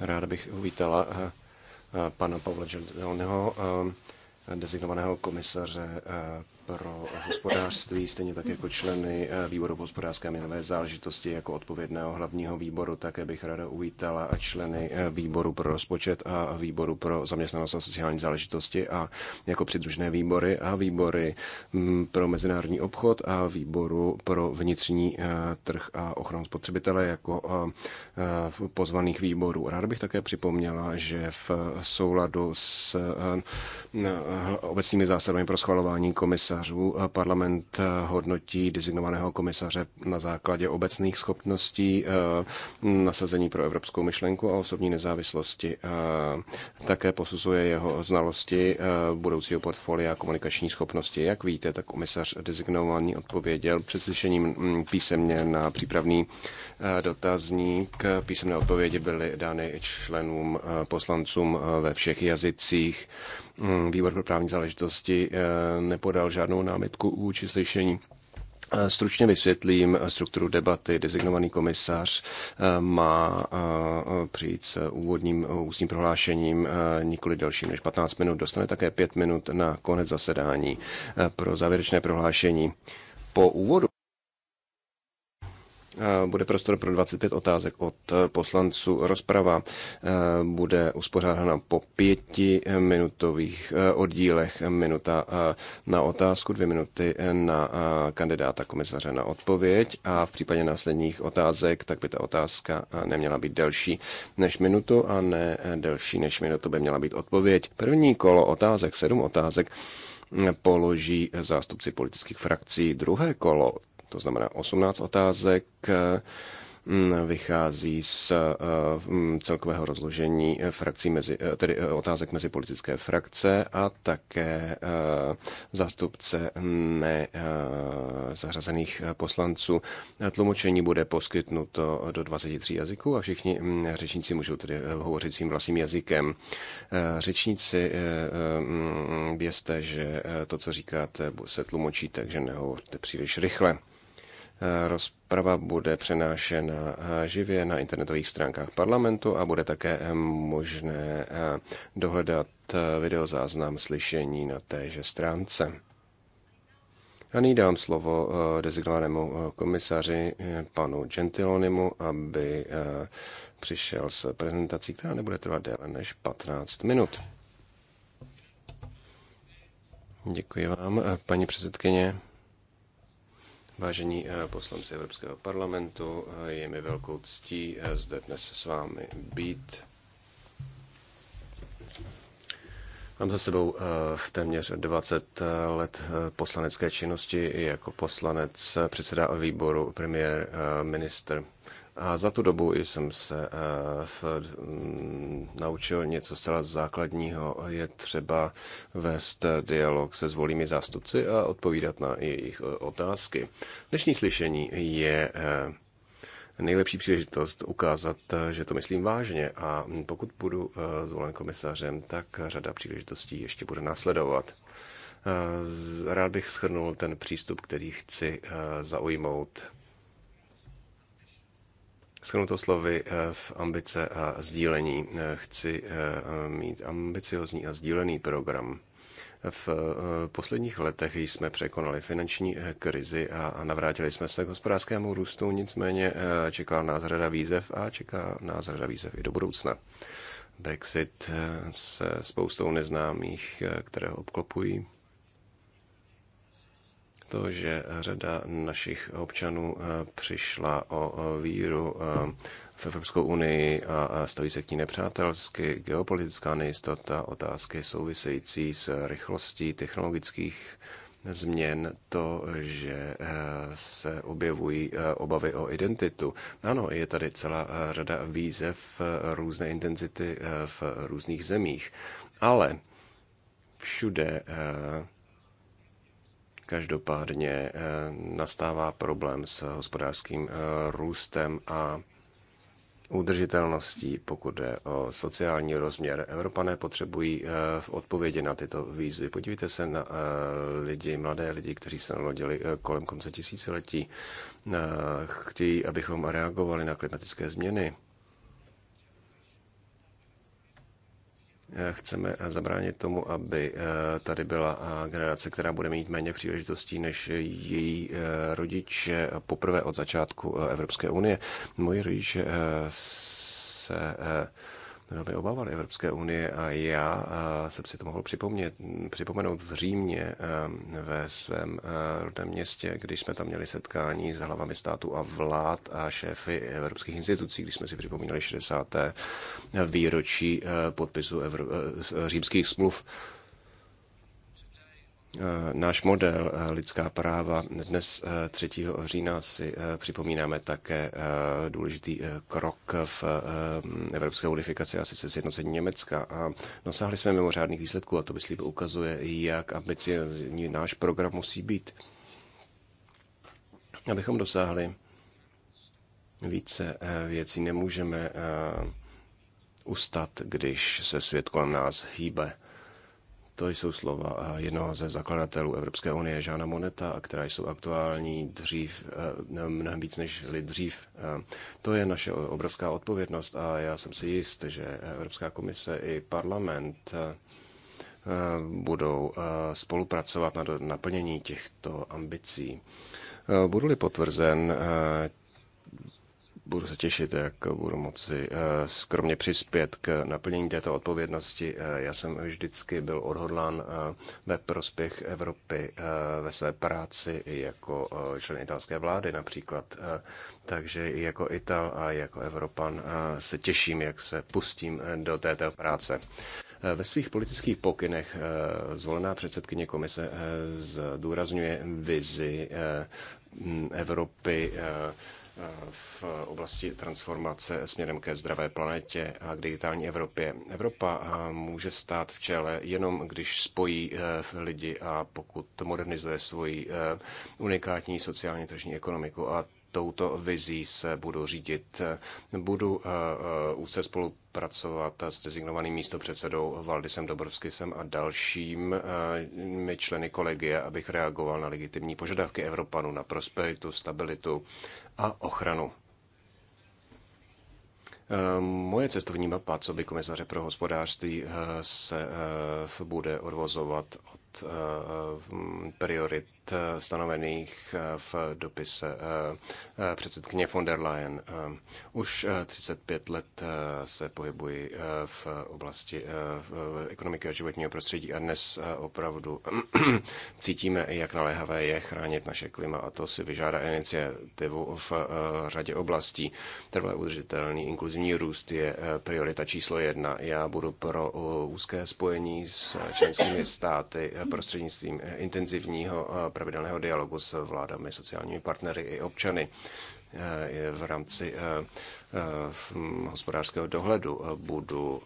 Rád bych uvítala eh, eh, pana Pavla Gentileho, eh, designovaného komisaře pro hospodářství, stejně tak jako členy eh, výboru hospodářské měnové záležitosti jako odpovědného hlavního výboru. Také bych ráda uvítala a členy eh, výboru pro rozpočet a výboru pro zaměstnanost a sociální záležitosti a jako přidružné výbory a výbory mm, pro mezinárodní obchod a výboru pro vnitřní eh, trh a ochranu spotřebitele jako pozvaných výborů. Ráda bych také připomněla, že v souladu s obecnými zásadami pro schvalování komise komisařů parlament eh, hodnotí designovaného komisaře na základě obecných schopností, eh, nasazení pro evropskou myšlenku a osobní nezávislosti. Eh, také posuzuje jeho znalosti budoucího portfolia a komunikační schopnosti. Jak víte, tak komisař designovaný odpověděl před slyšením mm, písemně na přípravný dotazník. Písemné odpovědi byly dány členům poslancům ve všech jazycích. Mm, výbor pro právní záležitosti eh, nepodal žádnou námitku vůči slyšení. Eh, stručně vysvětlím eh, strukturu debaty. Designovaný komisař má přijít s úvodním ústním prohlášením nikoli delším než 15 minut. Dostane také 5 minut na konec zasedání pro závěrečné prohlášení. Po úvodu Eh, bude prostor pro 25 otázek od eh, poslanců. Rozprava eh, bude uspořádána po pěti minutových oddílech. Minuta na otázku, dvě minuty na kandidáta komisaře na odpověď a v případě následních otázek, tak by ta otázka neměla být delší než minutu a ne delší než minutu by měla být odpověď. První kolo otázek, sedm otázek, položí zástupci politických frakcí. Druhé kolo to znamená 18 otázek, eh, mm, vychází z eh, mm, celkového rozložení eh, frakcí mezi, tedy otázek mezi politické frakce a také zástupce mm, nezařazených poslanců. Tlumočení bude poskytnuto do 23 jazyků a všichni řečníci můžou tedy hovořit svým vlastním jazykem. Řečníci vězte, že to, co říkáte, se tlumočí, takže nehovořte příliš rychle. Eh, rozprava bude přenášena eh, živě na internetových stránkách parlamentu a bude také eh, možné dohledat videozáznam slyšení na téže stránce. A nyní dám slovo dezignovanému komisaři panu Gentilonimu, aby přišel s prezentací, která nebude trvat déle než 15 minut. Děkuji vám, paní předsedkyně. Vážení eh, poslanci Evropského parlamentu, eh, je mi velkou ctí eh, zde dnes s vámi být. Mám za sebou v téměř 20 let poslanecké činnosti jako poslanec, předseda výboru, premiér, ministr a za tu dobu jsem se eh, v, mm, naučil něco zcela základního. Je třeba vést dialog se zvolými zástupci a odpovídat na jejich eh, otázky. Dnešní slyšení je eh, nejlepší příležitost ukázat, že to myslím vážně a pokud budu zvolen komisařem, tak řada příležitostí ještě bude následovat. Rád bych shrnul ten přístup, který chci zaujmout Schrnuto slovy eh, v ambice a sdílení. Eh, chci eh, mít ambiciozní a sdílený program. V posledních letech jsme překonali finanční krizi a navrátili jsme se k hospodářskému růstu, nicméně čeká nás řada výzev a čeká nás řada výzev i do budoucna. Brexit se spoustou neznámých, které ho obklopují to, že řada našich občanů eh, přišla o víru eh, v Evropskou unii a staví se k ní nepřátelsky. Geopolitická nejistota, otázky související s rychlostí technologických změn to, že eh, se objevují obavy o identitu. Ano, je tady celá řada výzev různé intenzity v různých zemích, ale všude Každopádně eh, nastává problém s hospodářským eh, růstem a udržitelností, pokud jde o sociální rozměr. Evropané potřebují eh, v odpovědi na tyto výzvy. Podívejte se na lidi, mladé lidi, kteří se narodili kolem konce tisíciletí. Chtějí, abychom reagovali na klimatické změny chceme zabránit tomu, aby eh, tady byla eh, generace, která bude mít méně příležitostí než její eh, rodiče poprvé od začátku Evropské unie. Moji rodiče se velmi obávali Evropské unie a já eh, jsem si to mohl připomnět, připomenout v Římě eh, ve svém eh, rodném městě, když jsme tam měli setkání s hlavami státu a vlád a šéfy evropských institucí, když jsme si připomínali 60. výročí podpisu Evro- římských smluv. Eh, náš model eh, lidská práva. Dnes 3. Eh, října si připomínáme také důležitý krok v evropské unifikaci, a sice sjednocení Německa. A dosáhli jsme mimořádných výsledků a to, myslím, ukazuje, jak ambiciozní náš program musí být. Abychom dosáhli více věcí, nemůžeme ustat, když se svět kolem nás hýbe to jsou slova jednoho ze zakladatelů Evropské unie, Žána Moneta, a která jsou aktuální dřív, eh, mnohem víc než dřív. Eh, to je naše obrovská odpovědnost a já jsem si jist, že Evropská komise i parlament eh, budou spolupracovat na naplnění těchto ambicí. Budu-li potvrzen budu se těšit, jak budu moci eh, skromně přispět k naplnění této odpovědnosti. Eh, já jsem vždycky byl odhodlán eh, ve prospěch Evropy ve své práci jako člen italské vlády například. Takže i jako Ital a jako Evropan se těším, jak se pustím do této práce. Ve svých politických pokynech zvolená předsedkyně komise zdůrazňuje vizi Evropy v oblasti transformace směrem ke zdravé planetě a k digitální Evropě. Evropa může stát v čele jenom, když spojí e, lidi a pokud modernizuje svoji e, unikátní sociálně tržní ekonomiku. A touto vizí se budu řídit. Budu úzce eh, eh, spolupracovat s designovaným místopředsedou Valdisem Dobrovskisem a dalšími eh, členy kolegie, abych reagoval na legitimní požadavky Evropanů na prosperitu, stabilitu a ochranu. Moje cestovní mapa, co by komisaře pro hospodářství, se bude odvozovat od priorit Eh, stanovených eh, v dopise eh, předsedkyně von der Leyen. Už 35 let se pohybuji v oblasti ekonomiky a životního prostředí a dnes opravdu cítíme, jak naléhavé je chránit naše klima a to si vyžádá iniciativu v řadě oblastí. Trvalé udržitelný inkluzivní růst je priorita číslo jedna. Já budu pro úzké spojení s členskými státy prostřednictvím intenzivního pravidelného dialogu s vládami, sociálními partnery i občany eh, v rámci eh, eh, hm, hospodářského dohledu budu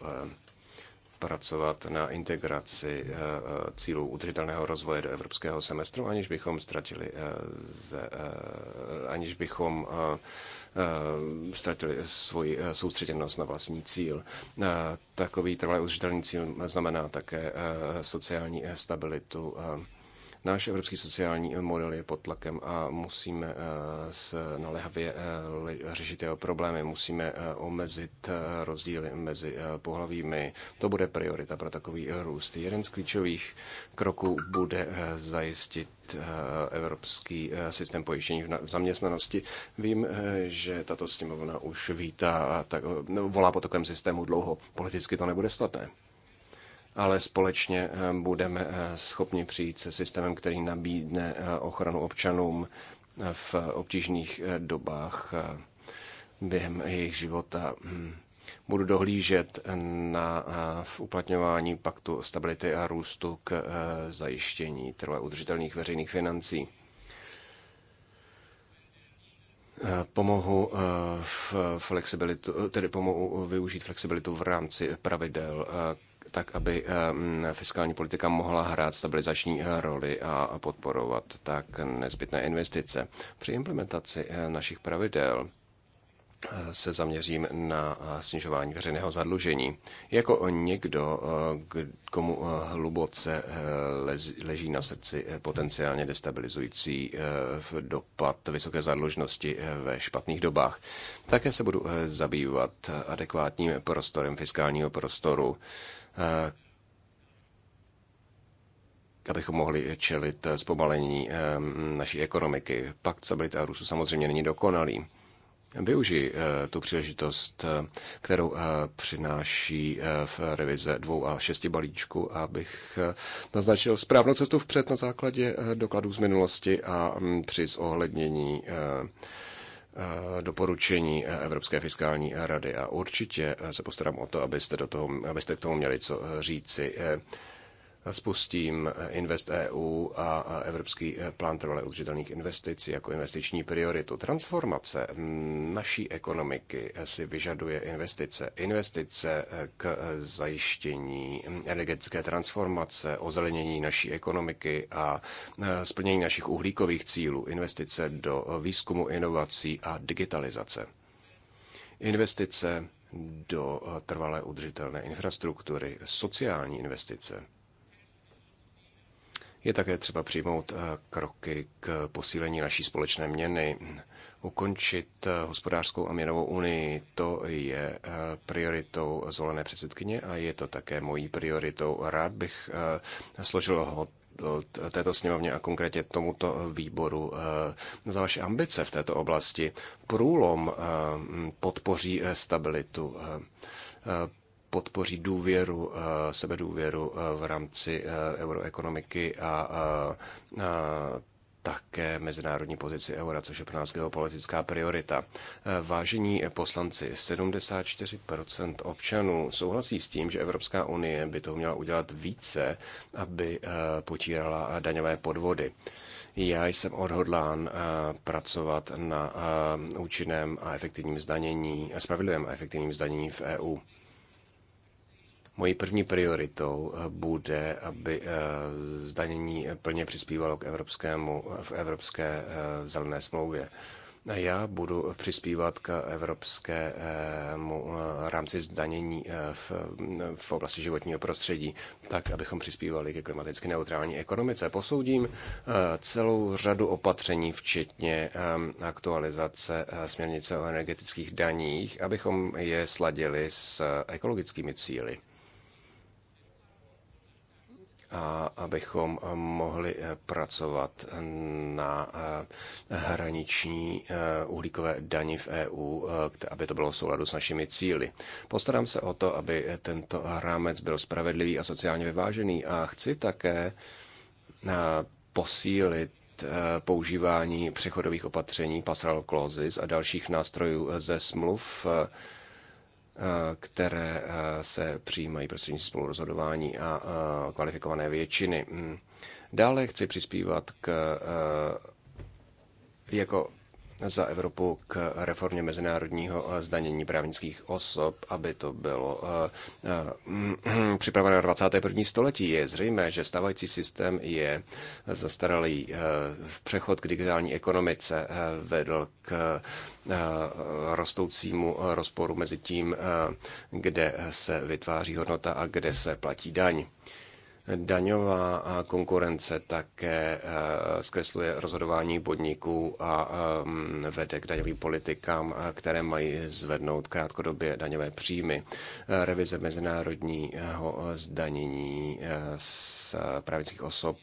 pracovat na integraci cílů udržitelného rozvoje do evropského semestru, aniž bychom ztratili, aniž bychom ztratili svoji soustředěnost na vlastní cíl. Takový trvalý udržitelný cíl znamená také sociální stabilitu Náš evropský sociální model je pod tlakem a musíme eh, s naléhavě eh, řešit jeho problémy. Musíme eh, omezit rozdíly mezi pohlavími. To bude priorita pro takový růst. Jeden z klíčových kroků bude zajistit evropský systém pojištění v zaměstnanosti. Vím, že tato sněmovna už vítá, tak, no, volá po takovém systému dlouho. Politicky to nebude snadné ale společně eh, budeme eh, schopni přijít se systémem, který nabídne eh, ochranu občanům v obtížných dobách během jejich života. Hm. Budu dohlížet na v uplatňování paktu stability a růstu k zajištění trvale udržitelných veřejných financí pomohu v flexibilitu, tedy pomohu využít flexibilitu v rámci pravidel tak aby fiskální politika mohla hrát stabilizační eh, roli a podporovat tak nezbytné investice. Při implementaci eh, našich pravidel eh, se zaměřím na snižování veřejného zadlužení. Jako někdo, komu hluboce leží na srdci potenciálně destabilizující dopad vysoké zadlužnosti ve špatných dobách, také se budu zabývat adekvátním prostorem fiskálního prostoru Eh, abychom mohli čelit zpomalení eh, naší ekonomiky. Pakt stability a růstu samozřejmě není dokonalý. Využij eh, tu příležitost, kterou přináší v revize dvou a šesti balíčku, abych naznačil správnou cestu vpřed na základě dokladů z minulosti a mm, při zohlednění Eh, doporučení eh, Evropské fiskální rady a určitě eh, se postarám o to, abyste, do toho, abyste k tomu měli co říci spustím eh, Invest EU a Evropský eh, plán trvalé udržitelných investic jako investiční prioritu. Transformace naší ekonomiky eh, si vyžaduje investice. Investice k zajištění energetické transformace, ozelenění naší ekonomiky a splnění našich uhlíkových cílů. Investice do výzkumu, inovací a digitalizace. Investice do trvalé udržitelné infrastruktury, sociální investice je také třeba přijmout eh, kroky k posílení naší společné měny. Ukončit eh, hospodářskou a měnovou unii, to je eh, prioritou zvolené předsedkyně a je to také mojí prioritou. Rád bych složil ho této sněmovně a konkrétně tomuto výboru za vaše ambice v této oblasti. Průlom podpoří stabilitu podpoří důvěru, eh, sebedůvěru eh, v rámci eh, euroekonomiky a také mezinárodní pozici eura, což je pro nás geopolitická priorita. Vážení poslanci, 74% občanů souhlasí s tím, že Evropská unie by to měla udělat více, aby potírala daňové podvody. Já jsem odhodlán pracovat na účinném a efektivním zdanění, spravedlivém a efektivním zdanění v EU. Mojí první prioritou eh, bude, aby eh, zdanění eh, plně přispívalo k evropskému, v evropské zelené smlouvě. Já budu přispívat k evropskému rámci zdanění v, v oblasti životního prostředí, tak abychom přispívali ke klimaticky neutrální ekonomice. Posoudím celou řadu opatření, včetně aktualizace směrnice o energetických daních, abychom je sladili s ekologickými cíly a abychom mohli eh, pracovat na eh, hraniční eh, uhlíkové dani v EU, aby to bylo v souladu s našimi cíli. Postarám se o to, aby tento rámec byl spravedlivý a sociálně vyvážený a chci také posílit používání přechodových opatření, pasral clauses a dalších nástrojů ze smluv Eh, které eh, se přijímají prostřednictvím spolurozhodování a eh, kvalifikované většiny. Mm. Dále chci přispívat k jako za Evropu k reformě mezinárodního eh, zdanění právnických osob, aby to bylo eh, eh, připraveno na 21. století. Je zřejmé, že stávající systém je zastaralý. V přechod k digitální ekonomice vedl k rostoucímu rozporu mezi tím, kde se vytváří hodnota a kde se platí daň. Daňová konkurence také eh, zkresluje rozhodování podniků a eh, vede k daňovým politikám, eh, které mají zvednout krátkodobě daňové příjmy. Revize mezinárodního zdanění z právnických osob,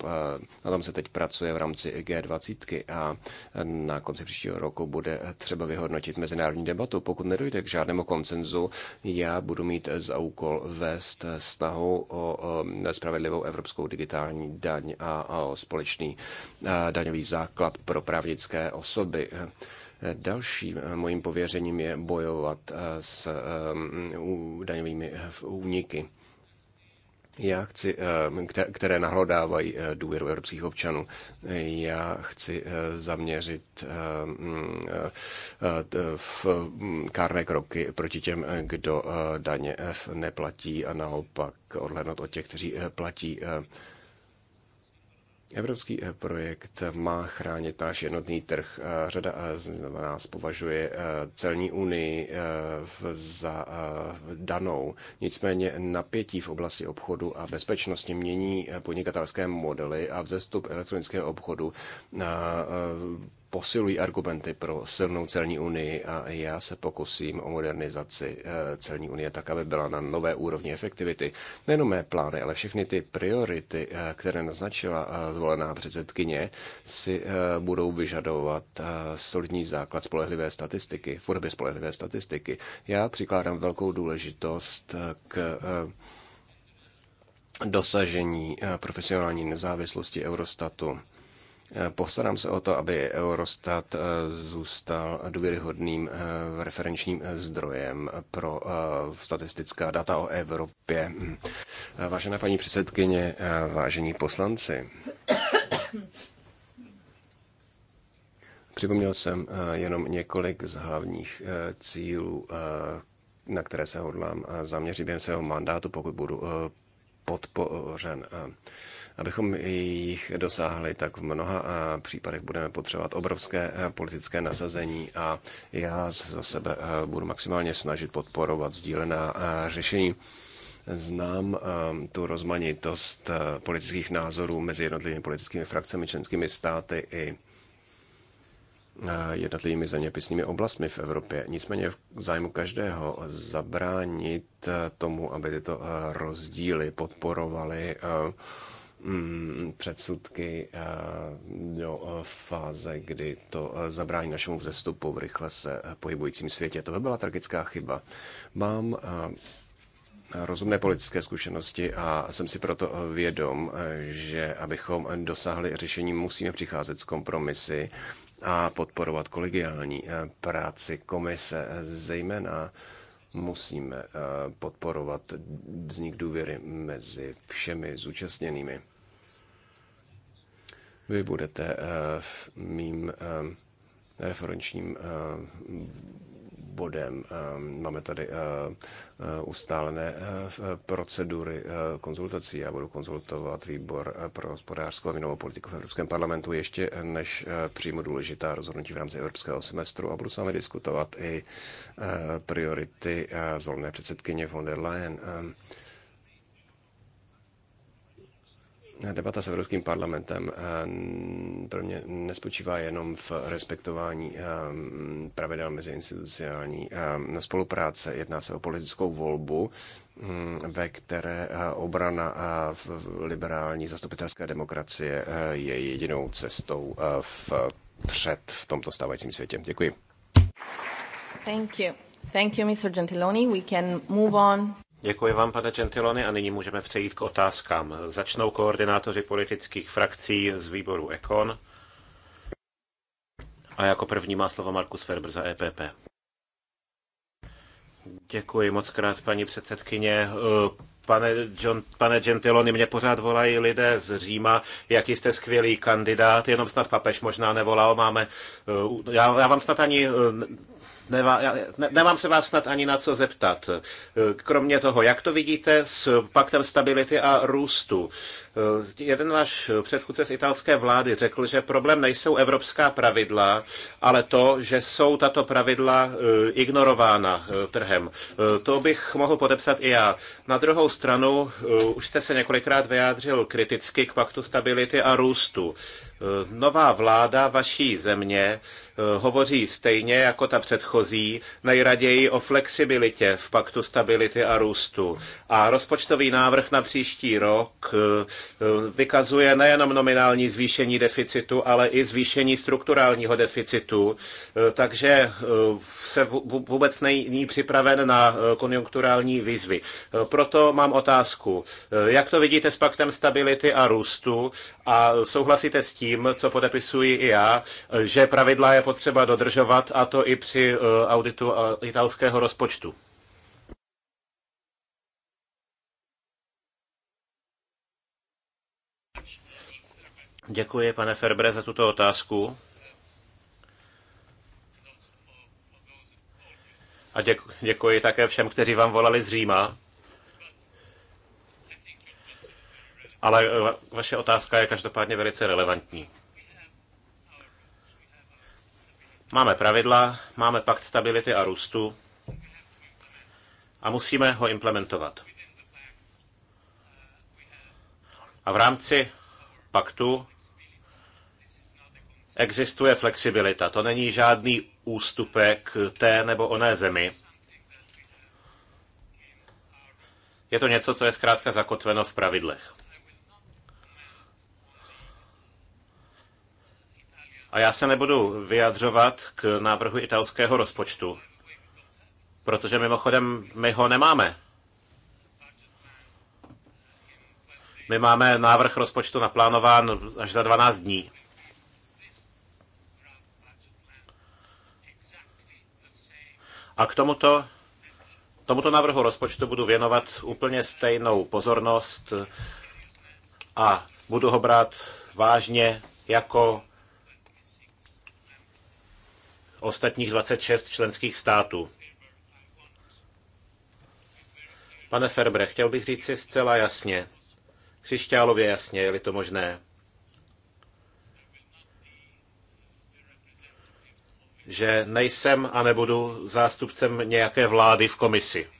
na tom se teď pracuje v rámci G20 a na konci příštího roku bude třeba vyhodnotit mezinárodní debatu. Pokud nedojde k žádnému koncenzu, já budu mít za úkol vést snahu o spravedlivou nějakou evropskou digitální daň a společný daňový základ pro právnické osoby. Dalším mojím pověřením je bojovat s daňovými úniky já chci, eh, které nahlodávají eh, důvěru evropských občanů. Já chci eh, zaměřit mm, v mm, kárné kroky proti těm, kdo daně neplatí a naopak odhlednout od těch, kteří platí Evropský eh, projekt má chránit náš jednotný trh. Eh, řada eh, z nás považuje celní unii za danou. Nicméně napětí v oblasti obchodu a bezpečnosti mění podnikatelské modely a vzestup elektronického obchodu posilují argumenty pro silnou celní unii a já se pokusím o modernizaci eh, celní unie tak, aby byla na nové úrovni efektivity. Nejenom mé plány, ale všechny ty priority, eh, které naznačila eh, zvolená předsedkyně, si budou vyžadovat solidní základ spolehlivé statistiky, forby spolehlivé statistiky. Já přikládám velkou důležitost k dosažení profesionální nezávislosti Eurostatu Eh, Postarám se o to, aby Eurostat eh, zůstal důvěryhodným eh, referenčním zdrojem pro statistická data o Evropě. Mm. Vážená paní předsedkyně, vážení poslanci, připomněl jsem jenom několik z hlavních cílů, na které se hodlám zaměřit během svého mandátu, pokud budu podpořen. Abychom jich dosáhli, tak v mnoha eh, případech budeme potřebovat obrovské eh, politické nasazení a já za sebe eh, budu maximálně snažit podporovat sdílená řešení znám tu rozmanitost politických názorů mezi jednotlivými politickými frakcemi, členskými státy i jednotlivými zeměpisnými oblastmi v Evropě. Nicméně v zájmu každého zabránit tomu, aby tyto rozdíly podporovaly Mm, předsudky eh, do eh, fáze, kdy to eh, zabrání našemu vzestupu v rychle se pohybujícím světě. To by byla tragická chyba. Mám rozumné politické zkušenosti a jsem si proto vědom, že abychom dosáhli řešení, musíme přicházet s kompromisy a podporovat kolegiální práci komise, zejména musíme podporovat vznik důvěry mezi všemi zúčastněnými. Vy budete eh, mým eh, referenčním eh, bodem. Máme tady ustálené procedury konzultací. Já budu konzultovat výbor pro hospodářskou a minovou politiku v Evropském parlamentu ještě než přímo důležitá rozhodnutí v rámci evropského semestru a budu s vámi diskutovat i priority zvolené předsedkyně von der Leyen. Eh, debata s Evropským parlamentem eh, pro mě nespočívá jenom v respektování eh, pravidel meziinstitucionální spolupráce. Jedná se o politickou volbu, hm, ve které obrana v liberální zastupitelské demokracie je jedinou cestou v před v tomto stávajícím světě. Děkuji. Thank you. Thank you, Mr. Gentiloni. We can move on. Děkuji vám, pane Gentiloni, a nyní můžeme přejít k otázkám. Začnou koordinátoři politických frakcí z výboru Ekon. A jako první má slovo Markus Ferber za EPP. Děkuji moc krát, paní předsedkyně. Pane, John, pane Gentiloni, mě pořád volají lidé z Říma, jak jste skvělý kandidát, jenom snad papež možná nevolal, máme, já, já vám snad ani Nemá, nemám se vás snad ani na co zeptat. E, kromě toho, jak to vidíte s paktem stability a růstu? E, jeden váš předchůdce z italské vlády řekl, že problém nejsou evropská pravidla, ale to, že jsou tato pravidla e, ignorována trhem. To bych mohl podepsat i já. Na druhou stranu, už jste se několikrát vyjádřil kriticky k paktu stability a růstu. Nová vláda vaší země Eh, hovoří stejně jako ta předchozí, nejraději o flexibilitě v paktu stability a růstu. A rozpočtový návrh na příští rok eh, eh, vykazuje nejenom nominální zvýšení deficitu, ale i zvýšení strukturálního deficitu, takže se vůbec není připraven na konjunkturální výzvy. Proto mám otázku, jak to vidíte s paktem stability a růstu a souhlasíte s tím, co podepisuji i já, že pravidla je potřeba dodržovat, a to i při eh, auditu eh, italského rozpočtu. Děkuji, pane Ferbre, za tuto otázku. A děkuji, děkuji také všem, kteří vám volali z Říma. Ale eh, vaše otázka je každopádně velice relevantní. Máme pravidla, máme pakt stability a růstu a musíme ho implementovat. A v rámci paktu existuje flexibilita. To není žádný ústupek té nebo oné zemi. Je to něco, co je zkrátka zakotveno v pravidlech. A já se nebudu vyjadřovat k návrhu italského rozpočtu, protože mimochodem my ho nemáme. My máme návrh rozpočtu naplánován až za 12 dní. A k tomuto, tomuto návrhu rozpočtu budu věnovat úplně stejnou pozornost a budu ho brát vážně jako ostatních 26 členských států. Pane Ferbre, chtěl bych říct si zcela jasně, křišťálově jasně, je-li to možné, že nejsem a nebudu zástupcem nějaké vlády v komisi.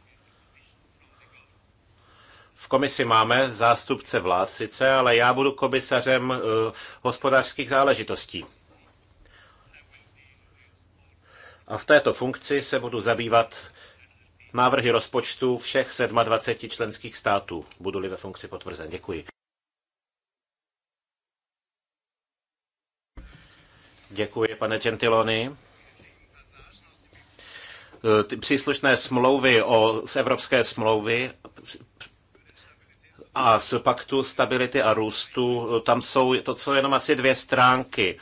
V komisi máme zástupce vlád sice, ale já budu komisařem eh, hospodářských záležitostí. A v této funkci se budu zabývat návrhy rozpočtu všech 27 členských států. Budu-li ve funkci potvrzen. Děkuji. Děkuji, pane Gentiloni. E, ty příslušné smlouvy o, z Evropské smlouvy a z Paktu stability a růstu, e, tam jsou to, co jenom asi dvě stránky.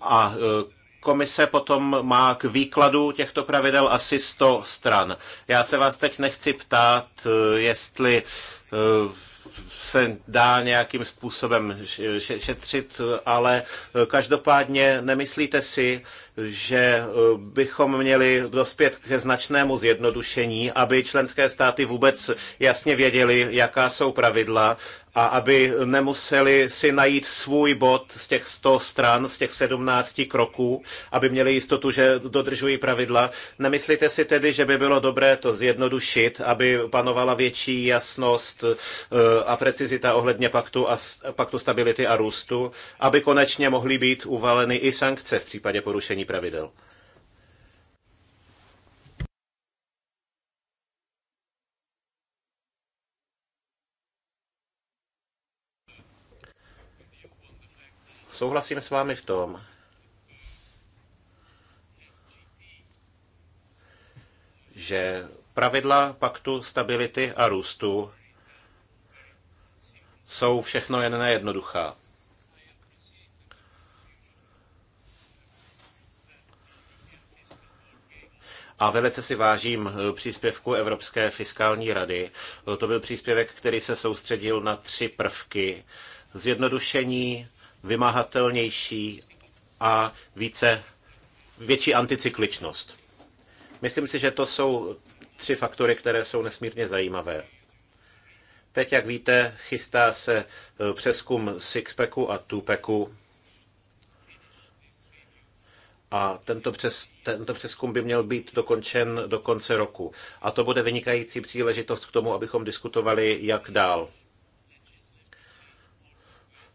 A e, komise potom má k výkladu těchto pravidel asi 100 stran. Já se vás teď nechci ptát, eh, jestli eh, se dá nějakým způsobem šetřit, ale eh, každopádně nemyslíte si, že eh, bychom měli dospět ke značnému zjednodušení, aby členské státy vůbec jasně věděli, jaká jsou pravidla a aby nemuseli si najít svůj bod z těch 100 stran, z těch 17 kroků, aby měli jistotu, že dodržují pravidla. Nemyslíte si tedy, že by bylo dobré to zjednodušit, aby panovala větší jasnost eh, a precizita ohledně paktu, a, paktu stability a růstu, aby konečně mohly být uvaleny i sankce v případě porušení pravidel. Souhlasím s vámi v tom, že pravidla paktu stability a růstu jsou všechno jen nejednoduchá. a velice si vážím eh, příspěvku Evropské fiskální rady. Eh, to byl příspěvek, který se soustředil na tři prvky. Zjednodušení, vymahatelnější a více, větší anticykličnost. Myslím si, že to jsou tři faktory, které jsou nesmírně zajímavé. Teď, jak víte, chystá se eh, přeskum sixpacku a tupeku a tento, přes, tento přeskum by měl být dokončen do konce roku. A to bude vynikající příležitost k tomu, abychom diskutovali, jak dál.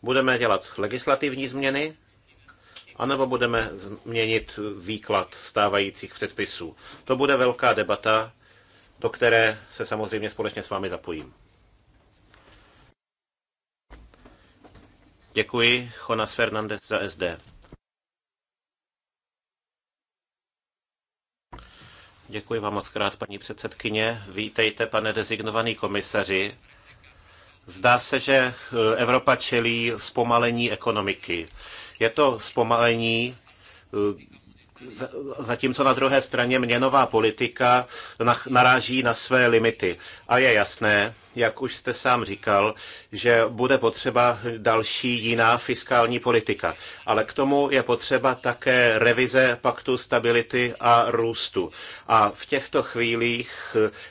Budeme dělat legislativní změny, anebo budeme změnit výklad stávajících předpisů. To bude velká debata, do které se samozřejmě společně s vámi zapojím. Děkuji, Jonas Fernandez za SD. Děkuji vám moc krát, paní předsedkyně. Vítejte, pane dezignovaný komisaři. Zdá se, že eh, Evropa čelí zpomalení ekonomiky. Je to zpomalení, eh, zatímco na druhé straně měnová politika naráží na své limity. A je jasné, jak už jste sám říkal, že bude potřeba další jiná fiskální politika. Ale k tomu je potřeba také revize paktu stability a růstu. A v těchto chvílích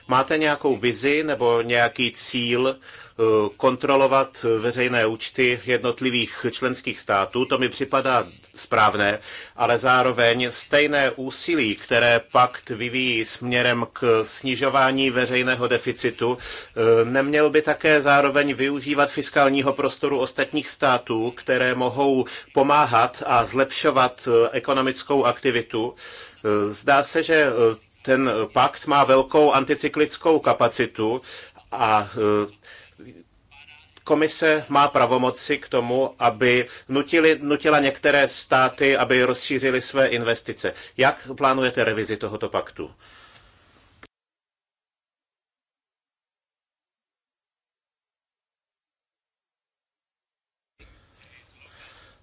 máte nějakou vizi nebo nějaký cíl, Eh, kontrolovat veřejné účty jednotlivých členských států. To mi připadá správné, ale zároveň stejné úsilí, které pakt vyvíjí směrem k snižování veřejného deficitu, eh, neměl by také zároveň využívat fiskálního prostoru ostatních států, které mohou pomáhat a zlepšovat eh, ekonomickou aktivitu. Zdá se, že ten pakt má velkou anticyklickou kapacitu a komise má pravomoci k tomu, aby nutili, nutila některé státy, aby rozšířili své investice. Jak plánujete revizi tohoto paktu?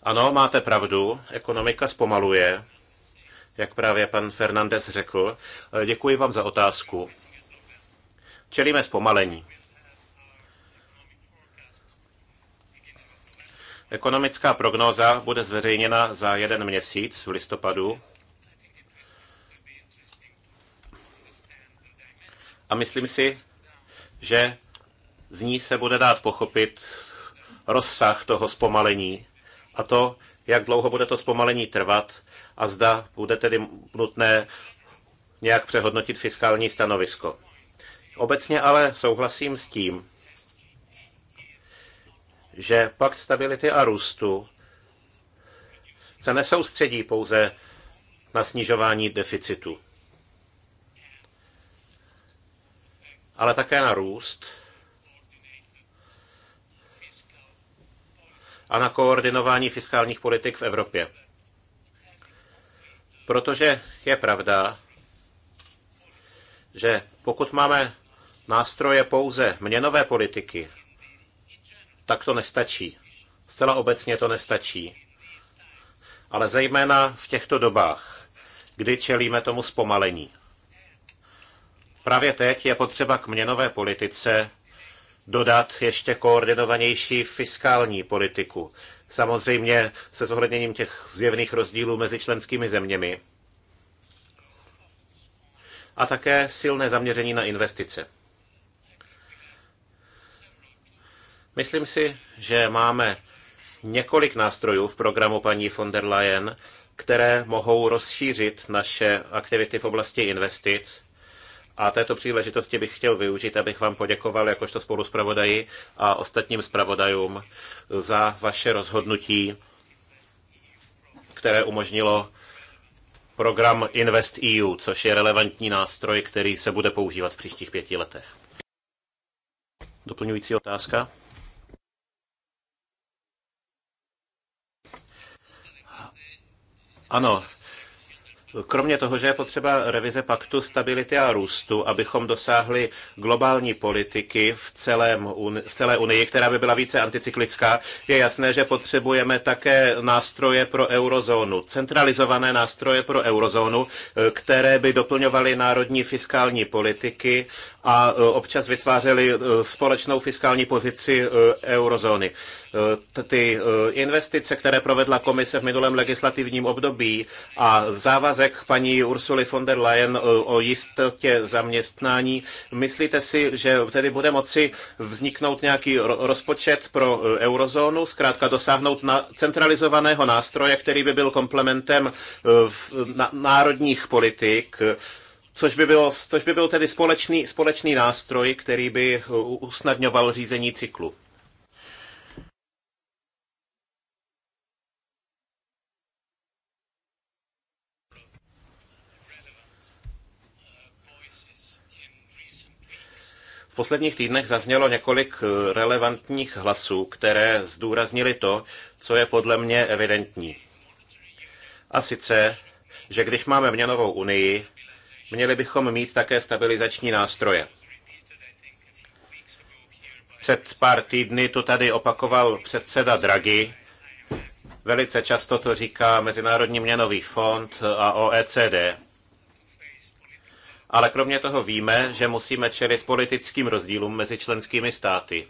Ano, máte pravdu, ekonomika zpomaluje, jak právě pan Fernandez řekl. Děkuji vám za otázku. Čelíme zpomalení. Ekonomická prognóza bude zveřejněna za jeden měsíc v listopadu. A myslím si, že z ní se bude dát pochopit rozsah toho zpomalení a to, jak dlouho bude to zpomalení trvat a zda bude tedy nutné nějak přehodnotit fiskální stanovisko. Obecně ale souhlasím s tím, že pakt stability a růstu se nesoustředí pouze na snižování deficitu, ale také na růst a na koordinování fiskálních politik v Evropě. Protože je pravda, že pokud máme nástroje pouze měnové politiky, tak to nestačí. Zcela obecně to nestačí. Ale zejména v těchto dobách, kdy čelíme tomu zpomalení. Právě teď je potřeba k měnové politice dodat ještě koordinovanější fiskální politiku. Samozřejmě se zohledněním těch zjevných rozdílů mezi členskými zeměmi. A také silné zaměření na investice. Myslím si, že máme několik nástrojů v programu paní von der Leyen, které mohou rozšířit naše aktivity v oblasti investic. A této příležitosti bych chtěl využít, abych vám poděkoval jakožto spolu zpravodaji a ostatním zpravodajům za vaše rozhodnutí, které umožnilo program Invest EU, což je relevantní nástroj, který se bude používat v příštích pěti letech. Doplňující otázka? Ano, Kromě toho, že je potřeba revize paktu stability a růstu, abychom dosáhli globální politiky v, celém, v celé Unii, která by byla více anticyklická, je jasné, že potřebujeme také nástroje pro eurozónu, centralizované nástroje pro eurozónu, eh, které by doplňovaly národní fiskální politiky a eh, občas vytvářely eh, společnou fiskální pozici eurozóny ty eh, investice, které provedla komise v minulém legislativním období a závazek paní Ursuly von der Leyen eh, o jistotě zaměstnání, myslíte si, že tedy bude moci vzniknout nějaký rozpočet pro eh, eurozónu, zkrátka dosáhnout na centralizovaného nástroje, který by byl komplementem národních politik, což by, bylo, což by byl tedy společný, společný nástroj, který by usnadňoval řízení cyklu. posledních týdnech zaznělo několik eh, relevantních hlasů, které zdůraznili to, co je podle mě evidentní. A sice, že když máme měnovou unii, měli bychom mít také stabilizační nástroje. Před pár týdny to tady opakoval předseda Draghi. Velice často to říká Mezinárodní měnový fond a OECD ale kromě toho víme, že musíme čelit politickým rozdílům mezi členskými státy.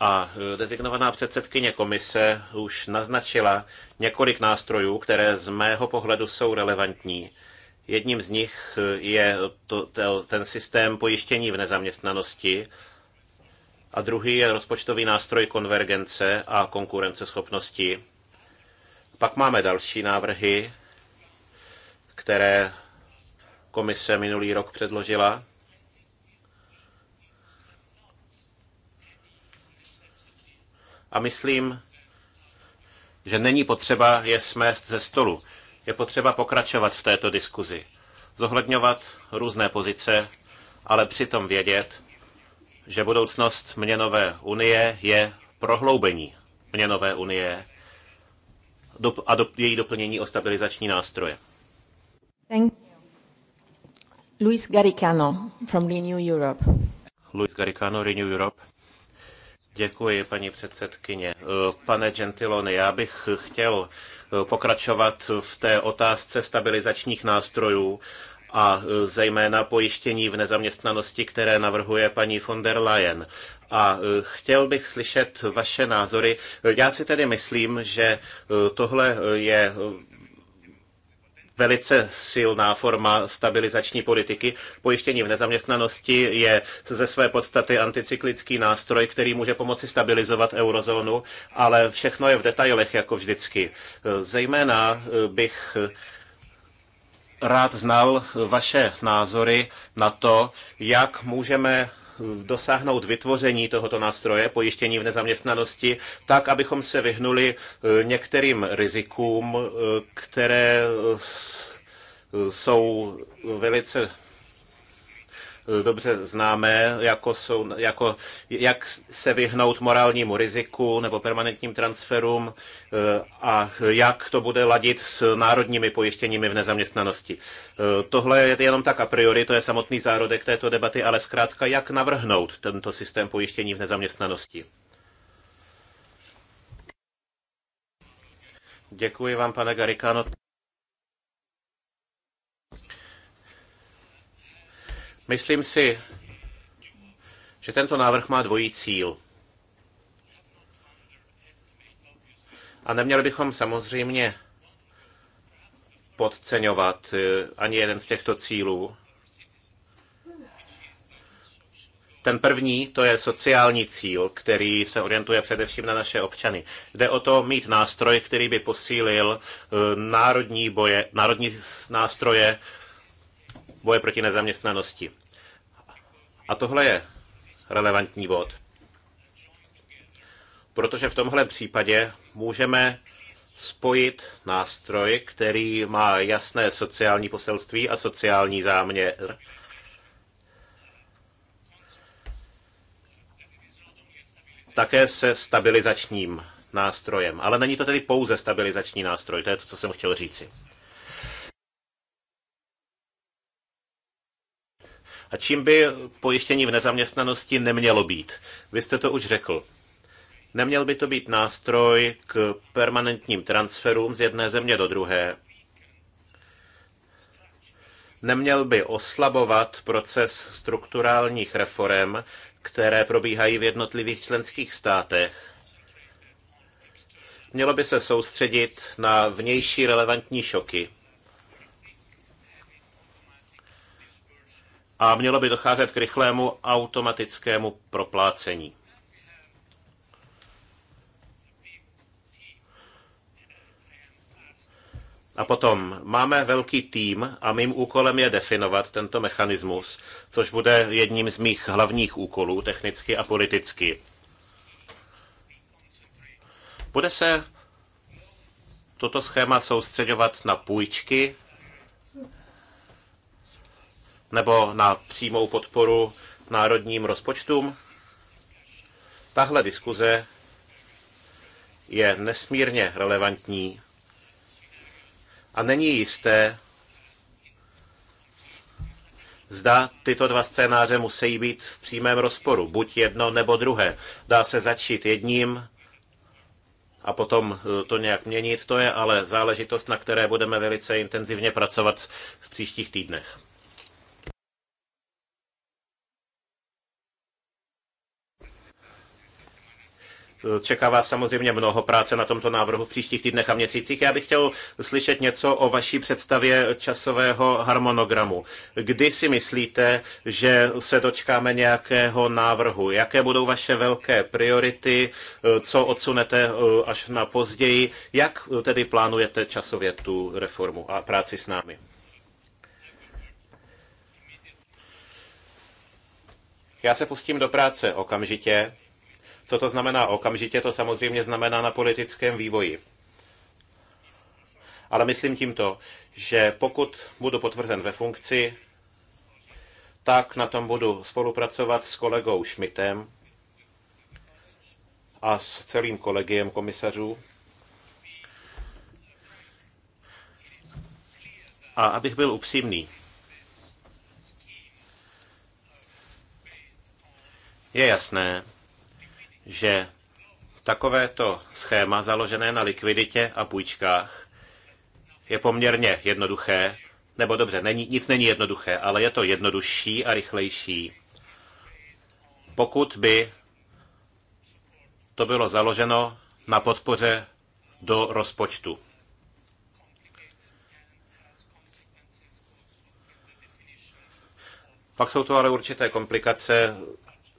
A e, dezignovaná předsedkyně komise už naznačila několik nástrojů, které z mého pohledu jsou relevantní. Jedním z nich e, je to, ten systém pojištění v nezaměstnanosti a druhý je rozpočtový nástroj konvergence a konkurenceschopnosti. Pak máme další návrhy, které komise minulý rok předložila. A myslím, že není potřeba je smést ze stolu. Je potřeba pokračovat v této diskuzi, zohledňovat různé pozice, ale přitom vědět, že budoucnost měnové unie je prohloubení měnové unie a její doplnění o stabilizační nástroje. Thank you. Luis Garicano from Renew Europe. Luis Garicano, Renew Europe. Děkuji, paní předsedkyně. Pane Gentiloni, já bych chtěl pokračovat v té otázce stabilizačních nástrojů a zejména pojištění v nezaměstnanosti, které navrhuje paní von der Leyen. A chtěl bych slyšet vaše názory. Já si tedy myslím, že tohle je velice silná forma stabilizační politiky. Pojištění v nezaměstnanosti je ze své podstaty anticyklický nástroj, který může pomoci stabilizovat eurozónu, ale všechno je v detailech, jako vždycky. Zejména eh, bych eh, rád znal vaše názory na to, jak můžeme dosáhnout vytvoření tohoto nástroje pojištění v nezaměstnanosti tak, abychom se vyhnuli e, některým rizikům, e, které e, jsou velice dobře známé, jako, jsou, jako jak se vyhnout morálnímu riziku nebo permanentním transferům eh, a jak to bude ladit s národními pojištěními v nezaměstnanosti. Eh, tohle je jenom tak a priori, to je samotný zárodek této debaty, ale zkrátka, jak navrhnout tento systém pojištění v nezaměstnanosti. Děkuji vám, pane Garikano. Myslím si, že tento návrh má dvojí cíl. A neměli bychom samozřejmě podceňovat eh, ani jeden z těchto cílů. Ten první, to je sociální cíl, který se orientuje především na naše občany. Jde o to mít nástroj, který by posílil eh, národní boje, národní nástroje boje proti nezaměstnanosti. A tohle je relevantní bod, protože v tomhle případě můžeme spojit nástroj, který má jasné sociální poselství a sociální záměr. Také se stabilizačním nástrojem. Ale není to tedy pouze stabilizační nástroj, to je to, co jsem chtěl říci. A čím by pojištění v nezaměstnanosti nemělo být? Vy jste to už řekl. Neměl by to být nástroj k permanentním transferům z jedné země do druhé. Neměl by oslabovat proces strukturálních reform, které probíhají v jednotlivých členských státech. Mělo by se soustředit na vnější relevantní šoky a mělo by docházet k rychlému automatickému proplácení. A potom máme velký tým a mým úkolem je definovat tento mechanismus, což bude jedním z mých hlavních úkolů technicky a politicky. Bude se toto schéma soustředovat na půjčky nebo na přímou podporu národním rozpočtům? Tahle diskuze je nesmírně relevantní a není jisté, Zda tyto dva scénáře musí být v přímém rozporu, buď jedno nebo druhé. Dá se začít jedním a potom eh, to nějak měnit, to je ale záležitost, na které budeme velice intenzivně pracovat v příštích týdnech. Čeká vás samozřejmě mnoho práce na tomto návrhu v příštích týdnech a měsících. Já bych chtěl slyšet něco o vaší představě časového harmonogramu. Kdy si myslíte, že se dočkáme nějakého návrhu? Jaké budou vaše velké priority? Co odsunete eh, až na později? Jak eh, tedy plánujete časově tu reformu a práci s námi? Já se pustím do práce okamžitě. Co to znamená okamžitě, to samozřejmě znamená na politickém vývoji. Ale myslím tímto, že pokud budu potvrzen ve funkci, tak na tom budu spolupracovat s kolegou Schmidtem a s celým kolegiem komisařů. A abych byl upřímný, je jasné, že takovéto schéma založené na likviditě a půjčkách je poměrně jednoduché, nebo dobře, není, nic není jednoduché, ale je to jednodušší a rychlejší, pokud by to bylo založeno na podpoře do rozpočtu. Pak jsou to ale určité komplikace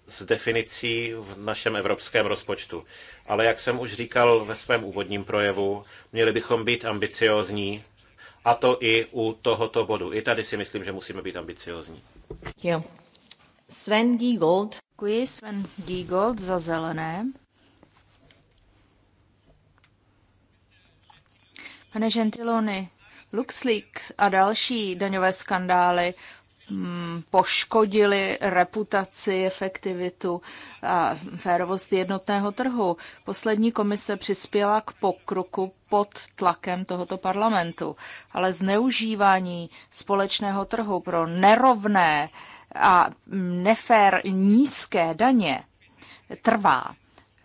s definicí v našem evropském rozpočtu. Ale jak jsem už říkal ve svém úvodním projevu, měli bychom být ambiciozní, a to i u tohoto bodu. I tady si myslím, že musíme být ambiciozní. Jo. Sven Giegold. Děkuji Sven Giegold za zelené. Pane Gentiloni, LuxLeaks a další daňové skandály Mm, poškodili reputaci, efektivitu a férovost jednotného trhu. Poslední komise přispěla k pokroku pod tlakem tohoto parlamentu, ale zneužívání společného trhu pro nerovné a nefér nízké daně trvá.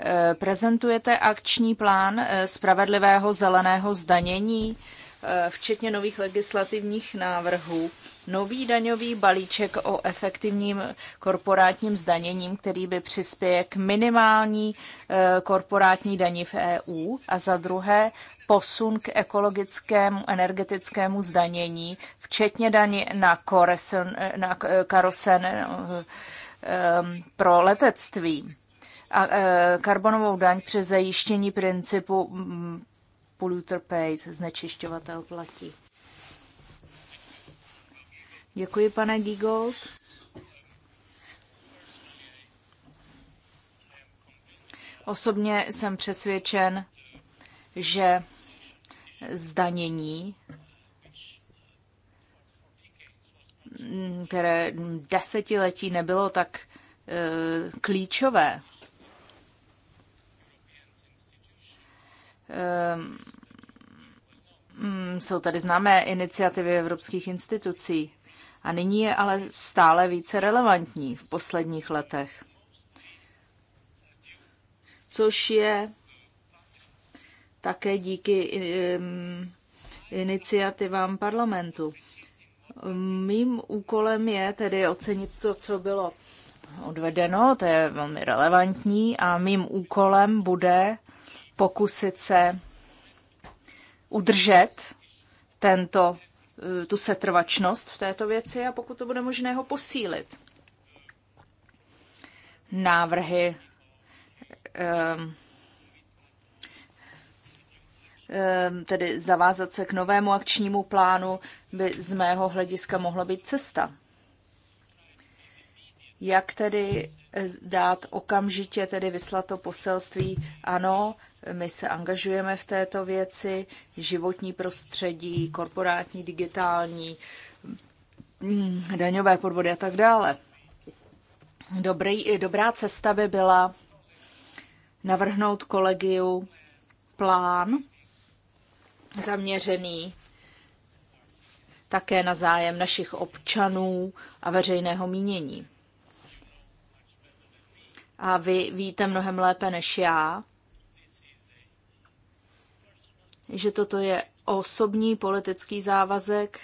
Eh, prezentujete akční plán eh, spravedlivého zeleného zdanění, eh, včetně nových legislativních návrhů nový daňový balíček o efektivním korporátním zdaněním, který by přispěje k minimální eh, korporátní dani v EU a za druhé posun k ekologickému energetickému zdanění, včetně daní na, koresen, eh, na eh, karosen pro letectví a karbonovou daň při zajištění principu mm, polluter pays, znečišťovatel platí. Děkuji, pane Gigold. Osobně jsem přesvědčen, že zdanění, které desetiletí nebylo tak e, klíčové, e, mm, jsou tady známé iniciativy evropských institucí a nyní je ale stále více relevantní v posledních letech. Což je také díky iniciativám parlamentu. Mým úkolem je tedy ocenit to, co bylo odvedeno, to je velmi relevantní a mým úkolem bude pokusit se udržet tento Eh, tu setrvačnost v této věci a pokud to bude možné ho posílit. Návrhy um, tedy zavázat se k novému akčnímu plánu, by z mého hlediska mohla být cesta. Jak tedy eh, dát okamžitě, tedy vyslat to poselství, ano, my se angažujeme v této věci, životní prostředí, korporátní, digitální, mm, daňové podvody a tak dále. Dobrý, dobrá cesta by byla navrhnout kolegiu plán zaměřený také na zájem našich občanů a veřejného mínění. A vy víte mnohem lépe než já, že toto je osobní politický závazek.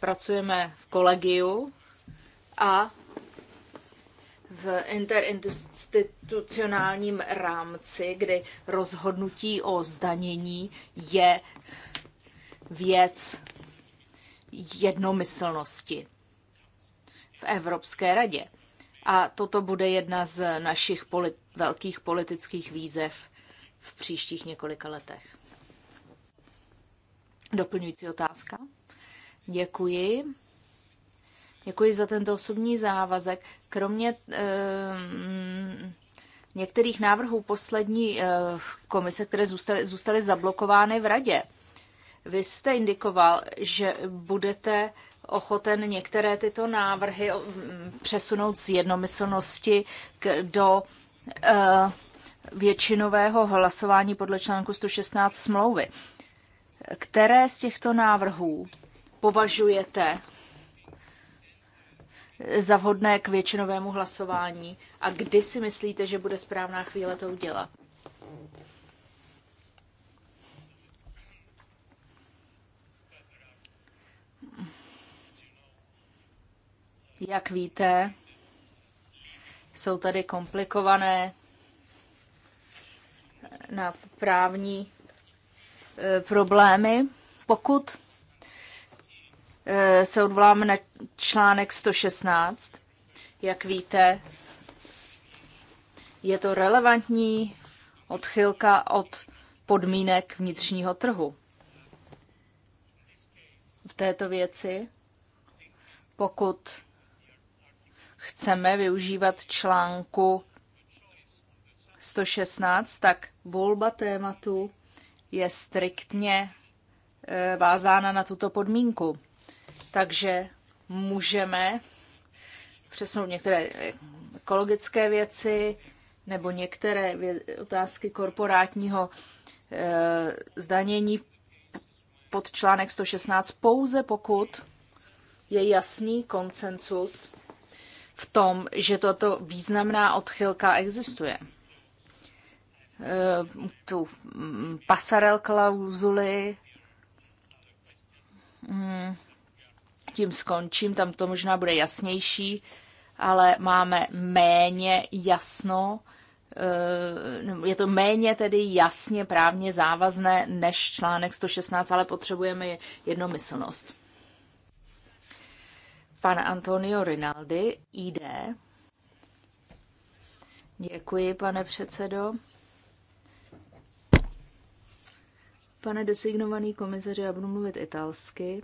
Pracujeme v kolegiu a v interinstitucionálním rámci, kdy rozhodnutí o zdanění je věc jednomyslnosti v Evropské radě. A toto bude jedna z našich polit- velkých politických výzev v příštích několika letech. Doplňující otázka. Děkuji. Děkuji za tento osobní závazek. Kromě e, některých návrhů poslední e, komise, které zůstaly, zůstaly zablokovány v radě, vy jste indikoval, že budete ochoten některé tyto návrhy mm, přesunout z jednomyslnosti k, do E, většinového hlasování podle článku 116 smlouvy. Které z těchto návrhů považujete za vhodné k většinovému hlasování a kdy si myslíte, že bude správná chvíle to udělat? Jak víte, jsou tady komplikované na právní e, problémy, pokud e, se odvoláme na článek 116. Jak víte, je to relevantní odchylka od podmínek vnitřního trhu. V této věci, pokud chceme využívat článku 116, tak volba tématu je striktně eh, vázána na tuto podmínku. Takže můžeme přesunout některé eh, ekologické věci nebo některé otázky korporátního eh, zdanění pod článek 116 pouze pokud je jasný koncensus v tom, že toto významná odchylka existuje. Eh, tu mm, pasarel klauzuli. Mm, tím skončím, tam to možná bude jasnější, ale máme méně jasno, eh, je to méně tedy jasně právně závazné než článek 116, ale potřebujeme jednomyslnost. Pan Antonio Rinaldi, ID. Děkuji, pane předsedo. Pane designovaný komisaři, já budu mluvit italsky.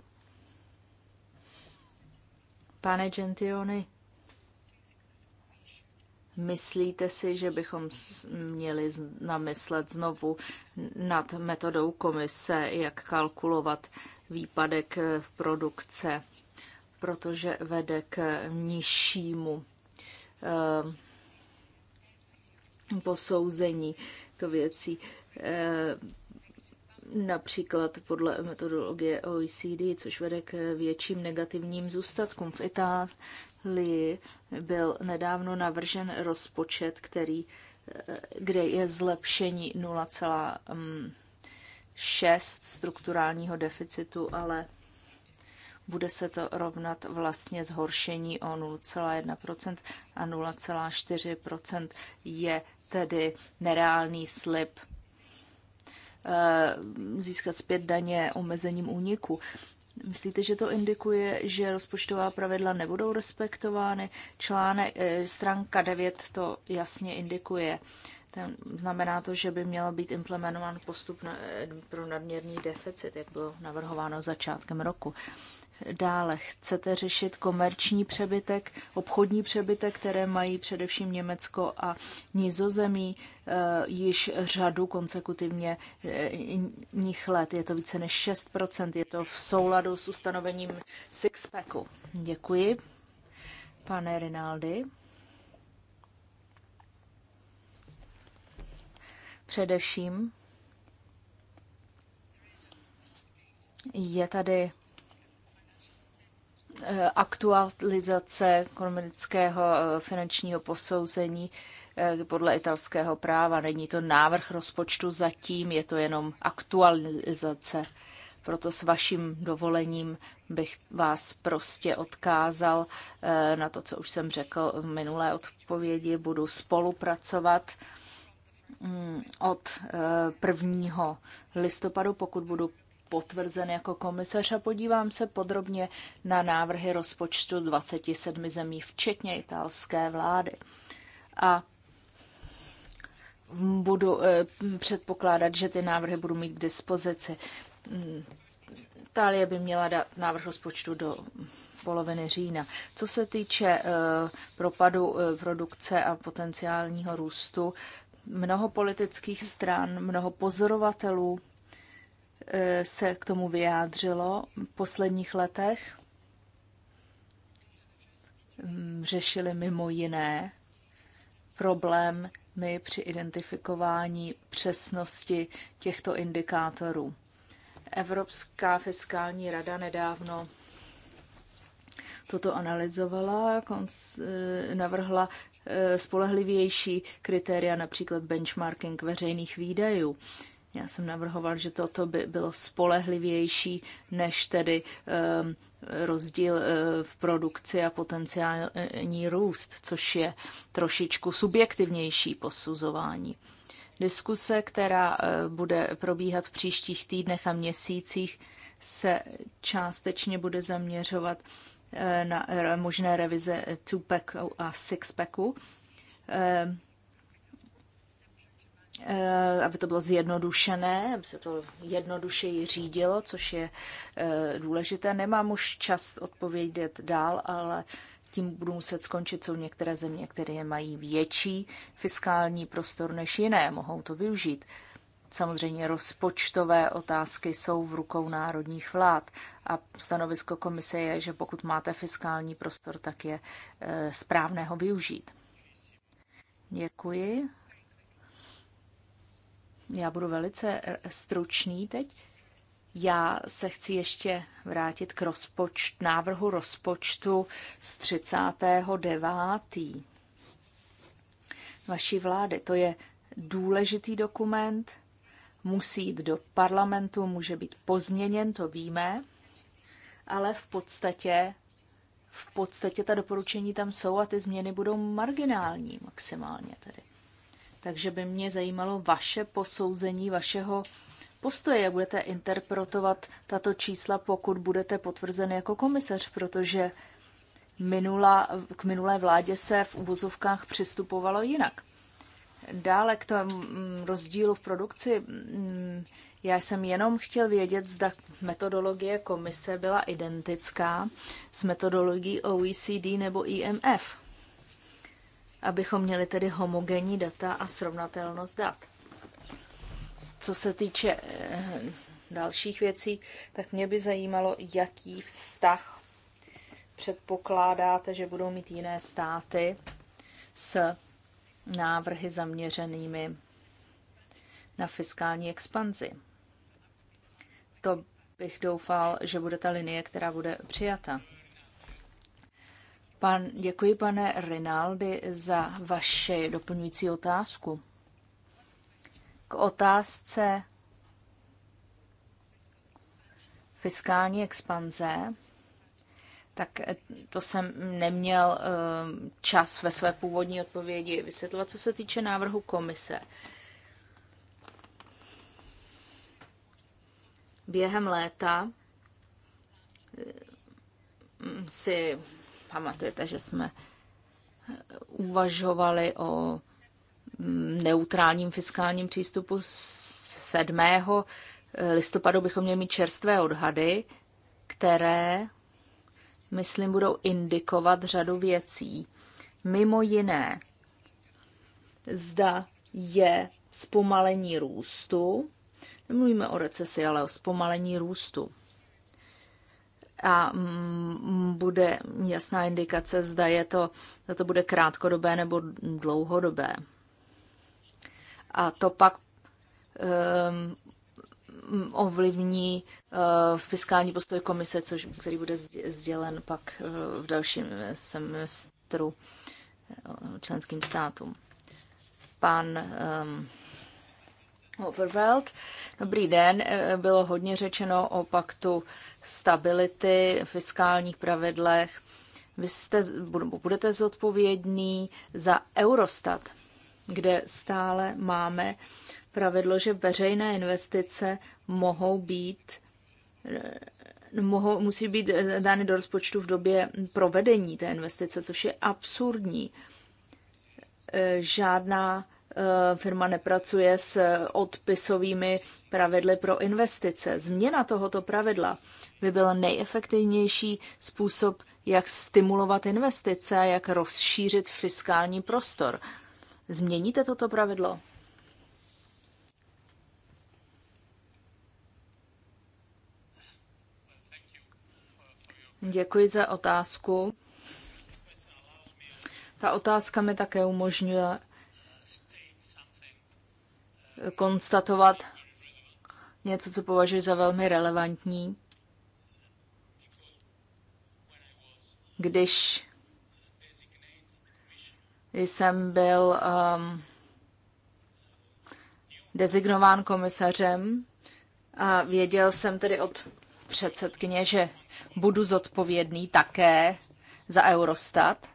Pane Gentioni, myslíte si, že bychom měli namyslet znovu nad metodou komise, jak kalkulovat výpadek v eh, produkce, protože vede k nižšímu eh, posouzení to věcí. Eh, například podle metodologie OECD, což vede k větším negativním zůstatkům. V Itálii byl nedávno navržen rozpočet, který, kde je zlepšení 0,6 strukturálního deficitu, ale bude se to rovnat vlastně zhoršení o 0,1% a 0,4% je tedy nereálný slib Eh, získat zpět daně omezením úniku. Myslíte, že to indikuje, že rozpočtová pravidla nebudou respektovány? Článek, eh, stránka 9 to jasně indikuje. Ten, znamená to, že by měla být implementován postup na, eh, pro nadměrný deficit, jak bylo navrhováno začátkem roku. Uh, Dále chcete řešit komerční přebytek, obchodní přebytek, které mají především Německo a Nizozemí eh, již řadu konsekutivně eh, nich let. Je to více než 6%, je to v souladu s ustanovením Sixpacku. Děkuji, pane Rinaldi. Především je tady Eh, aktualizace ekonomického eh, finančního posouzení eh, podle italského práva. Není to návrh rozpočtu zatím, je to jenom aktualizace. Proto s vaším dovolením bych vás prostě odkázal na to, co už jsem řekl v minulé odpovědi. Budu spolupracovat mm, od 1. listopadu, pokud budu potvrzen jako komisař a podívám se podrobně na návrhy rozpočtu 27 zemí, včetně italské vlády. A budu eh, předpokládat, že ty návrhy budu mít k dispozici. Mm, Itálie by měla dát návrh rozpočtu do poloviny října. Co se týče eh, propadu eh, produkce a potenciálního růstu, mnoho politických stran, mnoho pozorovatelů Eh, se k tomu vyjádřilo v posledních letech. Mm, řešili mimo jiné problém my při identifikování přesnosti těchto indikátorů. Evropská fiskální rada nedávno toto analyzovala, eh, navrhla eh, spolehlivější kritéria, například benchmarking veřejných výdajů. Já jsem navrhoval, že toto by bylo spolehlivější než tedy um, rozdíl eh, v produkci a potenciální růst, což je trošičku subjektivnější posuzování. Diskuse, která eh, bude probíhat v příštích týdnech a měsících, se částečně bude zaměřovat eh, na možné revize 2-packu a 6-packu ehm, Eh, aby to bylo zjednodušené, aby se to jednodušeji řídilo, což je eh, důležité. Nemám už čas odpovědět dál, ale tím budu muset skončit. Jsou některé země, které mají větší fiskální prostor než jiné, mohou to využít. Samozřejmě rozpočtové otázky jsou v rukou národních vlád a stanovisko komise je, že pokud máte fiskální prostor, tak je eh, správné ho využít. Děkuji. Já budu velice stručný teď. Já se chci ještě vrátit k rozpočt, návrhu rozpočtu z 39. vaší vlády. To je důležitý dokument, musí jít do parlamentu, může být pozměněn, to víme, ale v podstatě v podstatě ta doporučení tam jsou a ty změny budou marginální maximálně tedy. Takže by mě zajímalo vaše posouzení vašeho postoje, jak budete interpretovat tato čísla, pokud budete potvrzen jako komisař, protože minula, k minulé vládě se v uvozovkách přistupovalo jinak. Dále k tomu mm, rozdílu v produkci, mm, já jsem jenom chtěl vědět, zda metodologie komise byla identická s metodologií OECD nebo IMF abychom měli tedy homogenní data a srovnatelnost dat. Co se týče eh, dalších věcí, tak mě by zajímalo, jaký vztah předpokládáte, že budou mít jiné státy s návrhy zaměřenými na fiskální expanzi. To bych doufal, že bude ta linie, která bude přijata. Pan, děkuji, pane Rinaldi, za vaše doplňující otázku. K otázce fiskální expanze, tak eh, to jsem neměl eh, čas ve své původní odpovědi vysvětlovat, co se týče návrhu komise. Během léta eh, si Pamatujete, že jsme eh, uvažovali o mm, neutrálním fiskálním přístupu 7. Eh, listopadu bychom měli mít čerstvé odhady, které, myslím, budou indikovat řadu věcí. Mimo jiné, zda je zpomalení růstu, nemluvíme o recesi, ale o zpomalení růstu a mm, bude jasná indikace, zda je to, zda to bude krátkodobé nebo dlouhodobé. A to pak um, ovlivní uh, fiskální postoj komise, což, který bude sdělen pak uh, v dalším semestru eh, členským státům. Pan um, Overveld. Dobrý den, eh, bylo hodně řečeno o paktu stability, fiskálních pravidlech. Vy jste, budete zodpovědný za Eurostat, kde stále máme pravidlo, že veřejné investice mohou být eh, mohou, musí být eh, dány do rozpočtu v době provedení té investice, což je absurdní. Žádná Eh, firma nepracuje s odpisovými pravidly pro investice. Změna tohoto pravidla by byla nejefektivnější způsob, jak stimulovat investice a jak rozšířit fiskální prostor. Změníte toto pravidlo? Děkuji za otázku. Ta otázka mi také umožňuje konstatovat něco, co považuji za velmi relevantní. Když jsem byl um, dezignován komisařem a věděl jsem tedy od předsedkyně, že budu zodpovědný také za Eurostat –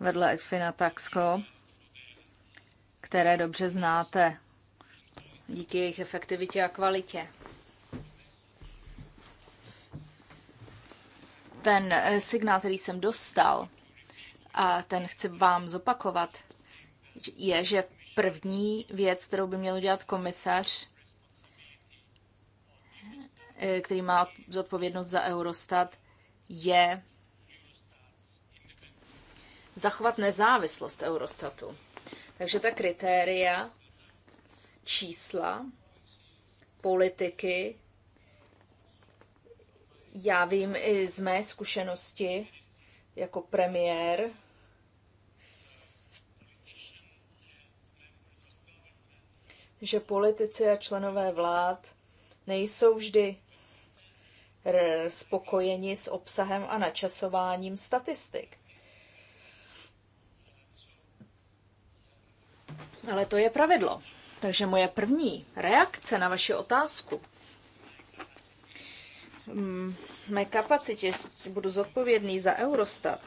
vedle Edfina Taxco, které dobře znáte díky jejich efektivitě a kvalitě. Ten eh, signál, který jsem dostal, a ten chci vám zopakovat, je, že první věc, kterou by měl udělat komisař, eh, který má zodpovědnost za Eurostat, je zachovat nezávislost Eurostatu. Takže ta kritéria, čísla, politiky, já vím i z mé zkušenosti jako premiér, že politici a členové vlád nejsou vždy spokojeni s obsahem a načasováním statistik. Ale to je pravidlo. Takže moje první reakce na vaši otázku. Mm, mé kapacitě budu zodpovědný za Eurostat.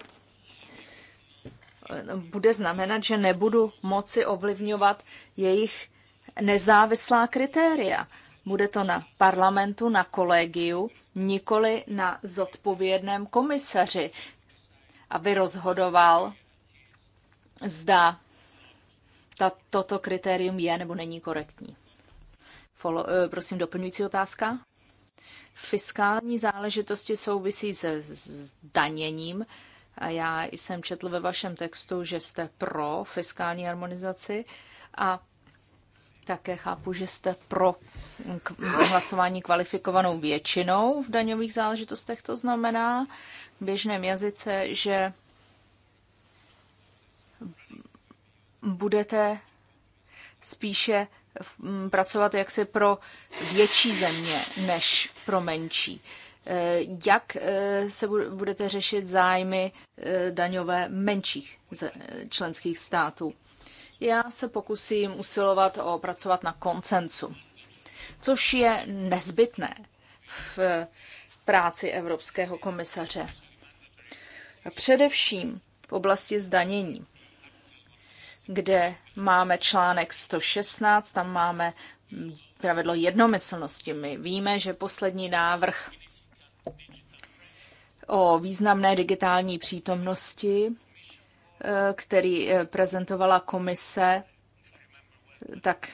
Bude znamenat, že nebudu moci ovlivňovat jejich nezávislá kritéria. Bude to na parlamentu, na kolegiu, nikoli na zodpovědném komisaři, aby rozhodoval, zda zda toto kritérium je nebo není korektní. Follow, eh, prosím, doplňující otázka. Fiskální záležitosti souvisí se zdaněním. A já jsem četl ve vašem textu, že jste pro fiskální harmonizaci a také chápu, že jste pro hlasování kvalifikovanou většinou v daňových záležitostech. To znamená v běžném jazyce, že budete spíše pracovat jaksi pro větší země než pro menší. E, jak e, se budete řešit zájmy e, daňové menších členských států? Já se pokusím usilovat o pracovat na koncensu, což je nezbytné v práci Evropského komisaře. A především v oblasti zdanění kde máme článek 116, tam máme pravidlo jednomyslnosti. My víme, že poslední návrh o významné digitální přítomnosti, e, který e, prezentovala komise, tak e,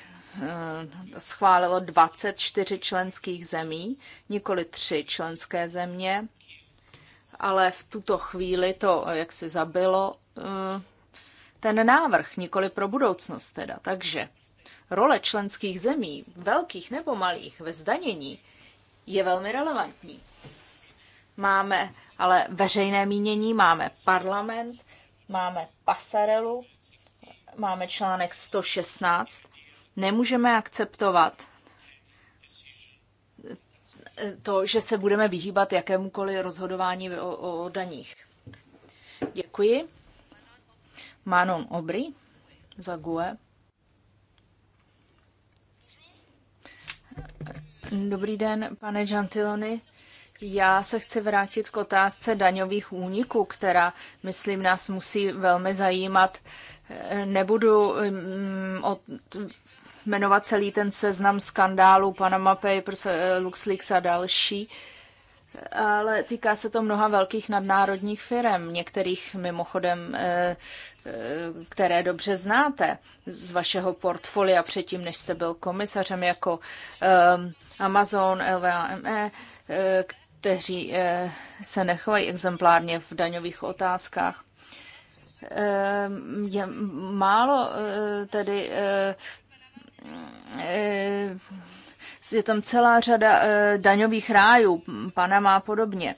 schválilo 24 členských zemí, nikoli tři členské země, ale v tuto chvíli to, jak se zabilo ten návrh, nikoli pro budoucnost teda. Takže role členských zemí, velkých nebo malých, ve zdanění je velmi relevantní. Máme ale veřejné mínění, máme parlament, máme pasarelu, máme článek 116. Nemůžeme akceptovat to, že se budeme vyhýbat jakémukoliv rozhodování o, o daních. Děkuji. Manon Obry za GUE. Dobrý den, pane Gentiloni. Já se chci vrátit k otázce daňových úniků, která, myslím, nás musí velmi zajímat. Nebudu mm, od, jmenovat celý ten seznam skandálů Panama Papers, eh, LuxLeaks a další ale týká se to mnoha velkých nadnárodních firm, některých mimochodem, eh, eh, které dobře znáte z vašeho portfolia předtím, než jste byl komisařem, jako eh, Amazon, LVAME, kteří se nechovají exemplárně v daňových otázkách je málo tedy je tam celá řada eh, daňových rájů, Panama a podobně.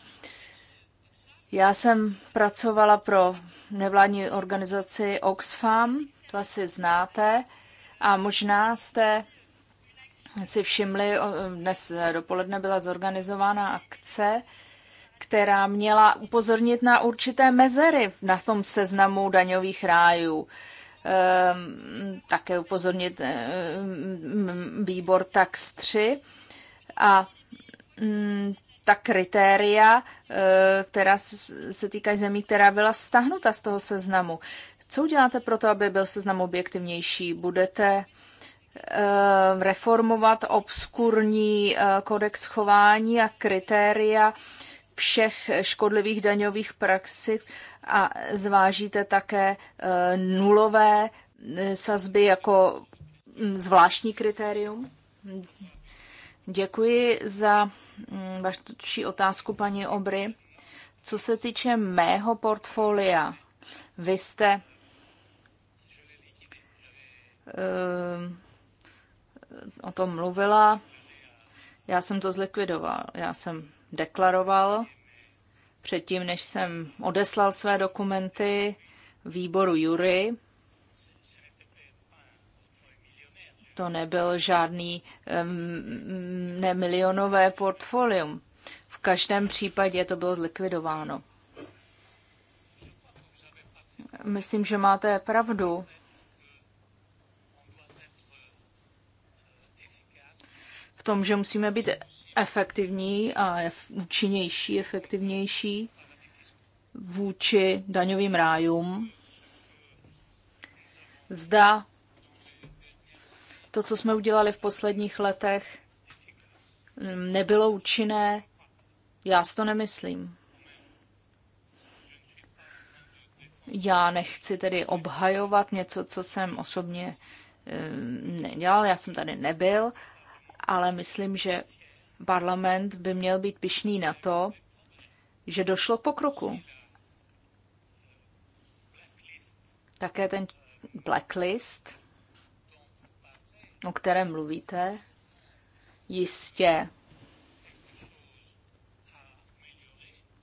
Já jsem pracovala pro nevládní organizaci Oxfam, to asi znáte, a možná jste si všimli, dnes dopoledne byla zorganizována akce, která měla upozornit na určité mezery na tom seznamu daňových rájů. Ehm, také upozornit eh, mm, výbor tax 3 a mm, ta kritéria, eh, která se týkají zemí, která byla stahnuta z toho seznamu. Co uděláte pro to, aby byl seznam objektivnější? Budete eh, reformovat obskurní kodex chování a kritéria všech škodlivých daňových praxí a zvážíte také e, nulové e, sazby jako mm, zvláštní kritérium? Děkuji za mm, vaši otázku, paní Obry. Co se týče mého portfolia, vy jste e, o tom mluvila. Já jsem to zlikvidoval. Já jsem deklaroval předtím, než jsem odeslal své dokumenty výboru Jury. To nebyl žádný um, nemilionové portfolium. V každém případě to bylo zlikvidováno. Myslím, že máte pravdu. V tom, že musíme být efektivní a účinnější, efektivnější vůči daňovým rájům. Zda to, co jsme udělali v posledních letech, nebylo účinné, já si to nemyslím. Já nechci tedy obhajovat něco, co jsem osobně eh, nedělal, já jsem tady nebyl, ale myslím, že Parlament by měl být pišný na to, že došlo k pokroku. Také ten blacklist, o kterém mluvíte, jistě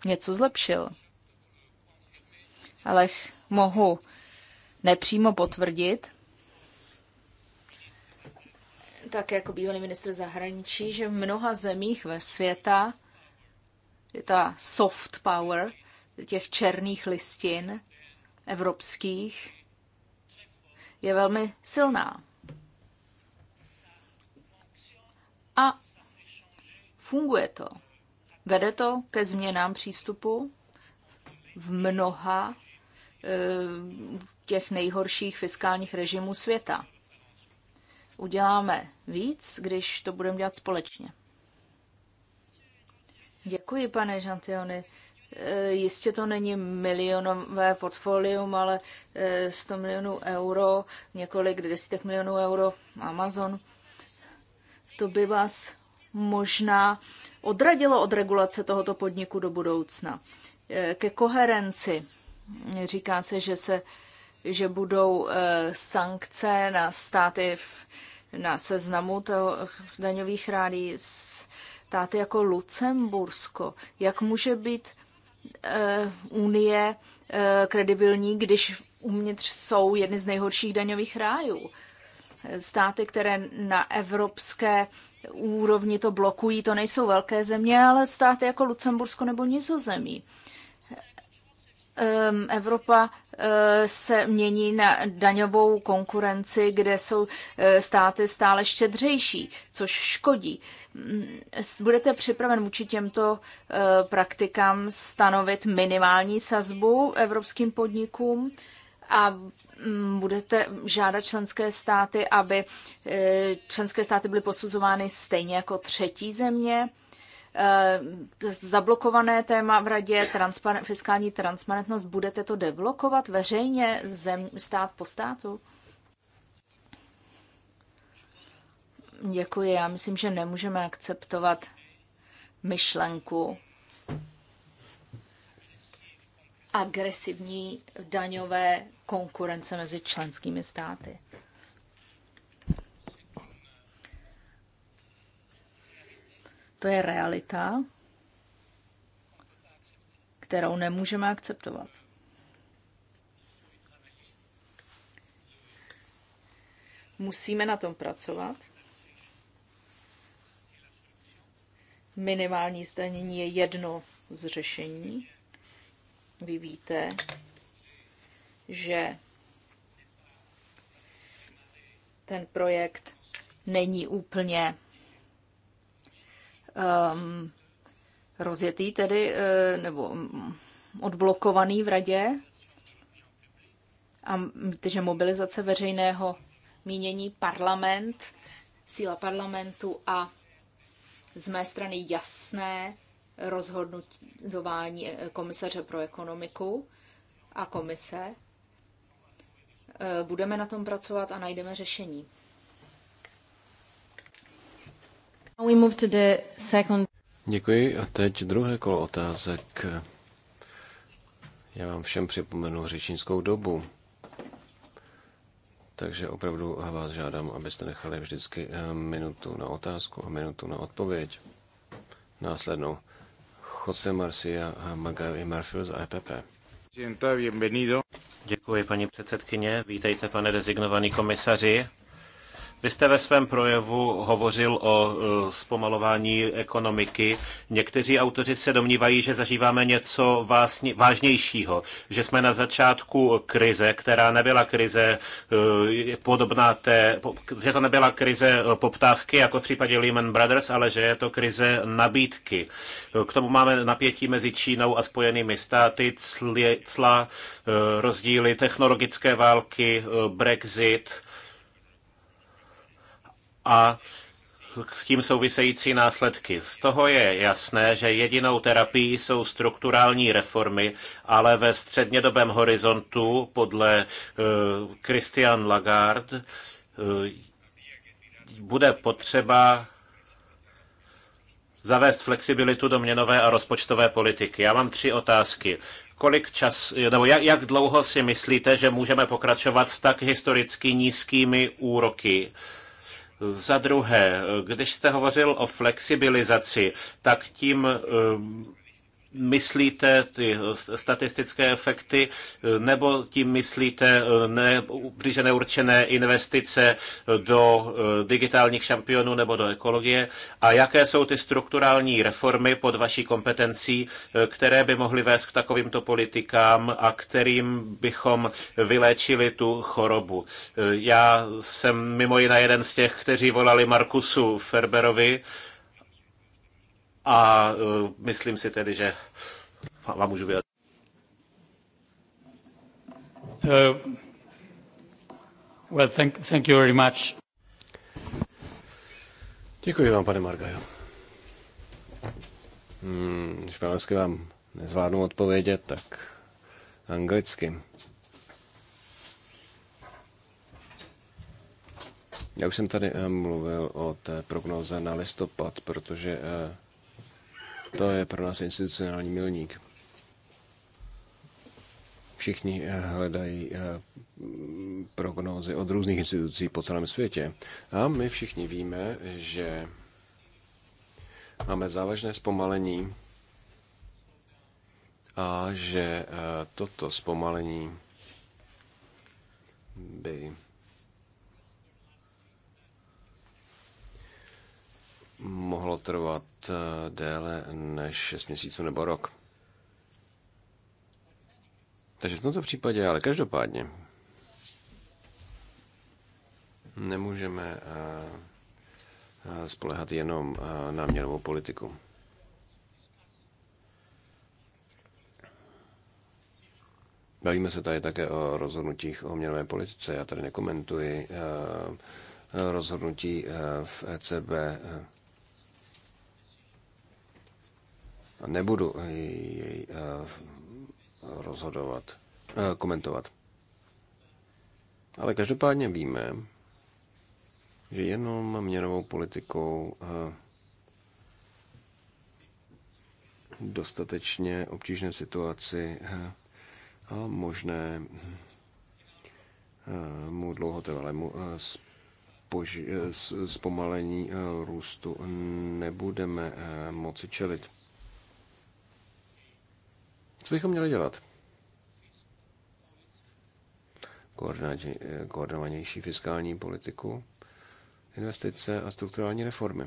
něco zlepšil. Ale mohu nepřímo potvrdit, tak jako bývalý ministr zahraničí, že v mnoha zemích ve světa je ta soft power těch černých listin evropských je velmi silná. A funguje to. Vede to ke změnám přístupu v mnoha eh, těch nejhorších fiskálních režimů světa uděláme víc, když to budeme dělat společně. Děkuji, pane Žantiony. Eh, jistě to není milionové portfolium, ale 100 eh, milionů euro, několik desítek milionů euro Amazon. To by vás možná odradilo od regulace tohoto podniku do budoucna. Eh, ke koherenci říká se, že se že budou eh, sankce na státy na seznamu toho daňových rádí státy jako Lucembursko. Jak může být eh, Unie eh, kredibilní, když uvnitř jsou jedny z nejhorších daňových rájů? Státy, které na evropské úrovni to blokují, to nejsou velké země, ale státy jako Lucembursko nebo Nizozemí. Ehm, Evropa eh, se mění na daňovou konkurenci, kde jsou eh, státy stále štědřejší, což škodí. Mm, budete připraven vůči těmto eh, praktikám stanovit minimální sazbu evropským podnikům a mm, budete žádat členské státy, aby členské státy byly posuzovány stejně jako třetí země? Eh, zablokované téma v radě, transpar- fiskální transparentnost, budete to deblokovat veřejně zem, stát po státu? Děkuji. Já myslím, že nemůžeme akceptovat myšlenku agresivní daňové konkurence mezi členskými státy. To je realita, kterou nemůžeme akceptovat. Musíme na tom pracovat. Minimální zdanění je jedno z řešení. Vy víte, že ten projekt není úplně um, rozjetý tedy, eh, nebo mm, odblokovaný v radě. A víte, že mobilizace veřejného mínění, parlament, síla parlamentu a z mé strany jasné rozhodnutí eh, komisaře pro ekonomiku a komise. Eh, budeme na tom pracovat a najdeme řešení. Děkuji a teď druhé kolo otázek. Já vám všem připomenu řečnickou dobu. Takže opravdu vás žádám, abyste nechali vždycky eh, minutu na otázku a minutu na odpověď. Následnou Jose Marcia a eh, Magavi Marfil z EPP. Děkuji, paní předsedkyně. Vítejte, pane rezignovaný komisaři. Vy jste ve svém projevu hovořil o e, zpomalování ekonomiky. Někteří autoři se domnívají, že zažíváme něco vážnějšího, že jsme na začátku krize, která nebyla krize e, podobná té, že to nebyla krize e, poptávky, jako v případě Lehman Brothers, ale že je to krize nabídky. K tomu máme napětí mezi Čínou a Spojenými státy, cla, rozdíly technologické války, Brexit, a s tím související následky. Z toho je jasné, že jedinou terapií jsou strukturální reformy, ale ve střednědobém horizontu podle uh, Christian Lagarde uh, bude potřeba zavést flexibilitu do měnové a rozpočtové politiky. Já mám tři otázky kolik čas, nebo jak, jak dlouho si myslíte, že můžeme pokračovat s tak historicky nízkými úroky za druhé, když jste hovořil o flexibilizaci, tak tím myslíte ty eh, statistické efekty, eh, nebo tím myslíte eh, ne, blíže investice do digitálních šampionů nebo do ekologie? A jaké jsou ty strukturální reformy pod vaší kompetencí, které by mohly vést k takovýmto politikám a kterým bychom vyléčili tu chorobu? Já jsem mimo jiné jeden z těch, kteří volali Markusu Ferberovi, a e, myslím si tedy, že vám můžu vyjádřit. Uh, well, thank, thank you very much. Děkuji vám, pane Margajo. Hmm, španělsky vám nezvládnu odpovědět, tak anglicky. Já už jsem tady eh, mluvil o té prognoze na listopad, protože eh, to je pro nás institucionální milník. Všichni eh, hledají eh, prognózy od různých institucí po celém světě. A my všichni víme, že máme závažné zpomalení a že eh, toto zpomalení by mohlo trvat eh, déle než 6 měsíců nebo rok. Takže v tomto případě, ale každopádně, nemůžeme eh, eh, spolehat jenom na měnovou politiku. Bavíme se tady také o rozhodnutích o měnové politice. Já tady nekomentuji rozhodnutí v ECB. Nebudu jej eh, rozhodovat, eh, komentovat. Ale každopádně víme, že jenom měnovou politikou eh, dostatečně obtížné situaci a možné mu dlouhotrvalému zpomalení růstu nebudeme moci čelit. Co bychom měli dělat? Koordinovanější fiskální politiku, investice a strukturální reformy.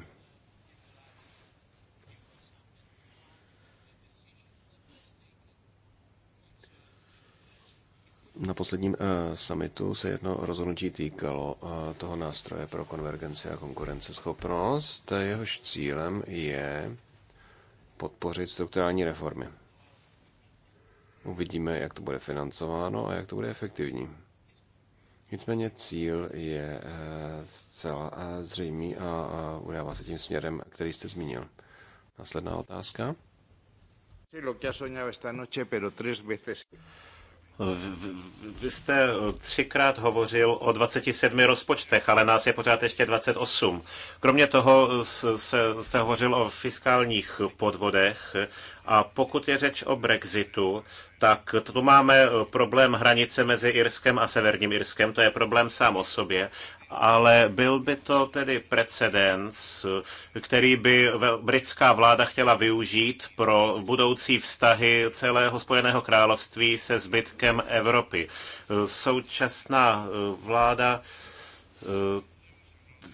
Na posledním uh, summitu se jedno rozhodnutí týkalo uh, toho nástroje pro konvergenci a konkurenceschopnost. Jehož cílem je podpořit strukturální reformy. Uvidíme, jak to bude financováno a jak to bude efektivní. Nicméně cíl je eh, zcela eh, zřejmý a udává se tím směrem, který jste zmínil. Následná otázka. Vy jste třikrát hovořil o 27 rozpočtech, ale nás je pořád ještě 28. Kromě toho se, se hovořil o fiskálních podvodech a pokud je řeč o Brexitu, tak tu máme problém hranice mezi Irskem a Severním Irskem, to je problém sám o sobě ale byl by to tedy precedens, který by britská vláda chtěla využít pro budoucí vztahy celého Spojeného království se zbytkem Evropy. Současná eh, vláda eh,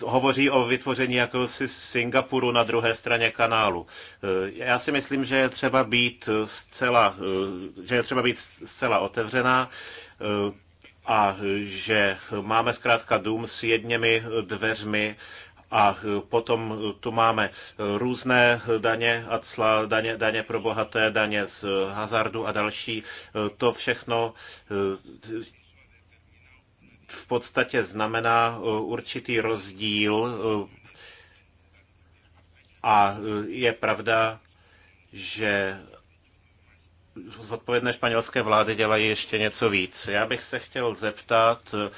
hovoří o vytvoření jakéhosi Singapuru na druhé straně kanálu. Eh, já si myslím, že je třeba být zcela, že je třeba být zcela otevřená a že máme zkrátka dům s jedněmi dveřmi a potom tu máme různé daně a cla, daně, daně pro bohaté, daně z hazardu a další. To všechno eh, v podstatě znamená eh, určitý rozdíl eh, a je pravda, že zodpovědné španělské vlády dělají ještě něco víc. Já bych se chtěl zeptat, eh,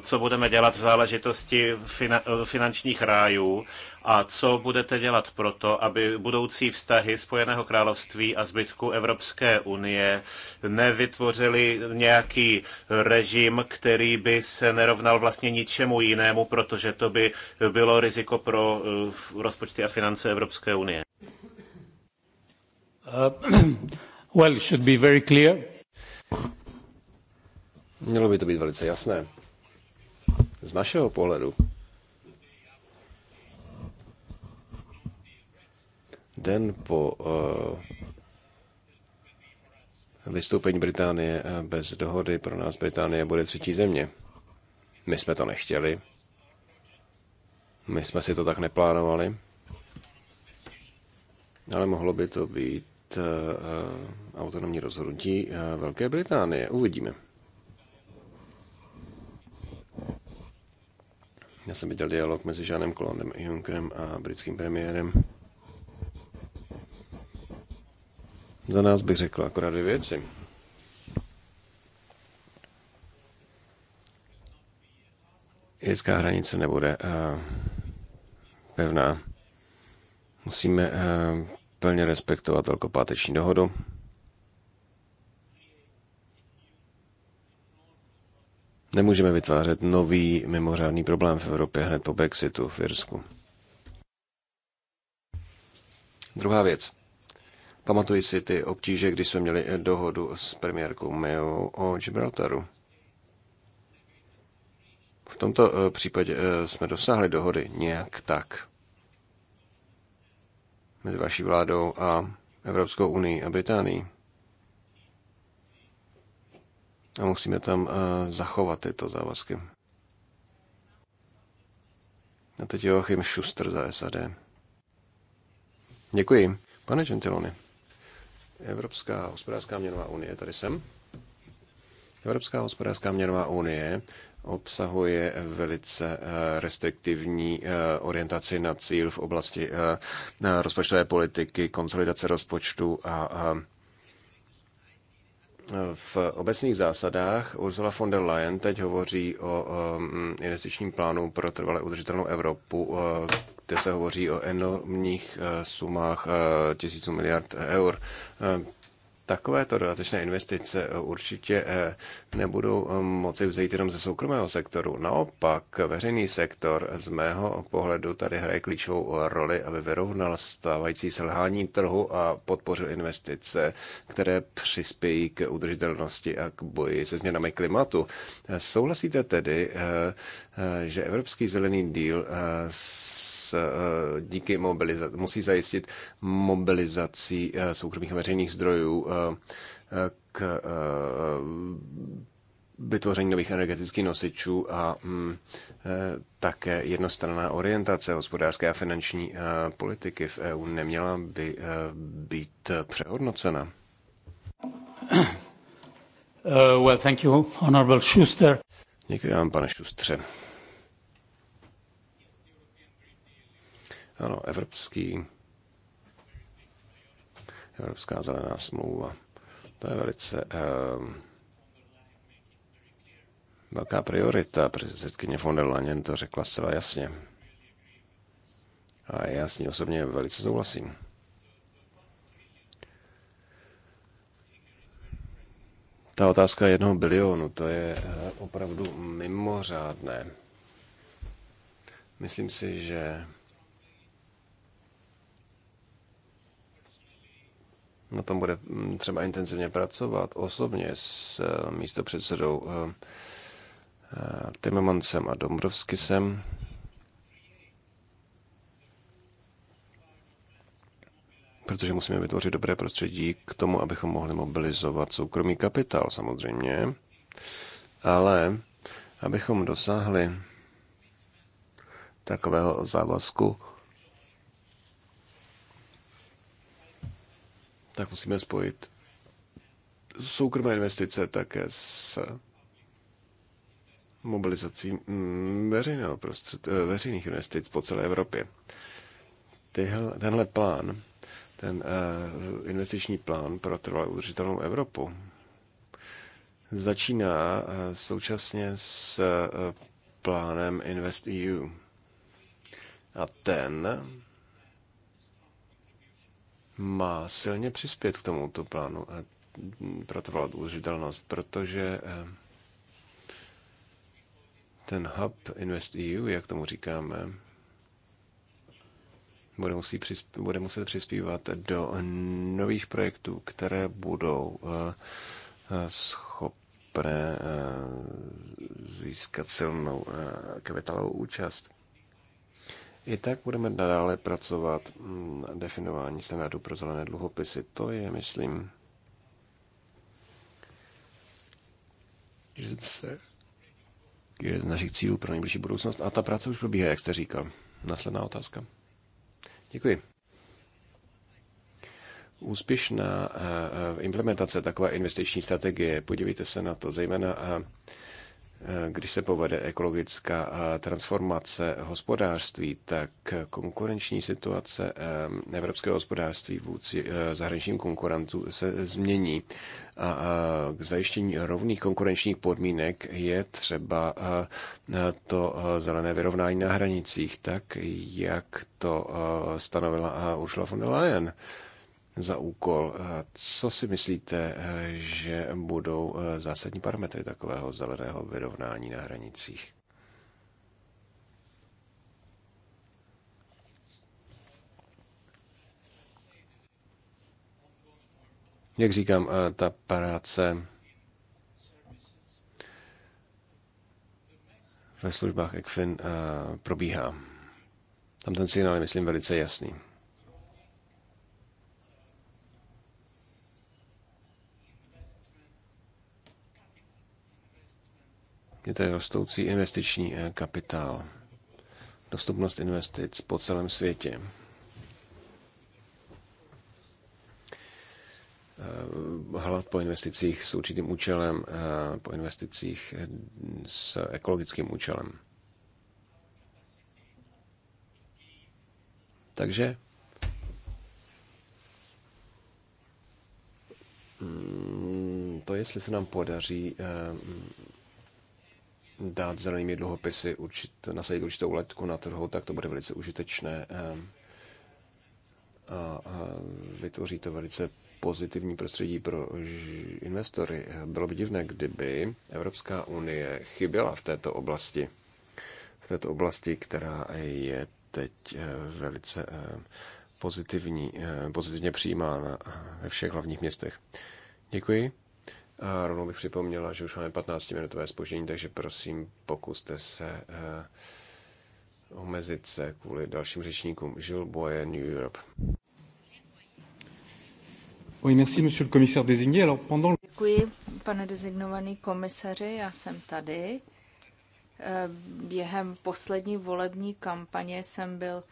co budeme dělat v záležitosti eh, finančních rájů a co budete dělat proto, aby budoucí vztahy Spojeného království a zbytku Evropské unie nevytvořili nějaký režim, který by se nerovnal vlastně ničemu jinému, protože to by bylo riziko pro eh, rozpočty a finance Evropské unie. Well, it should be very clear. Mělo by to být velice jasné. Z našeho pohledu. Den po uh, vystoupení Británie eh, bez dohody pro nás Británie bude třetí země. My jsme to nechtěli. My jsme si to tak neplánovali. Ale mohlo by to být Eh, eh, autonomní rozhodnutí eh, Velké Británie. Uvidíme. Já jsem viděl dialog mezi Žánem Kolandem Junckerem a britským premiérem. Za nás bych řekl akorát dvě věci. Irská hranice nebude uh, pevná. Musíme uh, plně respektovat Velkopáteční dohodu. Nemůžeme vytvářet nový mimořádný problém v Evropě hned po Brexitu v Irsku. Druhá věc. Pamatuji si ty obtíže, když jsme měli dohodu s premiérkou Mayo o Gibraltaru. V tomto eh, případě eh, jsme dosáhli dohody nějak tak mezi vaší vládou a Evropskou unii a Británií. A musíme tam eh, zachovat tyto závazky. A teď Joachim Schuster za SAD. Děkuji. Pane Gentiloni, Evropská hospodářská měnová unie, tady jsem. Evropská hospodářská měnová unie obsahuje eh, velice eh, restriktivní eh, orientaci na cíl v oblasti rozpočtové politiky, konsolidace rozpočtu a v obecných zásadách Ursula von der Leyen teď hovoří o um, investičním plánu pro trvale udržitelnou Evropu, kde se hovoří o enormních sumách tisíců miliard eur takovéto dodatečné investice eh, určitě eh, nebudou eh, moci vzejít jenom ze soukromého sektoru. Naopak, veřejný sektor z mého pohledu tady hraje klíčovou roli, aby vyrovnal stávající selhání trhu a podpořil investice, které přispějí k udržitelnosti a k boji se změnami klimatu. Souhlasíte tedy, že Evropský zelený díl Eh, díky mobilizaci, musí zajistit mobilizací eh, soukromých a veřejných zdrojů eh, k vytvoření nových energetických nosičů a mm, také jednostranná orientace hospodářské a finanční politiky v EU neměla by být přehodnocena. Uh, well, thank you, honorable Schuster. Děkuji vám, pane Šustře. Ano, evropský, evropská zelená smlouva. To je velice eh, velká priorita. Předsedkyně von der Leyen to řekla zcela jasně. A já s ní osobně velice souhlasím. Ta otázka jednoho bilionu, to je eh, opravdu mimořádné. Myslím si, že na tom bude mm, třeba intenzivně pracovat osobně s eh, místopředsedou eh, eh, Timmermansem a Dombrovskisem. protože musíme vytvořit dobré prostředí k tomu, abychom mohli mobilizovat soukromý kapitál samozřejmě, ale abychom dosáhli takového závazku tak musíme spojit soukromé investice také s mobilizací veřejného prostřed, eh, veřejných investic po celé Evropě. Tyhle, tenhle plán, ten uh, investiční plán pro trvalou udržitelnou Evropu, začíná uh, současně s uh, plánem InvestEU. A ten má silně přispět k tomuto plánu pro trvalou důležitelnost, protože eh, ten hub InvestEU, jak tomu říkáme, bude, musí přispí, bude muset přispívat do nových projektů, které budou eh, eh, schopné získat silnou kapitalovou účast. I tak budeme nadále pracovat mm, na definování standardu pro zelené dluhopisy. To je, myslím, jeden z našich cílů pro nejbližší budoucnost. A ta práce už probíhá, jak jste říkal. Následná otázka. Děkuji. Úspěšná eh, eh, implementace takové investiční strategie, podívejte se na to, zejména eh, Eh, když se povede ekologická eh, transformace hospodářství, tak konkurenční situace eh, evropského hospodářství vůči zahraničním konkurentům se změní. A k zajištění rovných konkurenčních podmínek je třeba to zelené vyrovnání na hranicích, tak jak to stanovila Ursula von der Leyen za úkol. Eh, co si myslíte, eh, že budou eh, zásadní parametry takového zeleného vyrovnání na hranicích? Jak říkám, ta práce ve službách ECFIN probíhá. Tam ten signál je, myslím, velice jasný. Je tady rostoucí investiční eh, kapitál, dostupnost investic po celém světě. Eh, hlad po investicích s určitým účelem, eh, po investicích s ekologickým účelem. Takže mm, to, jestli se nám podaří dát zelenými dluhopisy, určit, nasadit určitou letku na trhu, tak to bude velice užitečné ehm, a vytvoří to velice pozitivní prostředí pro investory. Bylo by divné, kdyby Evropská unie chyběla v této oblasti, v této oblasti, která je teď eh, velice ehm, pozitivní, eh, pozitivně přijímána eh, ve všech hlavních městech. Děkuji. A rovnou bych připomněla, že už máme 15-minutové spoždění, takže prosím, pokuste se eh, omezit se kvůli dalším řečníkům. Žil Boje, New Europe. Oui, merci, monsieur le commissaire désigné. Alors, pendant... Děkuji, pane designovaný komisaři, já jsem tady. Eh, během poslední volební kampaně jsem byl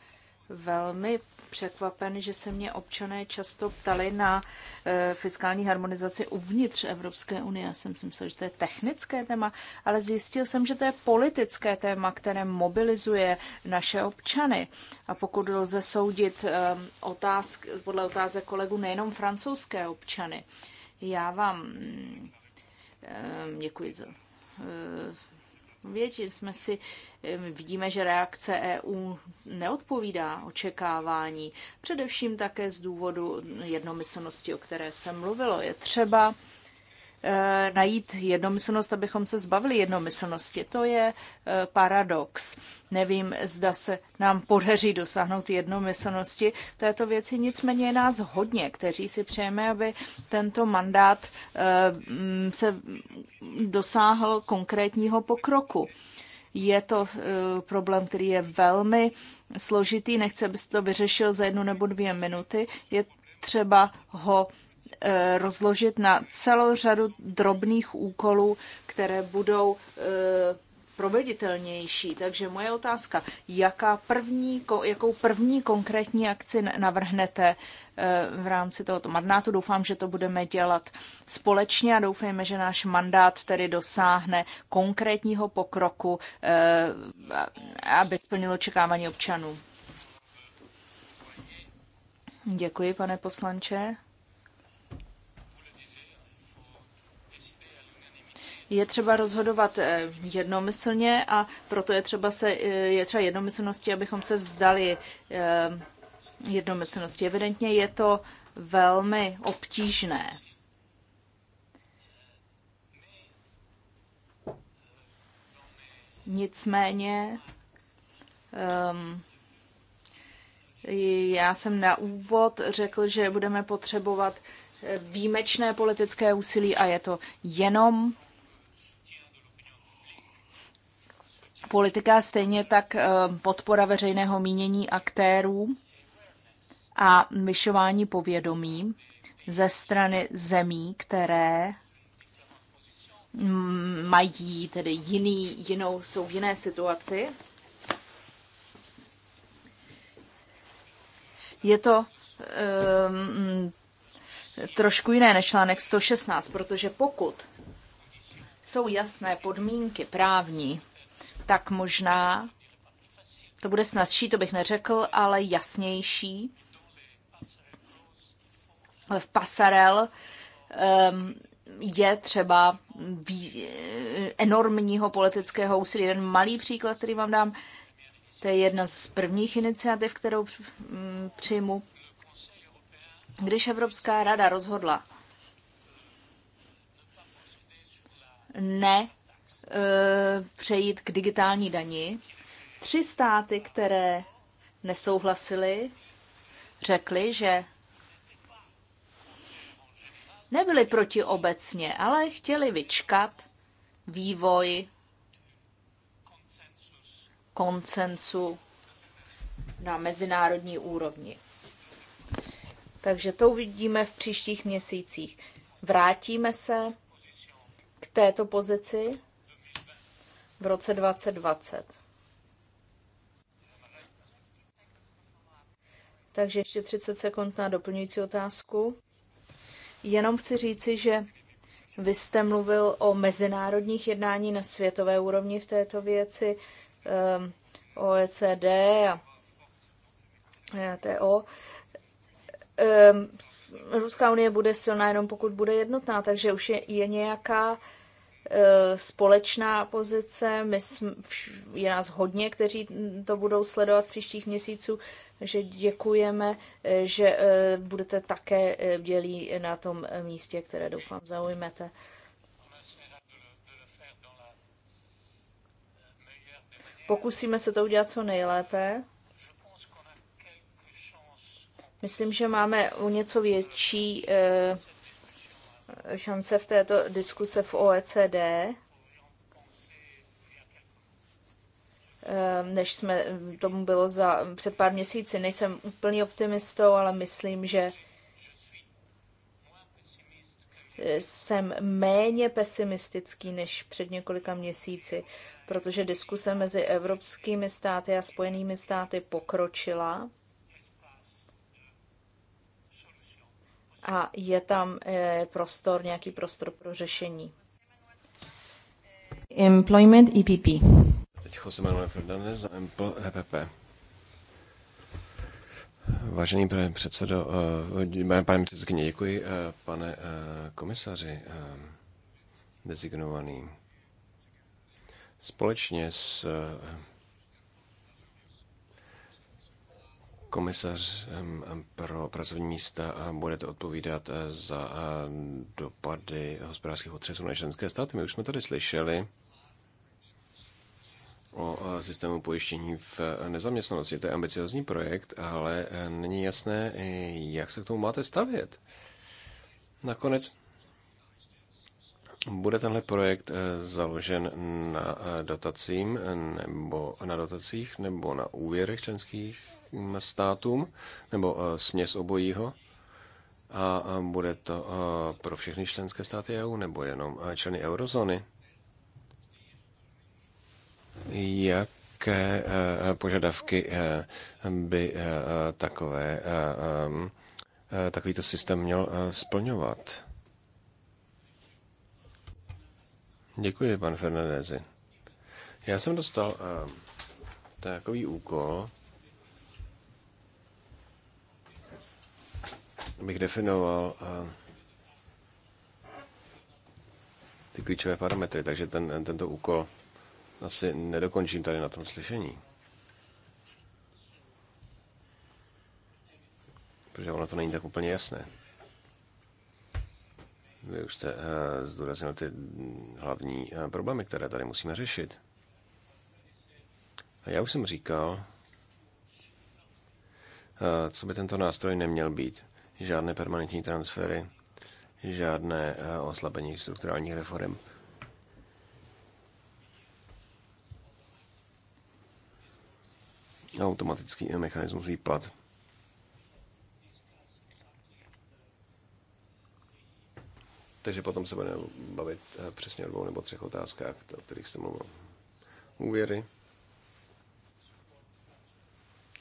velmi překvapen, že se mě občané často ptali na eh, fiskální harmonizaci uvnitř Evropské unie. Já jsem si myslel, že to je technické téma, ale zjistil jsem, že to je politické téma, které mobilizuje naše občany. A pokud lze soudit eh, otázk, podle otázek kolegu nejenom francouzské občany, já vám eh, děkuji za větší. Jsme si, eh, vidíme, že reakce EU neodpovídá očekávání, především také z důvodu jednomyslnosti, o které jsem mluvilo. Je třeba Eh, najít jednomyslnost, abychom se zbavili jednomyslnosti. To je eh, paradox. Nevím, zda se nám podaří dosáhnout jednomyslnosti této věci, nicméně je nás hodně, kteří si přejeme, aby tento mandát eh, mm, se dosáhl konkrétního pokroku. Je to problém, který je velmi složitý, Nechce aby to vyřešil za jednu nebo dvě minuty. Je třeba ho Eh, rozložit na celou řadu drobných úkolů, které budou eh, proveditelnější. Takže moje otázka, jaká první, jakou první konkrétní akci navrhnete eh, v rámci tohoto mandátu? Doufám, že to budeme dělat společně a doufejme, že náš mandát tedy dosáhne konkrétního pokroku, aby splnilo očekávání občanů. Děkuji, pane poslanče. je třeba rozhodovat eh, jednomyslně a proto je třeba, se, eh, je třeba jednomyslnosti, abychom se vzdali eh, jednomyslnosti. Evidentně je to velmi obtížné. Nicméně um, já jsem na úvod řekl, že budeme potřebovat výjimečné politické úsilí a je to jenom politika, stejně tak eh, podpora veřejného mínění aktérů a myšování povědomí ze strany zemí, které mm, mají tedy jiný, jinou, jsou v jiné situaci. Je to um, trošku jiné než článek 116, protože pokud jsou jasné podmínky právní tak možná to bude snazší, to bych neřekl, ale jasnější. V pasarel um, je třeba enormního politického úsilí. Jeden malý příklad, který vám dám, to je jedna z prvních iniciativ, kterou mm, přijmu. Když Evropská rada rozhodla ne Eh, přejít k digitální dani. Tři státy, které nesouhlasily, řekly, že nebyli proti obecně, ale chtěli vyčkat vývoj koncensu na mezinárodní úrovni. Takže to uvidíme v příštích měsících. Vrátíme se k této pozici v roce 2020. Takže ještě 30 sekund na doplňující otázku. Jenom chci říci, že vy jste mluvil o mezinárodních jednání na světové úrovni v této věci, ehm, OECD a TO. Ehm, Ruská unie bude silná jenom pokud bude jednotná, takže už je, je nějaká Eh, společná pozice. My jsme, je nás hodně, kteří to budou sledovat v příštích měsíců, takže děkujeme, eh, že eh, budete také dělí na tom místě, které doufám zaujmete. Pokusíme se to udělat co nejlépe. Myslím, že máme o něco větší šance v této diskuse v OECD, ehm, než jsme tomu bylo za před pár měsíci. Nejsem úplný optimistou, ale myslím, že jsem méně pesimistický než před několika měsíci, protože diskuse mezi evropskými státy a spojenými státy pokročila a je tam eh, prostor, nějaký prostor pro řešení. Employment EPP. Teď Jose Manuel Fernandez za EPP. E Vážený pane předsedo, eh, pane předsedkyně, děkuji. Eh, pane komisaři, designovaný, společně s Komisař pro pracovní místa a budete odpovídat eh, za eh, dopady hospodářských otřesů na členské státy. My už jsme tady slyšeli o eh, systému pojištění v nezaměstnanosti. To je ambiciozní projekt, ale není jasné, jak se k tomu máte stavět. Nakonec bude tenhle projekt eh, založen na eh, dotacím nebo na dotacích nebo na úvěrech členských mm, státům nebo eh, směs obojího? A bude to pro všechny členské státy EU nebo jenom členy eurozóny? Jak jaké požadavky by takové, takovýto systém měl splňovat. Děkuji, pan Fernandezi. Já jsem dostal uh, takový úkol, abych definoval uh, ty klíčové parametry, takže ten, tento úkol asi nedokončím tady na tom slyšení. Protože ono to není tak úplně jasné. Vy už jste eh, zdůraznil ty hlavní eh, problémy, které tady musíme řešit. A já už jsem říkal, eh, co by tento nástroj neměl být. Žádné permanentní transfery, žádné oslabení strukturálních reform. Automatický mechanismus výplat. Takže potom se budeme bavit eh, přesně o dvou nebo třech otázkách, o kterých jsem mluvil. Úvěry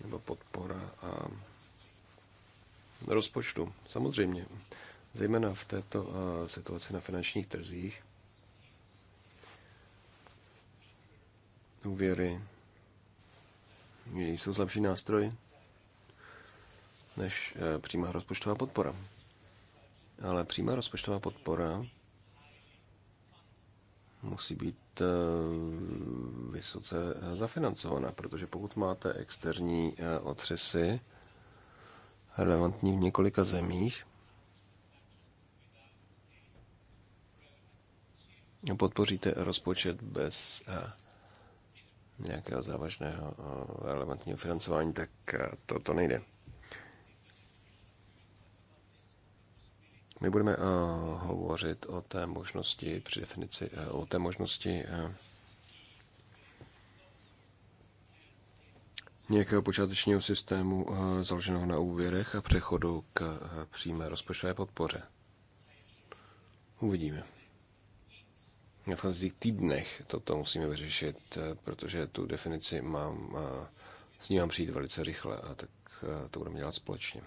nebo podpora a rozpočtu. Samozřejmě, zejména v této eh, situaci na finančních trzích, úvěry jsou slabší nástroj než eh, přímá rozpočtová podpora. Ale přímá rozpočtová podpora musí být eh, vysoce zafinancovaná, protože pokud máte externí eh, otřesy relevantní v několika zemích, podpoříte rozpočet bez eh, nějakého závažného relevantního financování, tak to, to nejde. My budeme uh, hovořit o té možnosti, při definici, uh, o té možnosti uh, nějakého počátečního systému uh, založeného na úvěrech a přechodu k uh, přímé rozpočtové podpoře. Uvidíme. Na nadcházejících týdnech toto musíme vyřešit, uh, protože tu definici mám, uh, s ní mám přijít velice rychle a tak uh, to budeme dělat společně.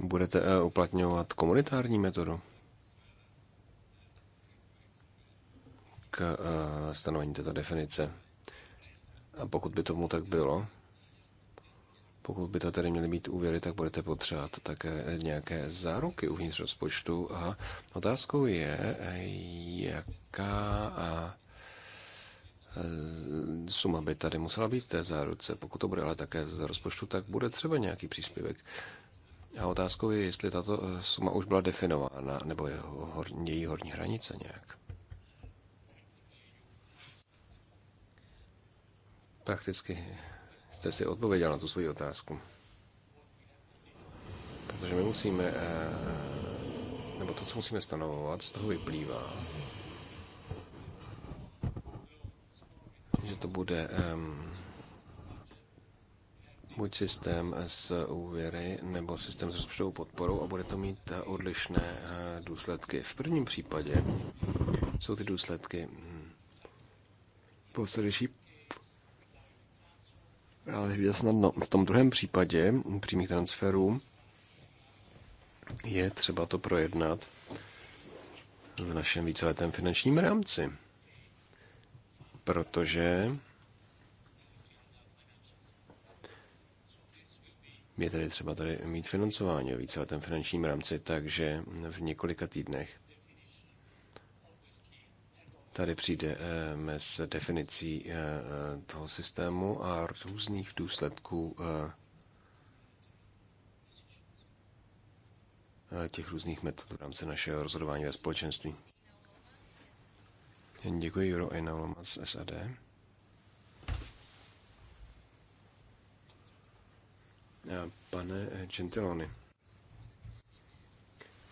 budete eh, uplatňovat komunitární metodu k eh, stanovení této definice. A pokud by tomu tak bylo, pokud by to tedy měly být úvěry, tak budete potřebovat také nějaké záruky uvnitř rozpočtu. A otázkou je, jaká eh, suma by tady musela být v té záruce. Pokud to bude ale také z rozpočtu, tak bude třeba nějaký příspěvek. A otázkou je, jestli tato eh, suma už byla definována, nebo je hor, její horní hranice nějak. Prakticky jste si odpověděl na tu svoji otázku. Protože my musíme, eh, nebo to, co musíme stanovovat, z toho vyplývá, že to bude ehm, buď systém s úvěry nebo systém s rozpočtovou podporou a bude to mít odlišné eh, důsledky. V prvním případě jsou ty důsledky hm, posledější ale je snadno. V tom druhém případě přímých transferů je třeba to projednat v našem víceletém finančním rámci. Protože je tedy třeba tady mít financování o víceletém finančním rámci, takže v několika týdnech tady přijdeme eh, s definicí eh, eh, toho systému a různých důsledků těch různých metod v rámci našeho rozhodování ve společenství. Děkuji, Juro Einauloma z SAD. Eh, pane eh, Gentiloni,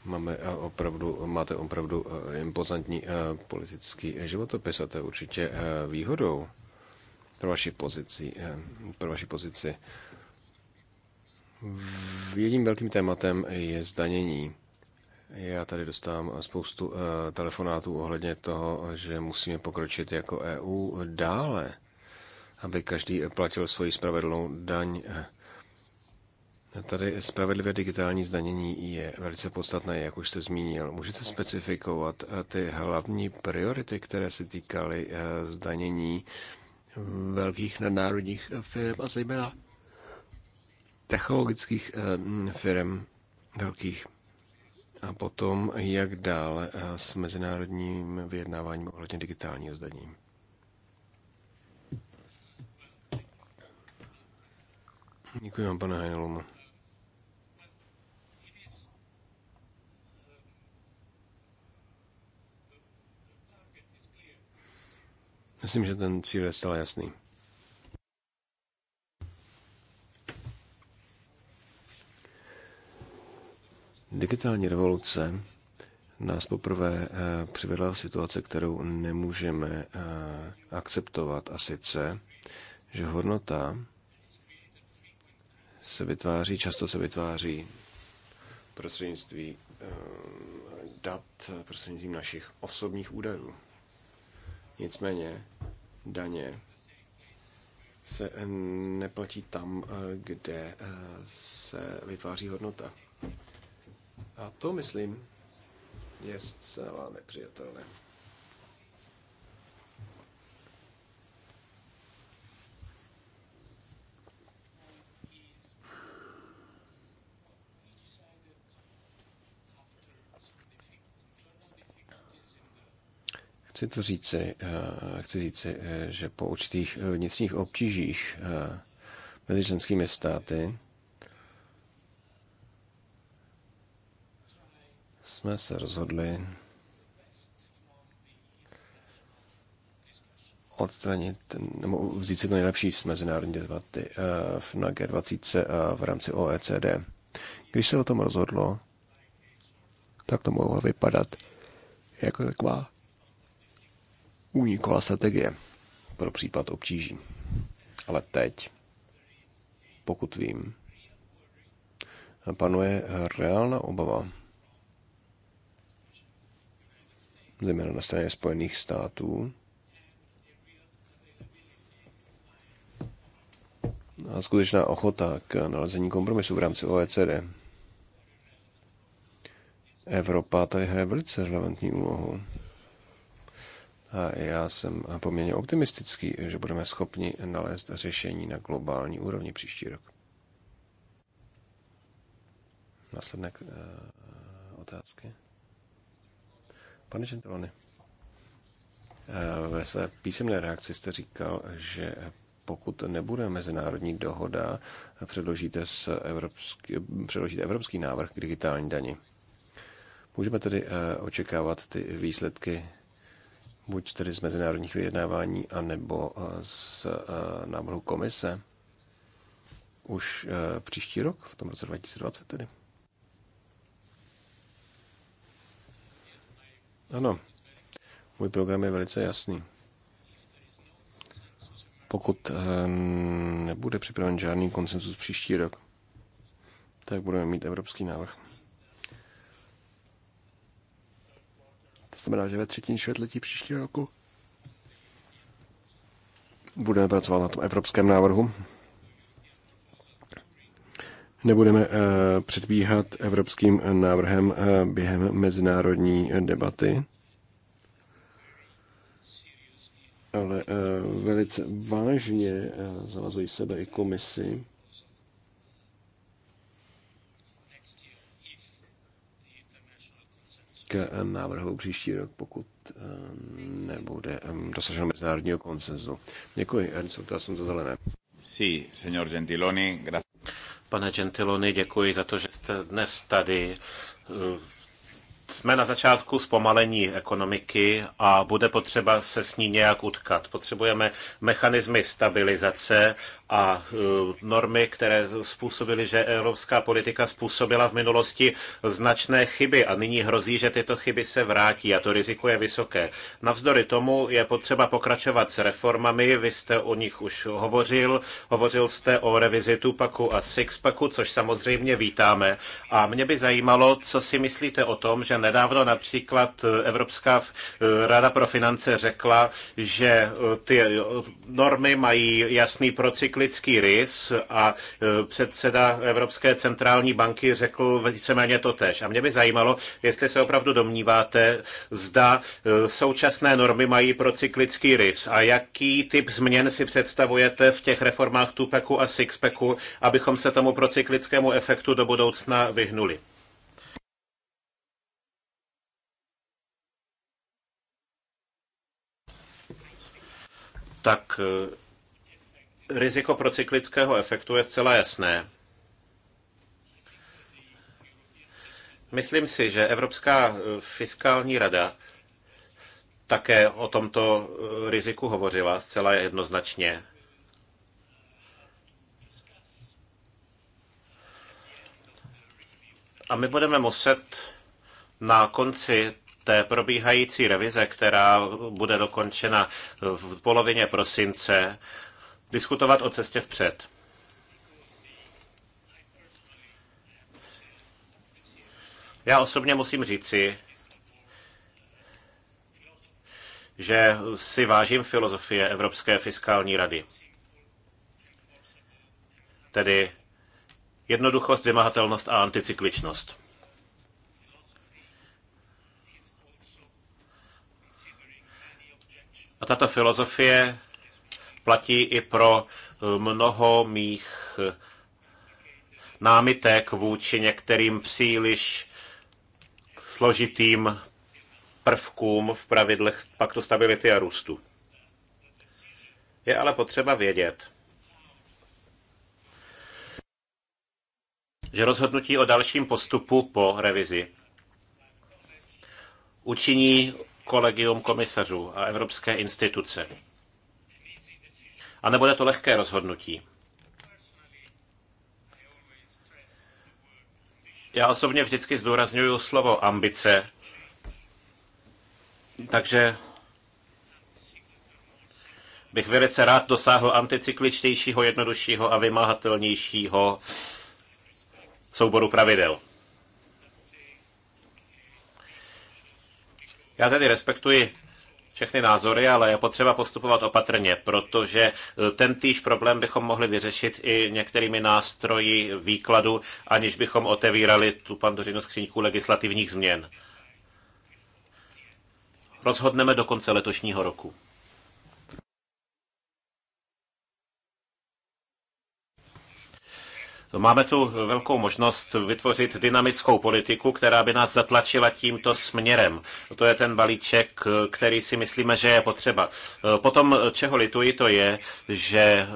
máme eh, opravdu, máte opravdu impozantní politický životopis a to je určitě výhodou pro vaši pozici. Pro vaši pozici. Jedním velkým tématem je zdanění. Já tady dostávám spoustu telefonátů ohledně toho, že musíme pokročit jako EU dále, aby každý platil svoji spravedlnou daň. Tady spravedlivé digitální zdanění je velice podstatné, jak už jste zmínil. Můžete specifikovat eh, ty hlavní priority, které se týkaly eh, zdanění mm, velkých nadnárodních firm a zejména technologických eh, mm, firm velkých. A potom, jak dále s mezinárodním vyjednáváním ohledně digitálního zdanění. Děkuji vám, pane Heineluma. Myslím, že ten cíl je zcela jasný. Digitální revoluce nás poprvé eh, přivedla v situace, kterou nemůžeme eh, akceptovat, a sice, že hodnota se vytváří, často se vytváří prostřednictví eh, dat, prostřednictvím našich osobních údajů. Nicméně daně se neplatí tam, kde se vytváří hodnota. A to, myslím, je zcela nepřijatelné. Chci to říci, eh, chci říci, eh, že po určitých eh, vnitřních obtížích mezi členskými státy jsme se rozhodli odstranit nebo vzít si to nejlepší z mezinárodní debaty na G20 a v rámci OECD. Když se o tom rozhodlo, tak to mohlo vypadat jako taková úniková strategie pro případ obtíží. Ale teď, pokud vím, panuje reálná obava, zejména na straně Spojených států, a skutečná ochota k nalezení kompromisu v rámci OECD. Evropa tady hraje velice relevantní úlohu. Já jsem poměrně optimistický, že budeme schopni nalézt řešení na globální úrovni příští rok. Následné eh, otázky. Pane Gentiloni, eh, ve své písemné reakci jste říkal, že pokud nebude mezinárodní dohoda, předložíte, s evropský, předložíte evropský návrh k digitální dani. Můžeme tedy eh, očekávat ty výsledky buď tedy z mezinárodních vyjednávání, anebo eh, z eh, návrhu komise už eh, příští rok, v tom roce 2020 tedy. Ano, můj program je velice jasný. Pokud nebude připraven žádný konsensus příští rok, tak budeme mít evropský návrh. To znamená, že ve třetím čtvrtletí příštího roku budeme pracovat na tom evropském návrhu. Nebudeme eh, předbíhat evropským eh, návrhem eh, během mezinárodní debaty, ale velice vážně zavazují sebe i komisi k návrhu příští rok, pokud eh, nebude eh, dosaženo mezinárodního konsenzu. Děkuji, Ernst Utasun za zelené. Sí, señor Gentiloni, gracias. Pane Gentiloni, děkuji za to, že jste dnes tady. Eh, jsme na začátku zpomalení ekonomiky a bude potřeba se s ní nějak utkat. Potřebujeme mechanismy stabilizace a e, normy, které způsobily, že evropská politika způsobila v minulosti značné chyby a nyní hrozí, že tyto chyby se vrátí a to riziko je vysoké. Navzdory tomu je potřeba pokračovat s reformami, vy jste o nich už hovořil, hovořil jste o revizi Tupaku a Sixpaku, což samozřejmě vítáme a mě by zajímalo, co si myslíte o tom, že nedávno například Evropská eh, rada pro finance řekla, že eh, ty eh, normy mají jasný procyklický rys a předseda Evropské centrální banky řekl víceméně to tež. A mě by zajímalo, jestli se opravdu domníváte, zda současné normy mají procyklický rys a jaký typ změn si představujete v těch reformách Tupeku a Sixpeku, abychom se tomu procyklickému efektu do budoucna vyhnuli. tak eh, riziko procyklického efektu je zcela jasné. Myslím si, že Evropská eh, fiskální rada také o tomto eh, riziku hovořila zcela jednoznačně. A my budeme muset na konci té probíhající revize, která bude dokončena v polovině prosince, diskutovat o cestě vpřed. Já osobně musím říci, že si vážím filozofie Evropské fiskální rady. Tedy jednoduchost, vymahatelnost a anticykličnost. A tato filozofie platí i pro eh, mnoho mých eh, námitek vůči některým příliš složitým prvkům v pravidlech paktu stability a růstu. Je ale potřeba vědět, že rozhodnutí o dalším postupu po revizi učiní kolegium komisařů a evropské instituce. A nebude to lehké rozhodnutí. Já osobně vždycky zdůraznuju slovo ambice, takže bych velice rád dosáhl anticykličtějšího, jednoduššího a vymahatelnějšího souboru pravidel. Já tedy respektuji všechny názory, ale je potřeba postupovat opatrně, protože eh, ten týž problém bychom mohli vyřešit i některými nástroji výkladu, aniž bychom otevírali tu pandořinu skříňku legislativních změn. Rozhodneme do konce letošního roku. Máme tu velkou možnost vytvořit dynamickou politiku, která by nás zatlačila tímto směrem. To je ten balíček, který si myslíme, že je potřeba. Potom, čeho lituji, to je, že e,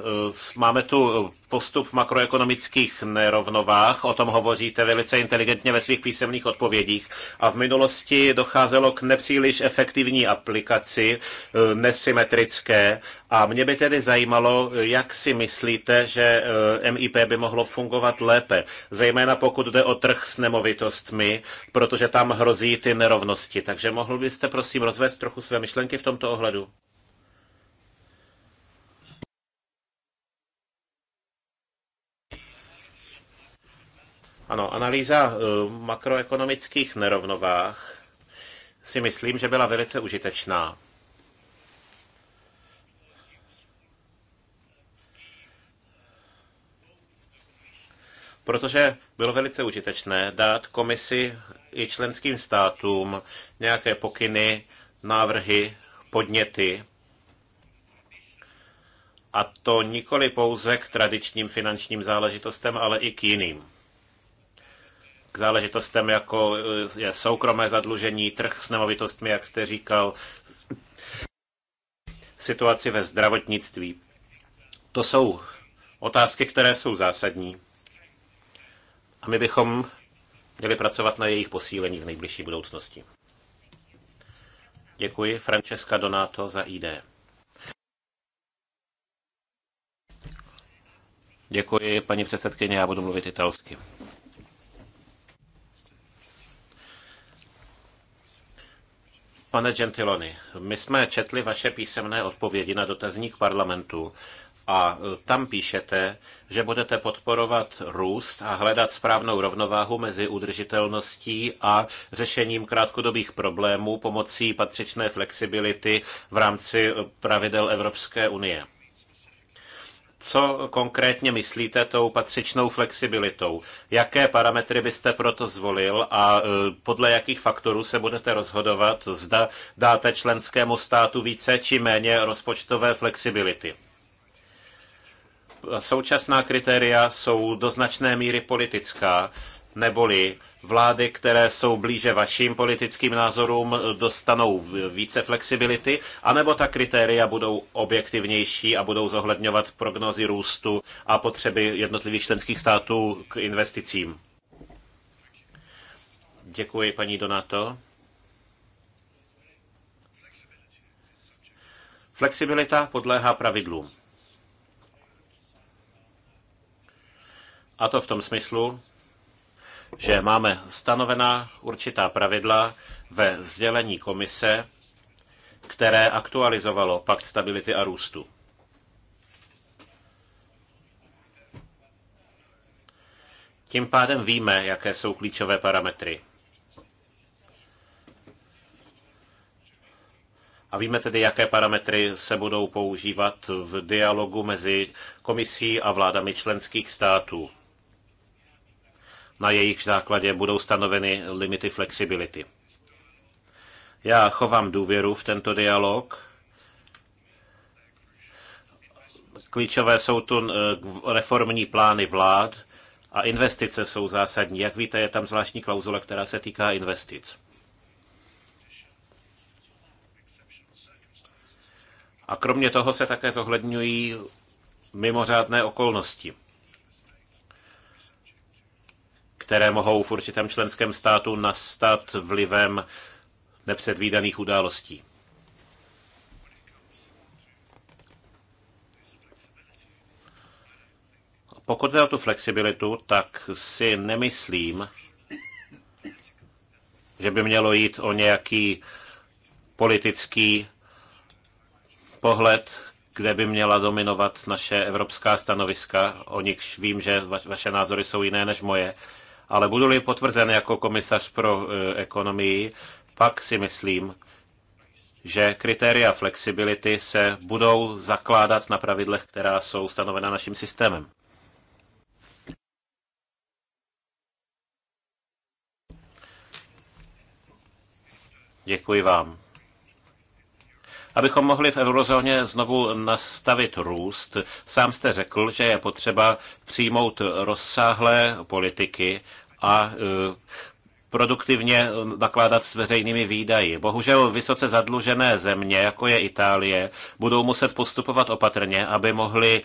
máme tu postup makroekonomických nerovnovách. O tom hovoříte velice inteligentně ve svých písemných odpovědích. A v minulosti docházelo k nepříliš efektivní aplikaci, eh, nesymetrické. A mě by tedy zajímalo, jak si myslíte, že eh, MIP by mohlo fungovat lépe, zejména pokud jde o trh s nemovitostmi, protože tam hrozí ty nerovnosti. Takže mohl byste prosím rozvést trochu své myšlenky v tomto ohledu? Ano, analýza eh, makroekonomických nerovnovách si myslím, že byla velice užitečná. Protože bylo velice užitečné dát komisi i členským státům nějaké pokyny, návrhy, podněty, a to nikoli pouze k tradičním finančním záležitostem, ale i k jiným k záležitostem, jako eh, je soukromé zadlužení, trh s nemovitostmi, jak jste říkal, situaci ve zdravotnictví. To jsou otázky, které jsou zásadní. A my bychom měli pracovat na jejich posílení v nejbližší budoucnosti. Děkuji Francesca Donato za ID. Děkuji, paní předsedkyně, já budu mluvit italsky. Pane Gentiloni, my jsme četli vaše písemné odpovědi na dotazník parlamentu a tam píšete, že budete podporovat růst a hledat správnou rovnováhu mezi udržitelností a řešením krátkodobých problémů pomocí patřičné flexibility v rámci pravidel Evropské unie. Co konkrétně myslíte tou patřičnou flexibilitou? Jaké parametry byste proto zvolil a e, podle jakých faktorů se budete rozhodovat, zda dáte členskému státu více či méně rozpočtové flexibility? Současná kritéria jsou do značné míry politická neboli vlády, které jsou blíže vašim politickým názorům, dostanou více flexibility, anebo ta kritéria budou objektivnější a budou zohledňovat prognozy růstu a potřeby jednotlivých členských států k investicím. Děkuji, paní Donato. Flexibilita podléhá pravidlům. A to v tom smyslu, že máme stanovená určitá pravidla ve sdělení komise, které aktualizovalo Pakt stability a růstu. Tím pádem víme, jaké jsou klíčové parametry. A víme tedy, jaké parametry se budou používat v dialogu mezi komisí a vládami členských států na jejich základě budou stanoveny limity flexibility. Já chovám důvěru v tento dialog. Klíčové jsou tu eh, reformní plány vlád a investice jsou zásadní. Jak víte, je tam zvláštní klauzule, která se týká investic. A kromě toho se také zohledňují mimořádné okolnosti které mohou v určitém členském státu nastat vlivem nepředvídaných událostí. Pokud jde o tu flexibilitu, tak si nemyslím, že by mělo jít o nějaký politický pohled, kde by měla dominovat naše evropská stanoviska, o nichž vím, že vaše názory jsou jiné než moje. Ale budu-li potvrzen jako komisař pro e, ekonomii, pak si myslím, že kritéria flexibility se budou zakládat na pravidlech, která jsou stanovena naším systémem. Děkuji vám. Abychom mohli v eurozóně znovu nastavit růst, sám jste řekl, že je potřeba přijmout rozsáhlé politiky a e, produktivně nakládat s veřejnými výdaji. Bohužel vysoce zadlužené země, jako je Itálie, budou muset postupovat opatrně, aby mohly e,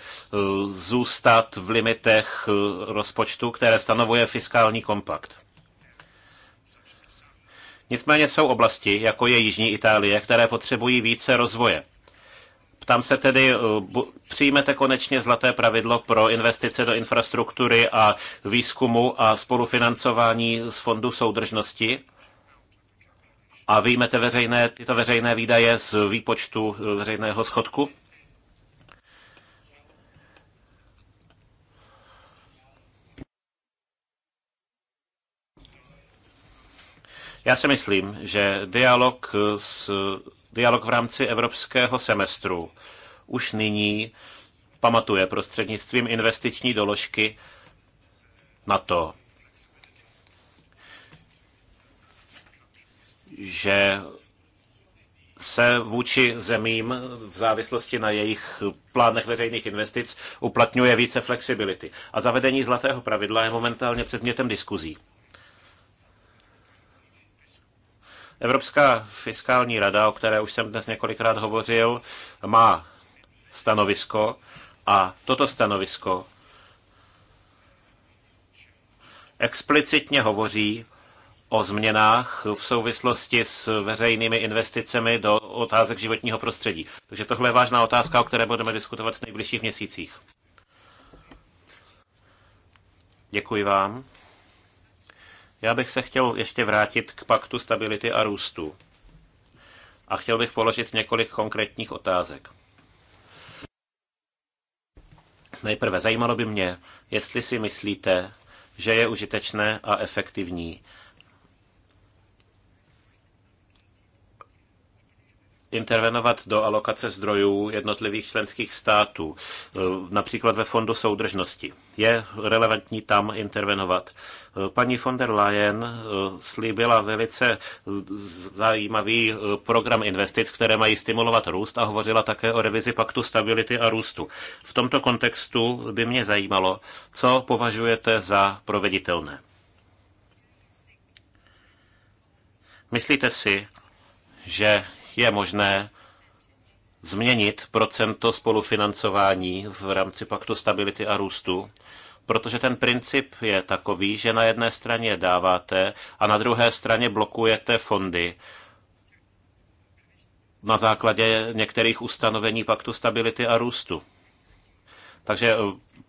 zůstat v limitech e, rozpočtu, které stanovuje fiskální kompakt. Nicméně jsou oblasti, jako je Jižní Itálie, které potřebují více rozvoje. Ptám se tedy, eh, přijmete konečně zlaté pravidlo pro investice do infrastruktury a výzkumu a spolufinancování z Fondu soudržnosti? A vyjmete veřejné, tyto veřejné výdaje z výpočtu eh, veřejného schodku? Já si myslím, že dialog, s, dialog v rámci evropského semestru už nyní pamatuje prostřednictvím investiční doložky na to, že se vůči zemím v závislosti na jejich plánech veřejných investic uplatňuje více flexibility. A zavedení zlatého pravidla je momentálně předmětem diskuzí. Evropská fiskální rada, o které už jsem dnes několikrát hovořil, má stanovisko a toto stanovisko explicitně hovoří o změnách v souvislosti s veřejnými investicemi do otázek životního prostředí. Takže tohle je vážná otázka, o které budeme diskutovat v nejbližších měsících. Děkuji vám. Já bych se chtěl ještě vrátit k paktu stability a růstu. A chtěl bych položit několik konkrétních otázek. Nejprve zajímalo by mě, jestli si myslíte, že je užitečné a efektivní intervenovat do alokace zdrojů jednotlivých členských států, e, například ve Fondu soudržnosti. Je relevantní tam intervenovat. E, paní von der Leyen e, slíbila velice zajímavý program investic, které mají stimulovat růst a hovořila také o revizi paktu stability a růstu. V tomto kontextu by mě zajímalo, co považujete za proveditelné. Myslíte si, že je možné změnit procento spolufinancování v rámci paktu stability a růstu, protože ten princip je takový, že na jedné straně dáváte a na druhé straně blokujete fondy na základě některých ustanovení paktu stability a růstu. Takže eh,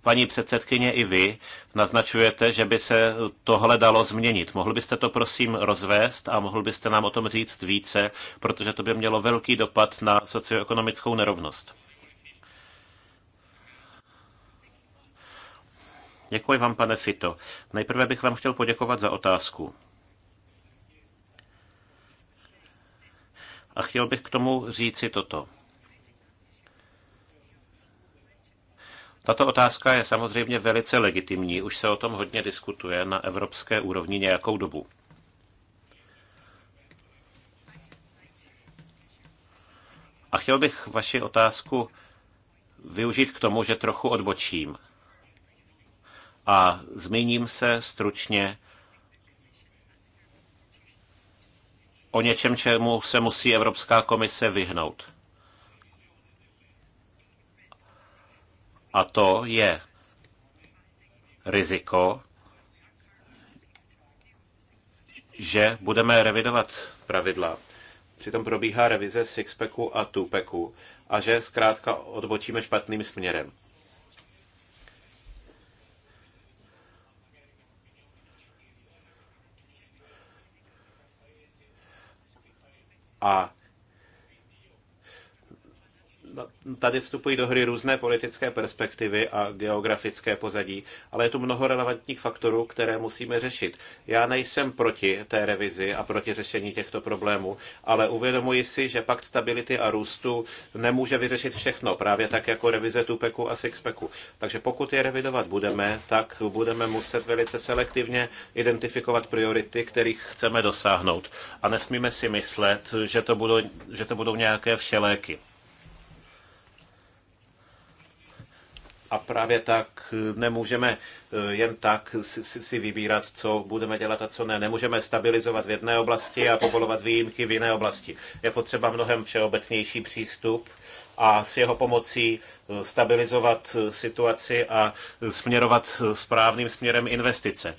paní předsedkyně i vy naznačujete, že by se tohle dalo změnit. Mohl byste to prosím rozvést a mohl byste nám o tom říct více, protože to by mělo velký dopad na socioekonomickou nerovnost. Děkuji vám, pane Fito. Nejprve bych vám chtěl poděkovat za otázku. A chtěl bych k tomu říci toto. Tato otázka je samozřejmě velice legitimní, už se o tom hodně diskutuje na evropské úrovni nějakou dobu. A chtěl bych vaši otázku využít k tomu, že trochu odbočím. A zmíním se stručně o něčem, čemu se musí Evropská komise vyhnout. A to je riziko, že budeme revidovat pravidla. Přitom probíhá revize sixpacku a tupeku a že zkrátka odbočíme špatným směrem. A tady vstupují do hry různé politické perspektivy a geografické pozadí, ale je tu mnoho relevantních faktorů, které musíme řešit. Já nejsem proti té revizi a proti řešení těchto problémů, ale uvědomuji si, že pakt stability a růstu nemůže vyřešit všechno, právě tak jako revize Tupeku a Sixpeku. Takže pokud je revidovat budeme, tak budeme muset velice selektivně identifikovat priority, kterých chceme dosáhnout. A nesmíme si myslet, že to budou, že to budou nějaké všeléky. A právě tak eh, nemůžeme eh, jen tak si vybírat, co budeme dělat a co ne. Nemůžeme stabilizovat v jedné oblasti a povolovat výjimky v jiné oblasti. Je potřeba mnohem všeobecnější přístup a s jeho pomocí eh, stabilizovat situaci a směrovat správným směrem investice.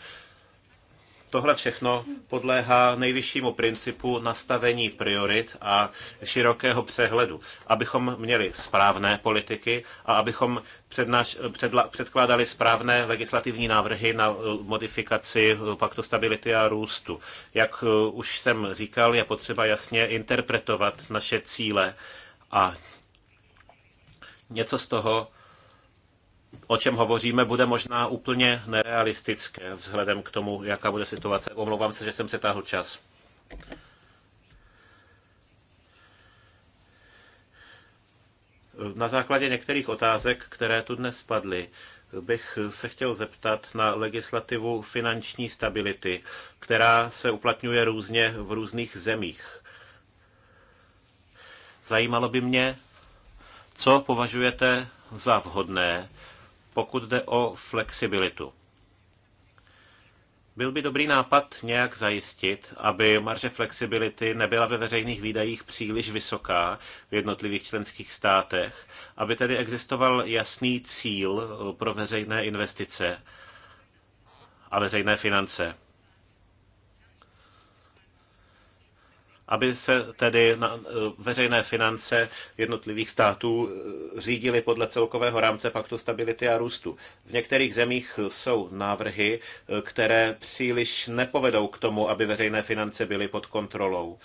Tohle všechno podléhá nejvyššímu principu nastavení priorit a širokého přehledu, abychom měli správné politiky a abychom přednáš, předla, předkládali správné legislativní návrhy na uh, modifikaci uh, paktu stability a růstu. Jak uh, už jsem říkal, je potřeba jasně interpretovat naše cíle a něco z toho o čem hovoříme, bude možná úplně nerealistické vzhledem k tomu, jaká bude situace. Omlouvám se, že jsem přetáhl čas. Na základě některých otázek, které tu dnes padly, bych se chtěl zeptat na legislativu finanční stability, která se uplatňuje různě v různých zemích. Zajímalo by mě, co považujete za vhodné pokud jde o flexibilitu. Byl by dobrý nápad nějak zajistit, aby marže flexibility nebyla ve veřejných výdajích příliš vysoká v jednotlivých členských státech, aby tedy existoval jasný cíl pro veřejné investice a veřejné finance. aby se tedy na eh, veřejné finance jednotlivých států eh, řídily podle celkového rámce paktu stability a růstu. V některých zemích jsou návrhy, eh, které příliš nepovedou k tomu, aby veřejné finance byly pod kontrolou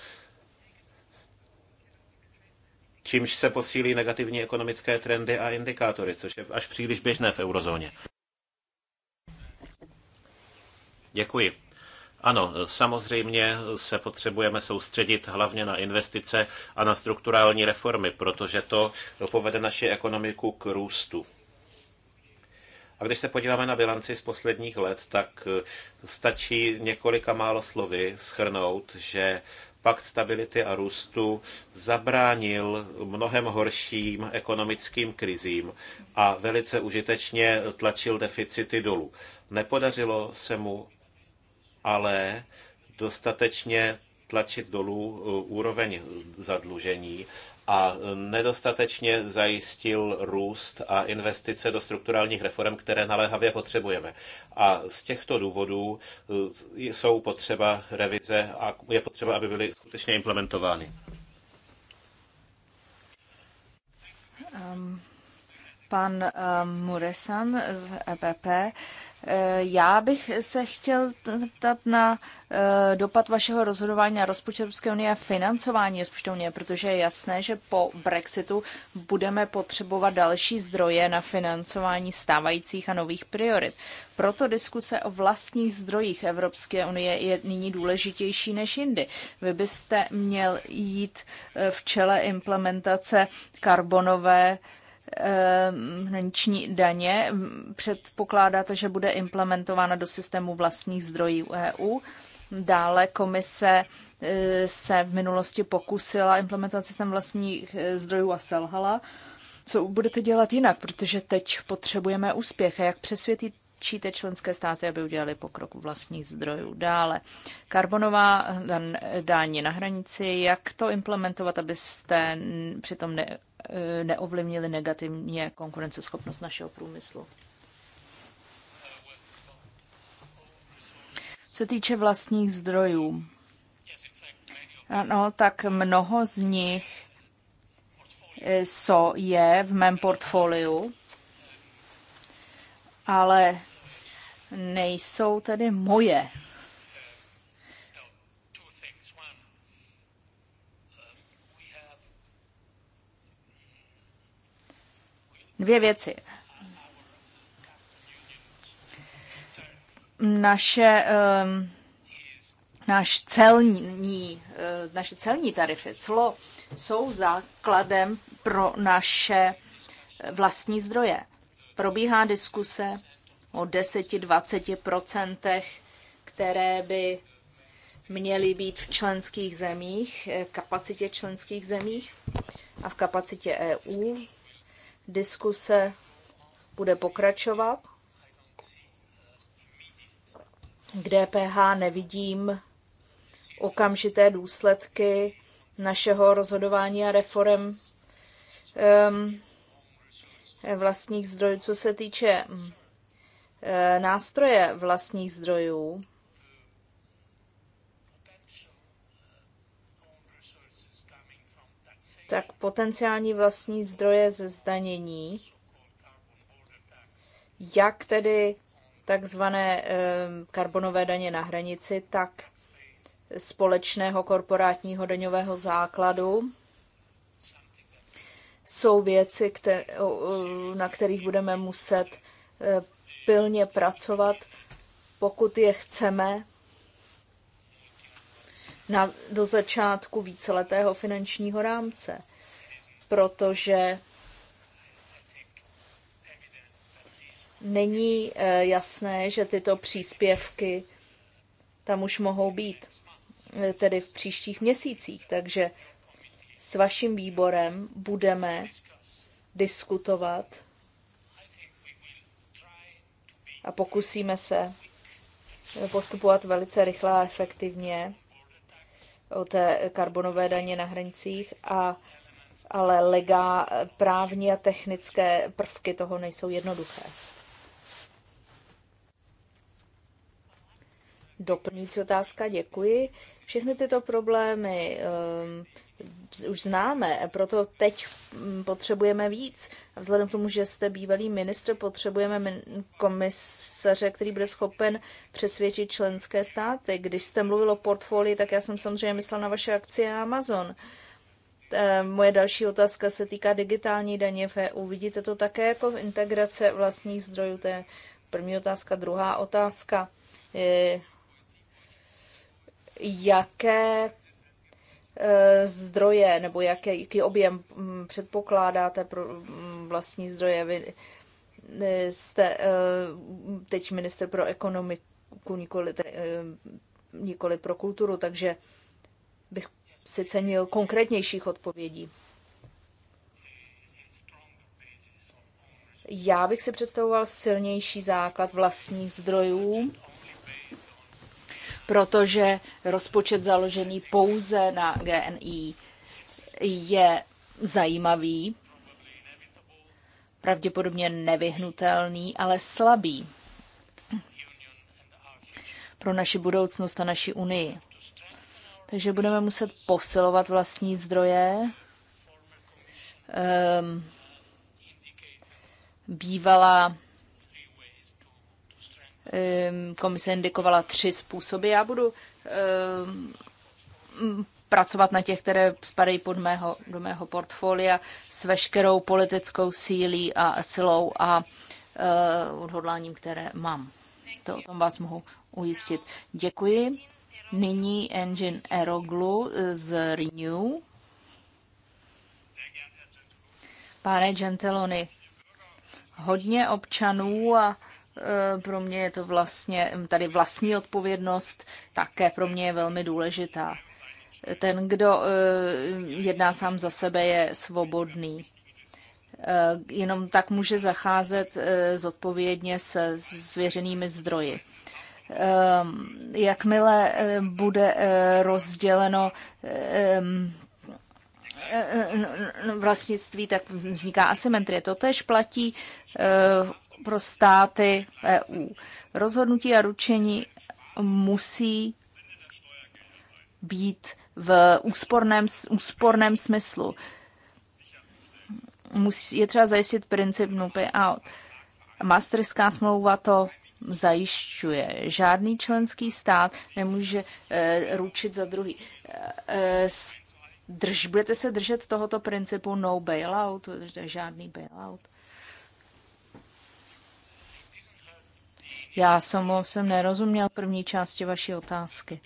čímž se posílí negativní ekonomické trendy a indikátory, což je až příliš běžné v eurozóně. Děkuji. Ano, samozřejmě se potřebujeme soustředit hlavně na investice a na strukturální reformy, protože to povede naši ekonomiku k růstu. A když se podíváme na bilanci z posledních let, tak eh, stačí několika málo slovy schrnout, že Pakt stability a růstu zabránil mnohem horším ekonomickým krizím a velice užitečně tlačil deficity dolů. Nepodařilo se mu ale dostatečně tlačit dolů e, úroveň zadlužení a nedostatečně zajistil růst a investice do strukturálních reform, které naléhavě potřebujeme. A z těchto důvodů e, jsou potřeba revize a je potřeba, aby byly skutečně implementovány. Um, pan um, Muresan z EPP Eh, já bych se chtěl zeptat na eh, dopad vašeho rozhodování na rozpočet Evropské unie a financování rozpočtu unie, protože je jasné, že po Brexitu budeme potřebovat další zdroje na financování stávajících a nových priorit. Proto diskuse o vlastních zdrojích Evropské unie je nyní důležitější než jindy. Vy byste měl jít eh, v čele implementace karbonové Ehm, hraniční daně. Předpokládáte, že bude implementována do systému vlastních zdrojů EU. Dále komise eh, se v minulosti pokusila implementovat systém vlastních eh, zdrojů a selhala. Co budete dělat jinak, protože teď potřebujeme úspěch a jak přesvědčíte členské státy, aby udělali pokrok vlastních zdrojů. Dále, karbonová dáně na hranici, jak to implementovat, abyste přitom Eh, neovlivnily negativně konkurenceschopnost našeho průmyslu. Co týče vlastních zdrojů, ano, tak mnoho z nich eh, je v mém portfoliu, ale nejsou tedy moje. Dvě věci. Naše, um, ehm, naš celní, uh, naše celní tarify, clo, jsou základem pro naše vlastní zdroje. Probíhá diskuse o 10-20%, které by měly být v členských zemích, eh, kapacitě členských zemích a v kapacitě EU. Diskuse bude pokračovat. K DPH nevidím okamžité důsledky našeho rozhodování a reform ehm, vlastních zdrojů. Co se týče ehm, e, nástroje vlastních zdrojů, tak potenciální vlastní zdroje ze zdanění, jak tedy takzvané karbonové daně na hranici, tak společného korporátního daňového základu. Jsou věci, na kterých budeme muset eh, pilně pracovat, pokud je chceme na, do začátku víceletého finančního rámce, protože není eh, jasné, že tyto příspěvky tam už mohou být, eh, tedy v příštích měsících. Takže s vaším výborem budeme diskutovat a pokusíme se postupovat velice rychle a efektivně o té karbonové daně na hranicích, a, ale legá, právní a technické prvky toho nejsou jednoduché. Doplňující otázka, děkuji. Všechny tyto problémy um, už známe, proto teď mm, potřebujeme víc. vzhledem k tomu, že jste bývalý ministr, potřebujeme komisaře, který bude schopen přesvědčit členské státy. Když jste mluvil o portfolii, tak já jsem samozřejmě myslel na vaše akcie Amazon. Ehm, moje další otázka se týká digitální daně v EU. Vidíte to také jako integrace vlastních zdrojů? To je první otázka. Druhá otázka jaké eh, zdroje nebo jaký, jaký objem mm, předpokládáte pro mm, vlastní zdroje. Vy eh, jste eh, teď minister pro ekonomiku, nikoli, nikoli pro kulturu, takže bych si cenil konkrétnějších odpovědí. Já bych si představoval silnější základ vlastních zdrojů protože rozpočet založený pouze na GNI je zajímavý, pravděpodobně nevyhnutelný, ale slabý pro naši budoucnost a naši unii. Takže budeme muset posilovat vlastní zdroje. Um, bývalá Ehm, komise indikovala tři způsoby. Já budu ehm, pracovat na těch, které spadají pod mého, do mého portfolia s veškerou politickou sílí a silou a eh, odhodláním, které mám. To o tom vás mohu ujistit. Děkuji. Nyní Engine Aeroglu eh, z Renew. Pane Gentiloni, hodně občanů a Eh, pro mě je to vlastně, tady vlastní odpovědnost také pro mě je velmi důležitá. Ten, kdo eh, jedná sám za sebe, je svobodný. Eh, jenom tak může zacházet zodpovědně se svěřenými zdroji jakmile bude rozděleno vlastnictví, tak vzniká asymetrie. To tež platí pro státy EU. Rozhodnutí a ručení musí být v úsporném, úsporném smyslu. Musí, je třeba zajistit princip no pay out. Masterská smlouva to zajišťuje. Žádný členský stát nemůže e, ručit za druhý. E, e drž, budete se držet tohoto principu no bailout, žádný bailout. Já jsem, jsem nerozuměl první části vaší otázky.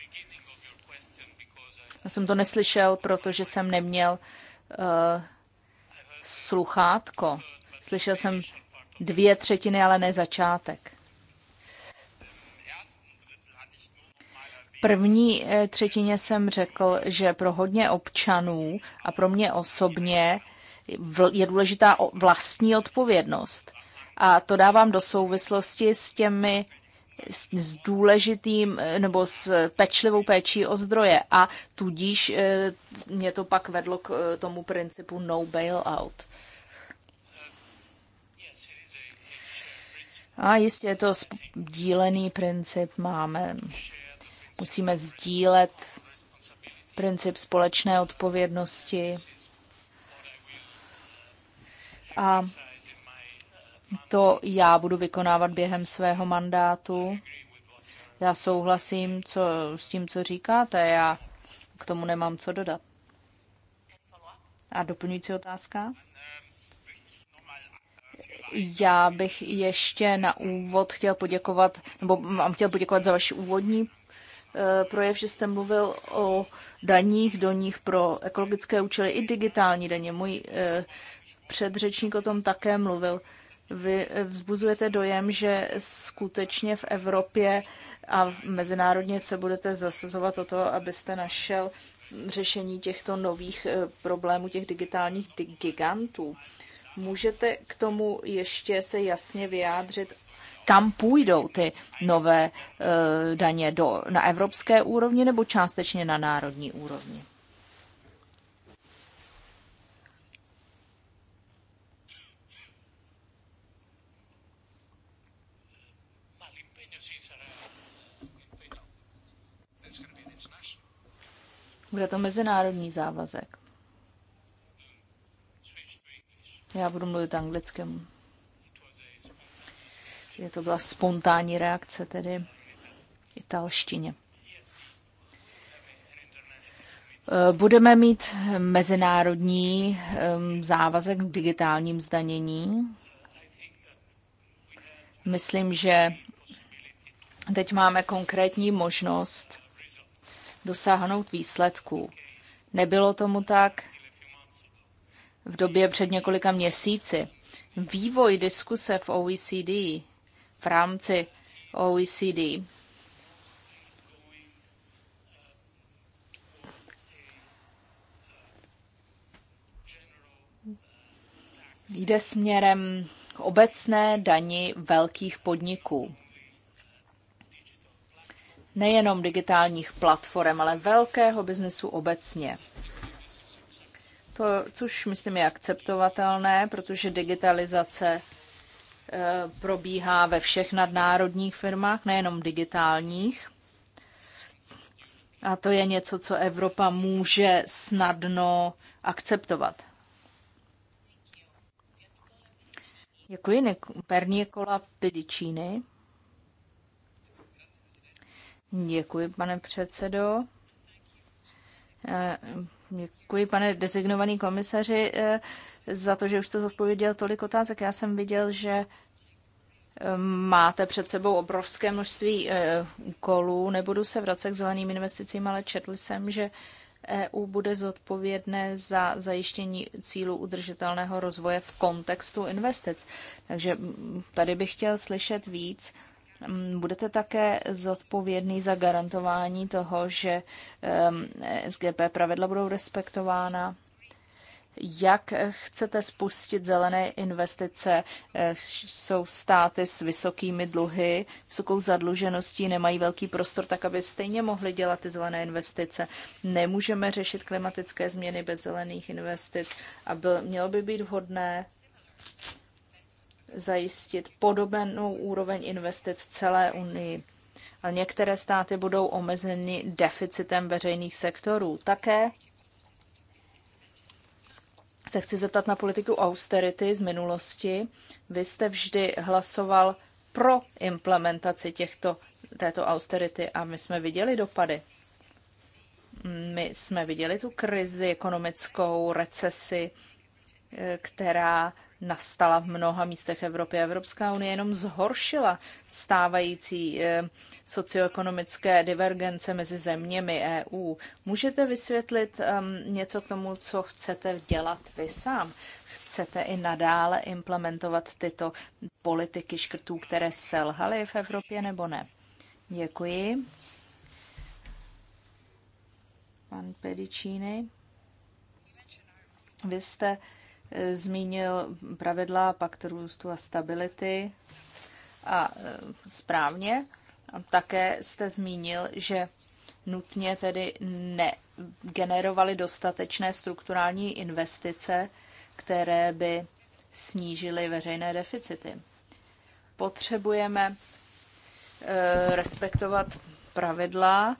Já jsem to neslyšel, protože jsem neměl uh, sluchátko. Slyšel jsem dvě třetiny, ale ne začátek. první eh, třetině jsem řekl, že pro hodně občanů a pro mě osobně je důležitá vlastní odpovědnost. A to dávám do souvislosti s těmi s, s důležitým nebo s pečlivou péčí o zdroje. A tudíž eh, mě to pak vedlo k eh, tomu principu no bailout. A jistě je to dílený princip, máme, musíme sdílet princip společné odpovědnosti. A to já budu vykonávat během svého mandátu. Já souhlasím co, s tím, co říkáte. Já k tomu nemám co dodat. A doplňující otázka? Já bych ještě na úvod chtěl poděkovat, nebo mám chtěl poděkovat za vaši úvodní eh, projev, že jste mluvil o daních, do nich pro ekologické účely i digitální daně. Můj eh, předřečník o tom také mluvil. Vy eh, vzbuzujete dojem, že skutečně v Evropě a mezinárodně se budete zasazovat o to, abyste našel řešení těchto nových eh, problémů, těch digitálních gigantů. Můžete k tomu ještě se jasně vyjádřit, kam půjdou ty nové eh, daně do, na evropské úrovni nebo částečně na národní úrovni? Bude to mezinárodní závazek. Já budu mluvit anglickým. Je to byla spontánní reakce tedy italštině. Budeme mít mezinárodní závazek v digitálním zdanění. Myslím, že teď máme konkrétní možnost dosáhnout výsledků. Nebylo tomu tak v době před několika měsíci. Vývoj diskuse v OECD, v rámci OECD, jde směrem k obecné dani velkých podniků nejenom digitálních platform, ale velkého biznesu obecně. To, což myslím je akceptovatelné, protože digitalizace e, probíhá ve všech nadnárodních firmách, nejenom digitálních. A to je něco, co Evropa může snadno akceptovat. Děkuji, Perníkola Pidičíny. Děkuji, pane předsedo. Eh, děkuji, pane designovaný komisaři, eh, za to, že už jste zodpověděl tolik otázek. Já jsem viděl, že eh, máte před sebou obrovské množství úkolů. Nebudu se vracet k zeleným investicím, ale četl jsem, že EU bude zodpovědné za zajištění cílu udržitelného rozvoje v kontextu investic. Takže mm, tady bych chtěl slyšet víc Mm, budete také zodpovědný za garantování toho, že SGP pravidla budou respektována? Jak chcete spustit zelené investice? Eh, jsou státy s vysokými dluhy, vysokou zadlužeností, nemají velký prostor, tak aby stejně mohli dělat ty zelené investice. Nemůžeme řešit klimatické změny bez zelených investic a byl, mělo by být vhodné zajistit podobnou úroveň investic v celé Unii. A některé státy budou omezeny deficitem veřejných sektorů. Také se chci zeptat na politiku austerity z minulosti. Vy jste vždy hlasoval pro implementaci těchto, této austerity a my jsme viděli dopady. My jsme viděli tu krizi ekonomickou, recesi, eh, která nastala v mnoha místech Evropy. Evropská unie jenom zhoršila stávající eh, socioekonomické divergence mezi zeměmi EU. Můžete vysvětlit ehm, něco k tomu, co chcete dělat vy sám? Chcete i nadále implementovat tyto politiky škrtů, které selhaly v Evropě, nebo ne? Děkuji. Pan Pedicini. Vy jste Eh, zmínil pravidla paktu růstu a stability a eh, správně. A také jste zmínil, že nutně tedy negenerovaly dostatečné strukturální investice, které by snížily veřejné deficity. Potřebujeme eh, respektovat pravidla.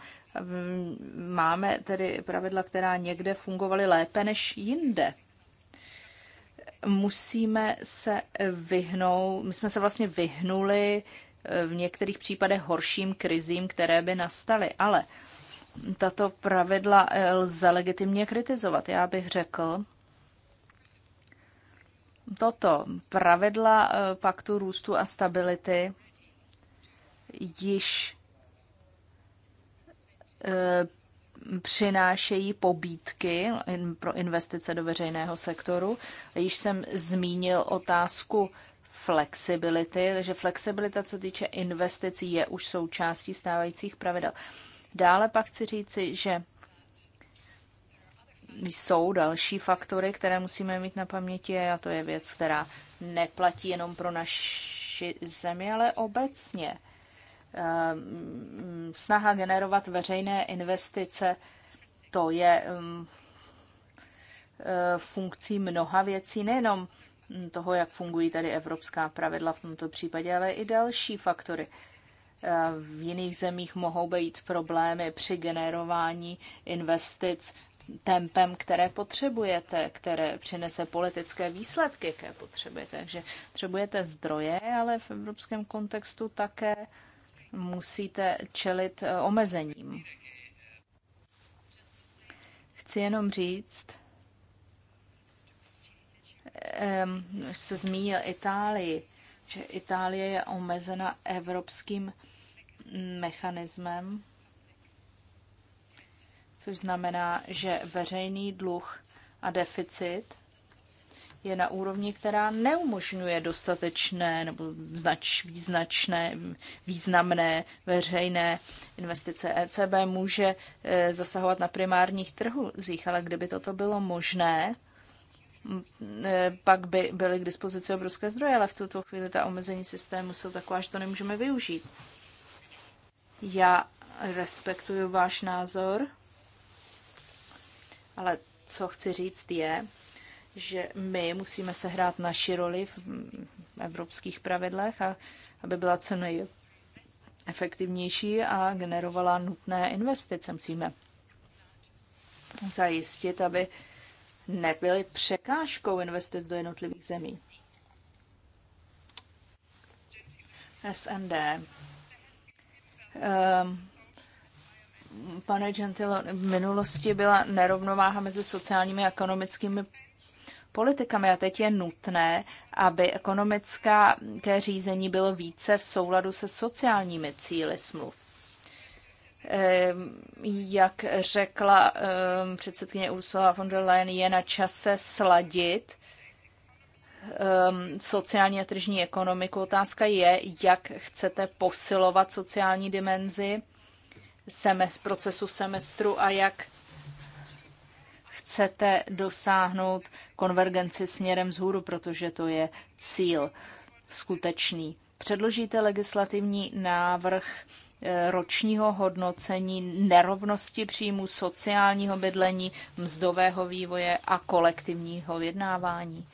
Máme tedy pravidla, která někde fungovaly lépe než jinde musíme se vyhnout, my jsme se vlastně vyhnuli eh, v některých případech horším krizím, které by nastaly, ale tato pravidla eh, lze legitimně kritizovat. Já bych řekl, toto pravidla eh, paktu růstu a stability již přinášejí pobídky pro investice do veřejného sektoru. Již jsem zmínil otázku flexibility, takže flexibilita, co týče investicí, je už součástí stávajících pravidel. Dále pak chci říci, že jsou další faktory, které musíme mít na paměti a to je věc, která neplatí jenom pro naši zemi, ale obecně Eh, snaha generovat veřejné investice, to je mm, eh, funkcí mnoha věcí, nejenom toho, jak fungují tady evropská pravidla v tomto případě, ale i další faktory. Eh, v jiných zemích mohou být problémy při generování investic tempem, které potřebujete, které přinese politické výsledky, které potřebujete. Takže potřebujete zdroje, ale v evropském kontextu také musíte čelit eh, omezením. Chci jenom říct, že ehm, se zmínil Itálii, že Itálie je omezena evropským mechanismem, což znamená, že veřejný dluh a deficit je na úrovni, která neumožňuje dostatečné nebo znač, význačné, významné veřejné investice. ECB může e, zasahovat na primárních zích, ale kdyby toto bylo možné, e, pak by byly k dispozici obrovské zdroje, ale v tuto chvíli ta omezení systému jsou taková, že to nemůžeme využít. Já respektuju váš názor, ale co chci říct je, že my musíme sehrát naši roli v evropských pravidlech, a aby byla co nejefektivnější a generovala nutné investice. Musíme zajistit, aby nebyly překážkou investic do jednotlivých zemí. SND. Um, ehm, pane Gentilo, v minulosti byla nerovnováha mezi sociálními a ekonomickými politikami a teď je nutné, aby ekonomické řízení bylo více v souladu se sociálními cíly smluv. Ehm, jak řekla ehm, předsedkyně Ursula von der Leyen, je na čase sladit ehm, sociální a tržní ekonomiku. Otázka je, jak chcete posilovat sociální dimenzi semes, procesu semestru a jak chcete dosáhnout konvergenci směrem z hůru, protože to je cíl skutečný. Předložíte legislativní návrh eh, ročního hodnocení nerovnosti příjmu sociálního bydlení, mzdového vývoje a kolektivního vyjednávání?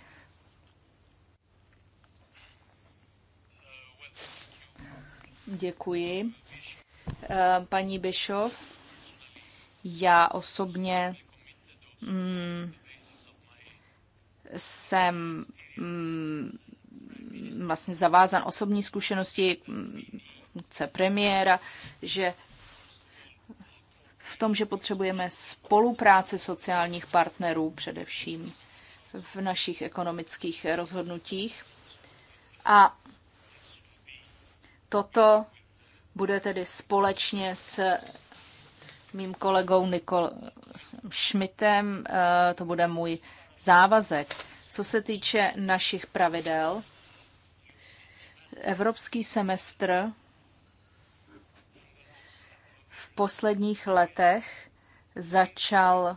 Děkuji. Eh, paní Bešov, já osobně jsem mm, vlastně zavázan osobní zkušenosti se mm, premiéra, že v tom, že potřebujeme spolupráce sociálních partnerů především v našich ekonomických rozhodnutích. A toto bude tedy společně s mým kolegou Nikol Schmidtem. Eh, to bude můj závazek. Co se týče našich pravidel, evropský semestr v posledních letech začal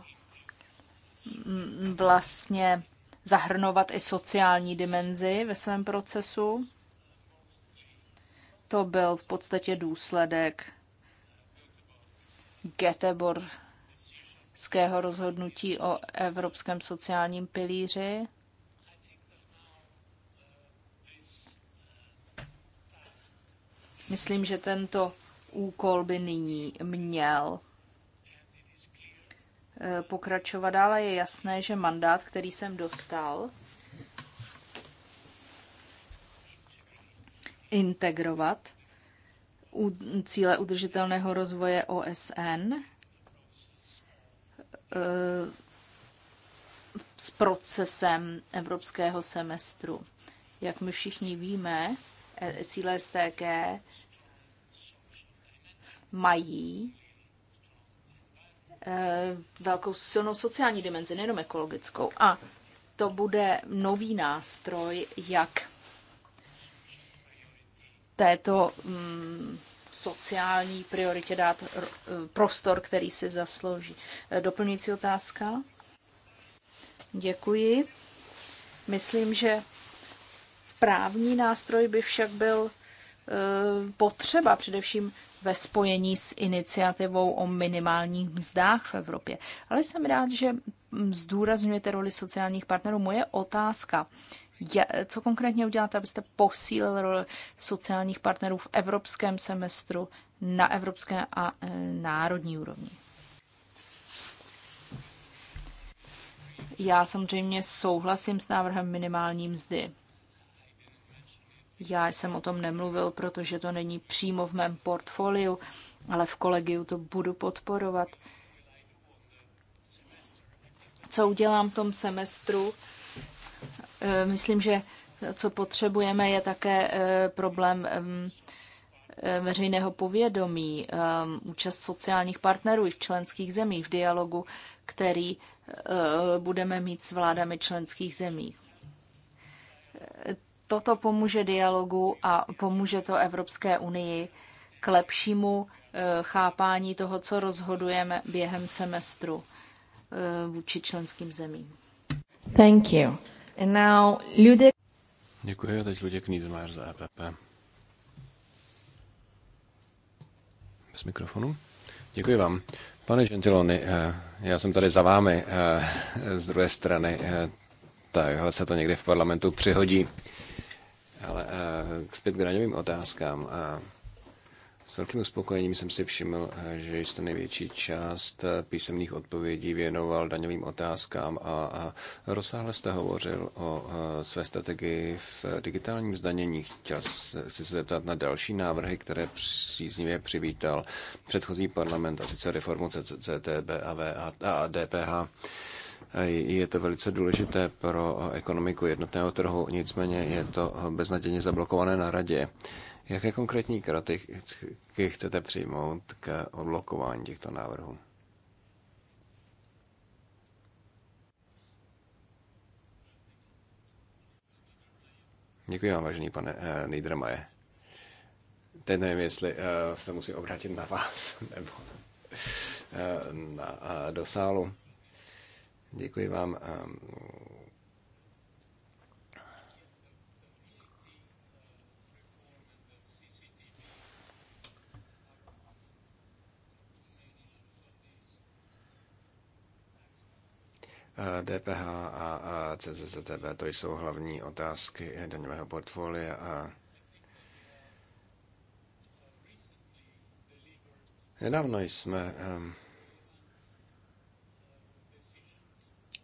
mm, vlastně zahrnovat i sociální dimenzi ve svém procesu. To byl v podstatě důsledek Geteborského rozhodnutí o evropském sociálním pilíři. Myslím, že tento úkol by nyní měl eh, pokračovat dále. Je jasné, že mandát, který jsem dostal, integrovat cíle udržitelného rozvoje OSN e, s procesem evropského semestru. Jak my všichni víme, e, cíle STG mají e, velkou silnou sociální dimenzi, nejenom ekologickou. A to bude nový nástroj, jak této mm, sociální prioritě dát e, prostor, který si zaslouží. E, doplňující otázka? Děkuji. Myslím, že právní nástroj by však byl e, potřeba, především ve spojení s iniciativou o minimálních mzdách v Evropě. Ale jsem rád, že zdůrazňujete roli sociálních partnerů. Moje otázka je, co konkrétně uděláte, abyste posílili roli sociálních partnerů v evropském semestru na evropské a e, národní úrovni? Já samozřejmě souhlasím s návrhem minimální mzdy. Já jsem o tom nemluvil, protože to není přímo v mém portfoliu, ale v kolegiu to budu podporovat. Co udělám v tom semestru? Eh, myslím, že co potřebujeme, je také eh, problém eh, veřejného povědomí, účast sociálních partnerů i v členských zemích v dialogu, který budeme mít s vládami členských zemí. Toto pomůže dialogu a pomůže to Evropské unii k lepšímu chápání toho, co rozhodujeme během semestru vůči členským zemím. Thank you. And now Ludek. Děkuji, a teď Luděk Niedermayer za EPP. Bez mikrofonu. Děkuji vám. Pane Gentiloni, eh, já jsem tady za vámi eh, z druhé strany. Eh, takhle se to někdy v parlamentu přihodí. Ale zpět k daňovým otázkám. S velkým uspokojením jsem si všiml, eh, že jste největší část eh, písemných odpovědí věnoval daňovým otázkám a, rozsáhle jste hovořil o eh, své strategii v digitálním zdanění. Chtěl si se zeptat na další návrhy, které příznivě přivítal předchozí parlament, a sice reformu CCTB a DPH. Je to velice důležité pro ekonomiku jednotného trhu, nicméně je to beznadějně zablokované na radě. Jaké konkrétní kroky chcete přijmout k odlokování těchto návrhů? Děkuji vám, vážený pane uh, Niedermayer. Teď nevím, jestli uh, se musím obrátit na vás nebo uh, na, uh, do sálu. Děkuji vám. Um, DPH a CZZTb, to jsou hlavní otázky daňového portfolia a Nedávno jsme ehm,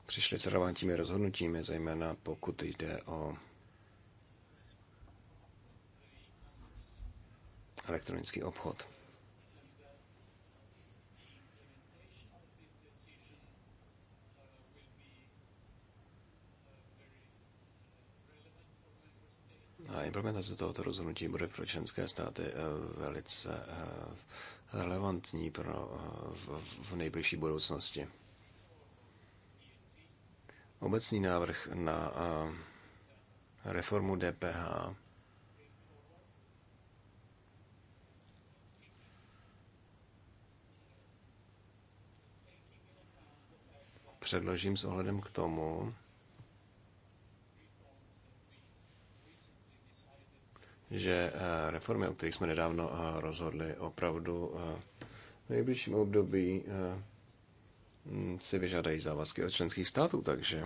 přišli s relevantními rozhodnutími, zejména pokud jde o elektronický obchod. A implementace tohoto rozhodnutí bude pro členské státy eh, velice eh, relevantní pro, eh, v, v nejbližší budoucnosti. Obecný návrh na reformu DPH předložím s ohledem k tomu, že eh, reformy, o kterých jsme nedávno eh, rozhodli, opravdu eh, v nejbližším období mm, si vyžádají závazky od členských států, takže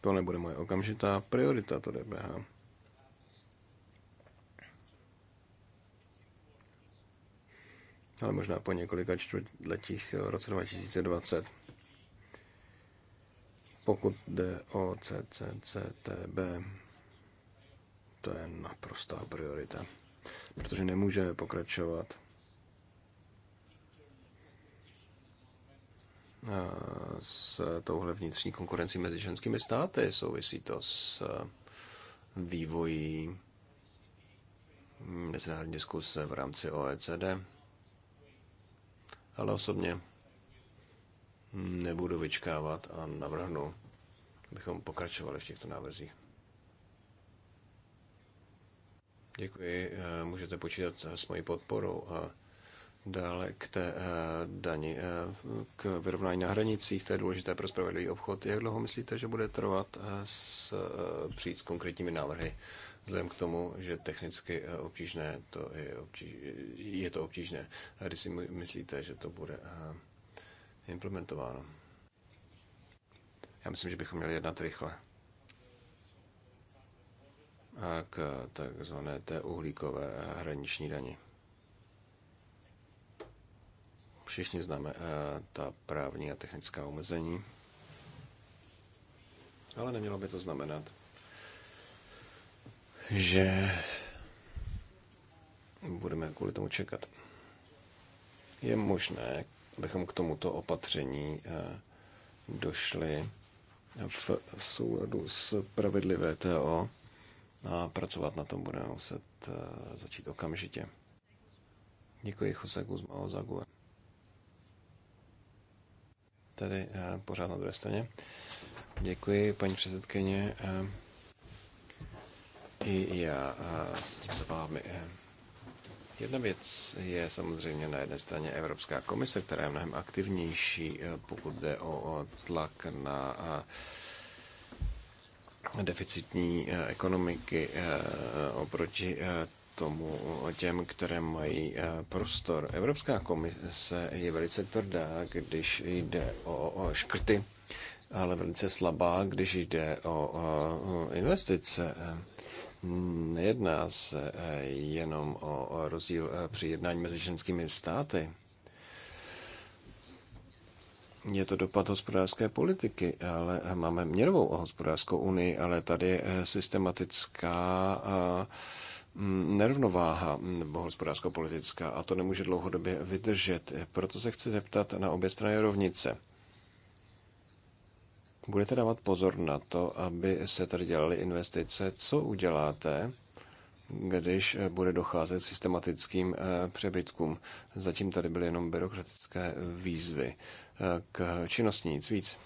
to nebude moje okamžitá priorita, to DPH. Ale možná po několika čtvrtletích v roce 2020. Pokud jde o CCCTB, to je naprostá priorita, protože nemůžeme pokračovat s touhle vnitřní konkurencí mezi ženskými státy. Souvisí to s eh, vývojí mezinárodní diskuse v rámci OECD. Ale osobně nebudu vyčkávat a navrhnu, abychom pokračovali v těchto návrzích. Děkuji, eh, můžete počítat eh, s mojí podporou a dále k té eh, dani, k vyrovnání na hranicích, to je důležité pro spravedlivý obchod. Jak dlouho myslíte, že bude trvat s, přijít s konkrétními návrhy? Vzhledem k tomu, že technicky obtížné, to je, obtíž, je to obtížné. A když si myslíte, že to bude implementováno? Já myslím, že bychom měli jednat rychle k takzvané té uhlíkové hraniční dani. Všichni známe eh, ta právní a technická omezení, ale nemělo by to znamenat, že budeme kvůli tomu čekat. Je možné, abychom k tomuto opatření eh, došli v souladu s pravidly VTO a pracovat na tom budeme muset eh, začít okamžitě. Děkuji Jose Guzmao za GUE. Tady eh, pořád na druhé straně. Děkuji, paní předsedkyně. Eh, I já s tím se vámi. Jedna věc je samozřejmě na jedné straně Evropská komise, která je mnohem aktivnější, pokud jde o tlak na deficitní eh, ekonomiky eh, oproti eh, tomu těm, které mají prostor. Evropská komise je velice tvrdá, když jde o škrty, ale velice slabá, když jde o investice. Nejedná se jenom o rozdíl při jednání mezi ženskými státy je to dopad hospodářské politiky, ale máme měrovou hospodářskou unii, ale tady je eh, systematická eh, nerovnováha nebo hospodářsko-politická a to nemůže dlouhodobě vydržet. Proto se chci zeptat na obě strany rovnice. Budete dávat pozor na to, aby se tady dělaly investice. Co uděláte, když eh, bude docházet systematickým přebytkům? Zatím tady byly jenom byrokratické výzvy k činnosti, nic víc.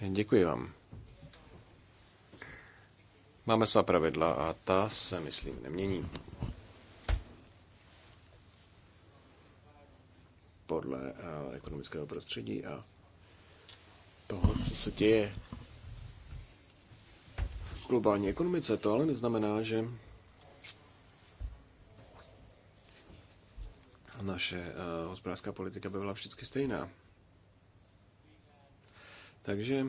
Děkuji vám. Máme svá pravidla a ta se, myslím, nemění. Podle eh, ekonomického prostředí a toho, co se děje v globální ekonomice, to ale neznamená, že naše eh, hospodářská politika by byla vždycky stejná. Takže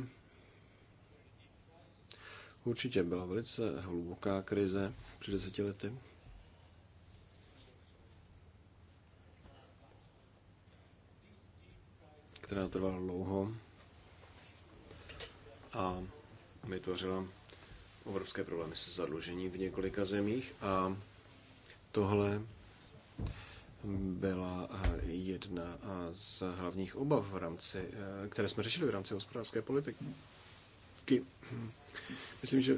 určitě byla velice hluboká krize před deseti lety. která trvala dlouho a vytvořila obrovské problémy se zadlužení v několika zemích a tohle byla eh, jedna eh, z hlavních obav, v rámci, eh, které jsme řešili v rámci hospodářské politiky. Myslím, že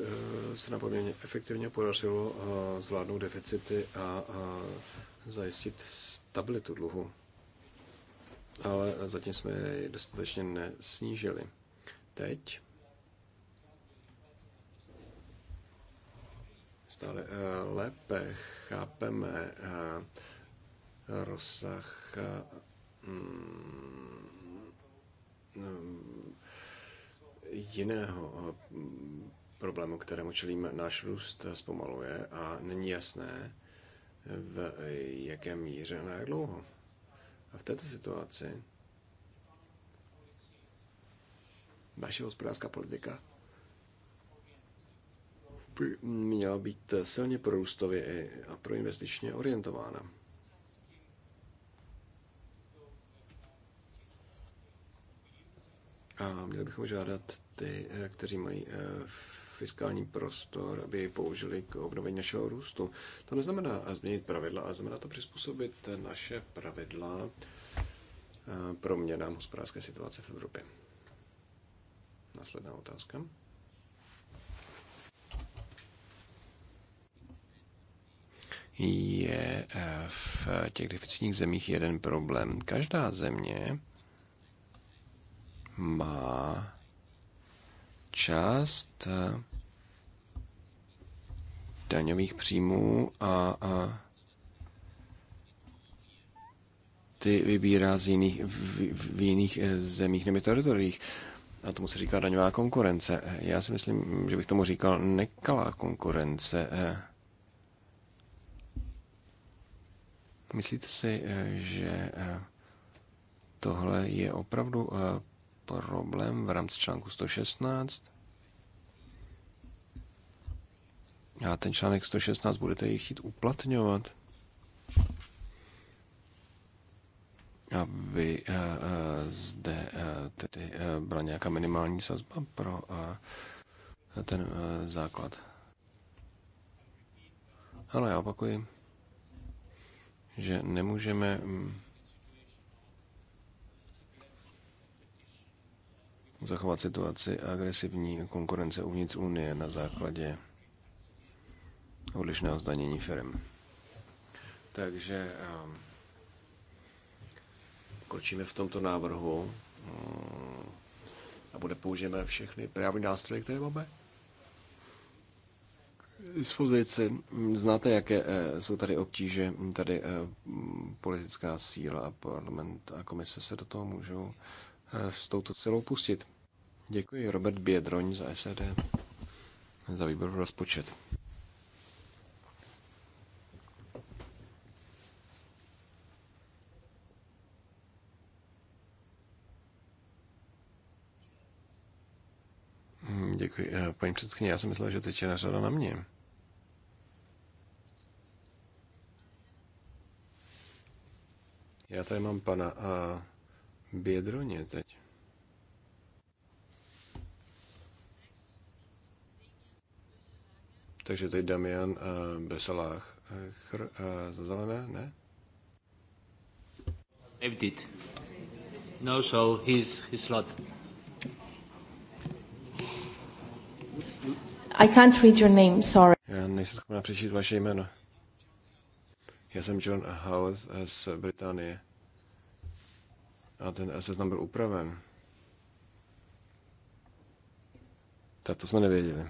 se nám poměrně efektivně podařilo zvládnout deficity a zajistit stabilitu dluhu. Ale zatím jsme ji dostatečně nesnížili. Teď stále lépe chápeme rozsah mm, mm, jiného eh, problému, kterému čelíme. Náš růst zpomaluje a není jasné, v jaké míře a na jak dlouho. A v této situaci naše hospodářská politika by měla být silně prorůstově a proinvestičně orientována. A měli bychom žádat ty, eh, kteří mají eh, fiskální prostor, aby jej použili k obnovení našeho růstu. To neznamená eh, změnit pravidla, a znamená to přizpůsobit naše pravidla pro měnám hospodářské situace v Evropě. Následná otázka. Je v těch deficitních zemích jeden problém. Každá země má část eh, daňových příjmů a, a ty vybírá z jiných, v, v jiných eh, zemích nebo teritoriích. A tomu se říká daňová konkurence. Eh, já si myslím, že bych tomu říkal nekalá konkurence. Myslíte si, že tohle je opravdu problém v rámci článku 116. A ten článek 116 budete jej chtít uplatňovat. A vy uh, zde uh, tedy uh, byla nějaká minimální sazba pro uh, ten uh, základ. Ale já opakuji, že nemůžeme. Um, zachovat situaci a agresivní konkurence uvnitř Unie na základě odlišného zdanění firm. Takže ehm, kročíme v tomto návrhu ehm, a bude použijeme všechny právní nástroje, které máme dispozici. Znáte, jaké e, jsou tady obtíže, tady e, politická síla a parlament a komise se do toho můžou e, s touto celou pustit. Děkuji Robert Biedroň za SED, za výbor v rozpočet. Děkuji. Eh, paní předsedkyně, já jsem myslel, že teď je řada na mě. Já tady mám pana a eh, Bědroně teď. Takže teď Damian Beselách. Eh, eh, chr, eh, za zelené, ne? Evdit. No, so he's, his slot. I can't read your name, sorry. Já nejsem schopná přečíst vaše jméno. Já jsem John House z Británie. A ten seznam byl upraven. Tak to jsme nevěděli.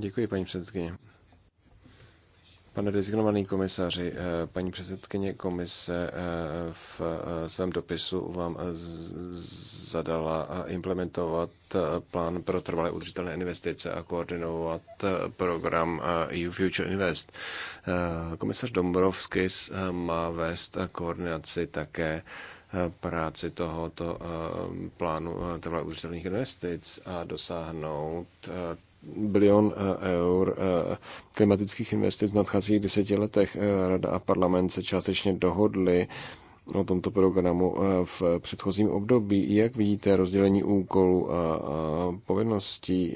Děkuji, paní předsedkyně. Pane designovaný komisaři, eh, paní předsedkyně komise eh, v eh, svém dopisu vám zadala implementovat plán pro trvalé udržitelné investice a koordinovat program EU Future Invest. Komisař Dombrovský má vést koordinaci také práci tohoto plánu trvalé udržitelných investic a dosáhnout bilion eh, eur eh, klimatických investic v nadcházejících deseti letech. Eh, Rada a parlament se částečně dohodli o tomto programu v předchozím období. Jak vidíte rozdělení úkolů a povinností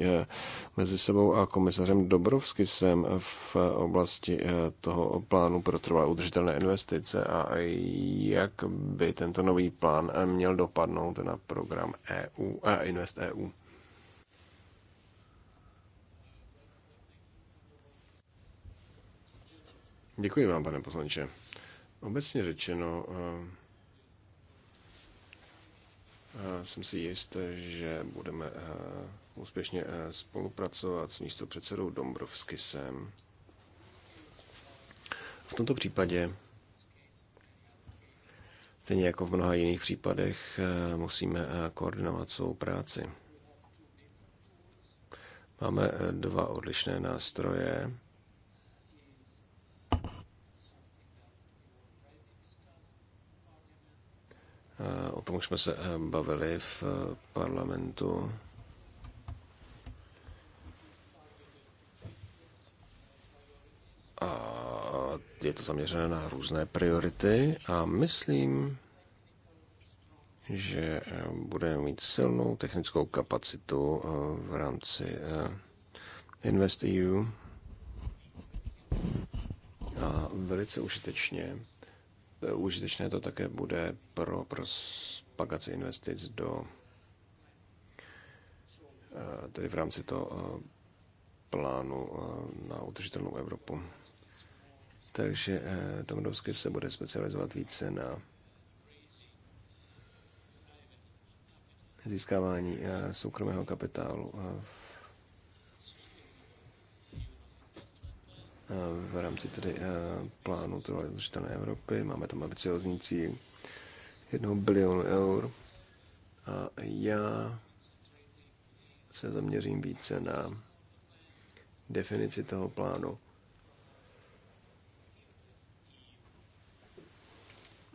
mezi sebou a komisařem Dobrovsky jsem v oblasti toho plánu pro trvalé udržitelné investice a jak by tento nový plán měl dopadnout na program EU a Invest EU? Děkuji vám, pane poslanče. Obecně řečeno, eh, eh, jsem si jist, že budeme eh, úspěšně spolupracovat s místo předsedou Dombrovskisem. V tomto případě, stejně jako v mnoha jiných případech, musíme koordinovat svou práci. Máme dva odlišné nástroje Eh, o tom už jsme se eh, bavili v eh, parlamentu. A je to zaměřené na různé priority a myslím, že budeme mít silnou technickou kapacitu v rámci InvestEU a velice užitečně Eh, užitečné to také bude pro propagaci investic do eh, tedy v rámci toho eh, plánu na udržitelnou Evropu. Takže Domodovský se bude specializovat více na získávání soukromého kapitálu v Eh, v rámci tedy eh, plánu trvalé udržitelné Evropy. Máme tam ambiciozní cíl 1 bilionu eur. A já se zaměřím více na definici toho plánu.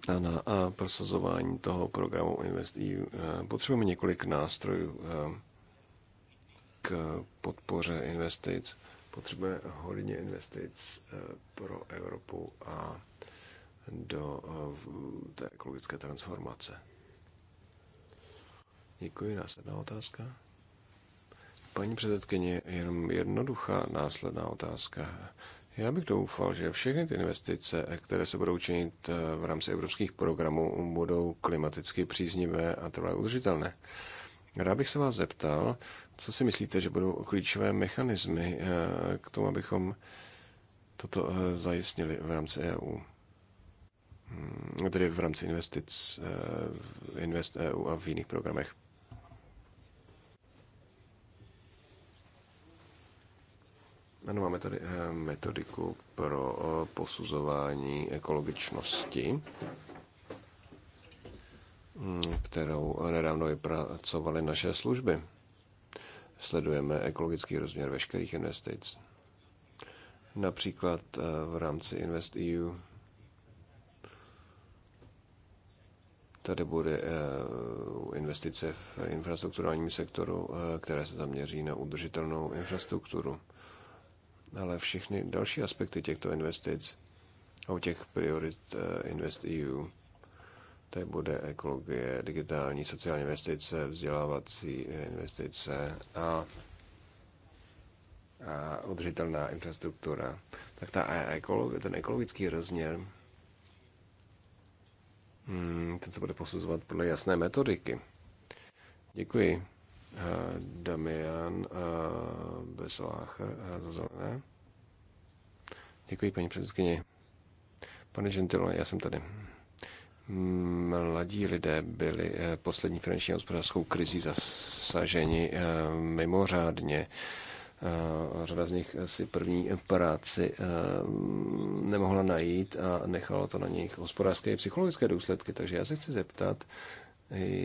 A na a prosazování toho programu InvestEU eh, potřebujeme několik nástrojů k podpoře investic Potřebujeme hodně investic eh, pro Evropu a do eh, té ekologické transformace. Děkuji. Následná otázka. Paní předsedkyně, jenom jednoduchá následná otázka. Já bych doufal, že všechny ty investice, které se budou činit eh, v rámci evropských programů, budou klimaticky příznivé a trvalé udržitelné. Rád bych se vás zeptal, co si myslíte, že budou klíčové mechanismy eh, k tomu, abychom toto eh, zajistili v rámci EU? Hmm, no tedy v rámci investic, eh, Invest EU a v jiných programech. Ano, máme tady metodiku pro posuzování ekologičnosti, hmm, kterou nedávno vypracovaly naše služby sledujeme ekologický rozměr veškerých investic. Například eh, v rámci InvestEU tady bude eh, investice v infrastrukturálním sektoru, eh, které se zaměří na udržitelnou infrastrukturu. Ale všechny další aspekty těchto investic, u těch priorit InvestEU, to bude ekologie, digitální, sociální investice, vzdělávací investice a, a udržitelná infrastruktura, tak ta e- ekologie, ten ekologický rozměr hmm, ten se bude posuzovat podle jasné metodiky. Děkuji. Eh, Damian eh, Beslácher eh, za zelené. Děkuji, paní předsedkyně. Pane Gentilo, já jsem tady mladí lidé byli eh, poslední finanční a hospodářskou krizí zasaženi eh, mimořádně. Eh, řada z nich si první práci nemohla najít a nechalo to na nich hospodářské i psychologické důsledky. Takže já se chci zeptat,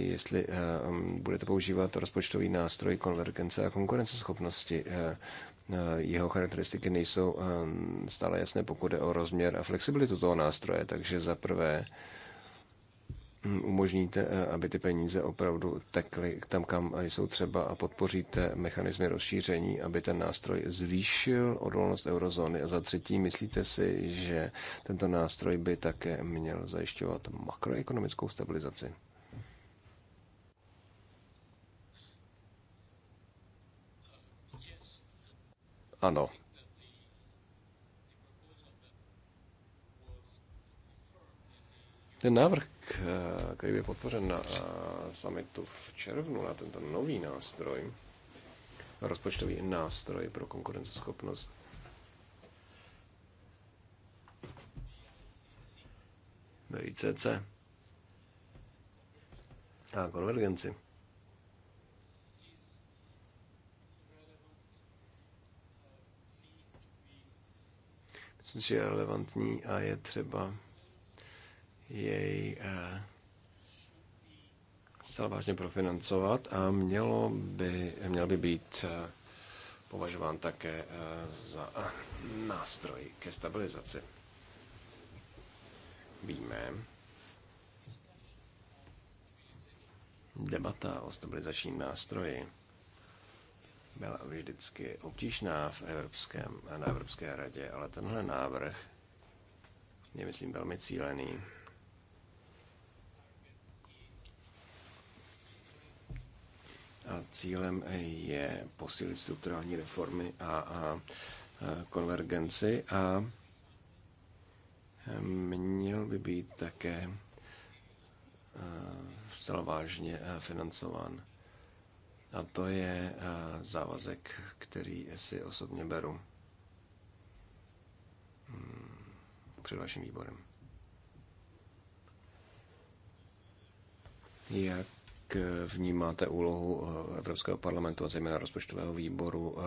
jestli budete používat rozpočtový nástroj konvergence a konkurenceschopnosti. Jeho charakteristiky nejsou stále jasné, pokud je o rozměr a flexibilitu toho nástroje. Takže za prvé, umožníte, e, aby ty peníze opravdu tekly tam, kam jsou třeba a podpoříte mechanizmy rozšíření, aby ten nástroj zvýšil odolnost eurozóny. A za třetí, myslíte si, že tento nástroj by také měl zajišťovat makroekonomickou stabilizaci? Ano. Ten návrh, Eh, který by potvořen na eh, summitu v červnu, na tento nový nástroj, rozpočtový nástroj pro konkurenceschopnost, ICC a konvergenci. Myslím, že je relevantní a je třeba jej eh, chtěl vážně profinancovat a mělo by, měl by být eh, považován také eh, za nástroj ke stabilizaci. Víme, debata o stabilizačním nástroji byla vždycky obtížná v Evropském, na Evropské radě, ale tenhle návrh je, myslím, velmi cílený. A cílem je posílit strukturální reformy a, a konvergenci a měl by být také zcela vážně financován. A to je závazek, který si osobně beru hmm, před vaším výborem. Jak vnímáte úlohu eh, Evropského parlamentu a zejména rozpočtového výboru eh,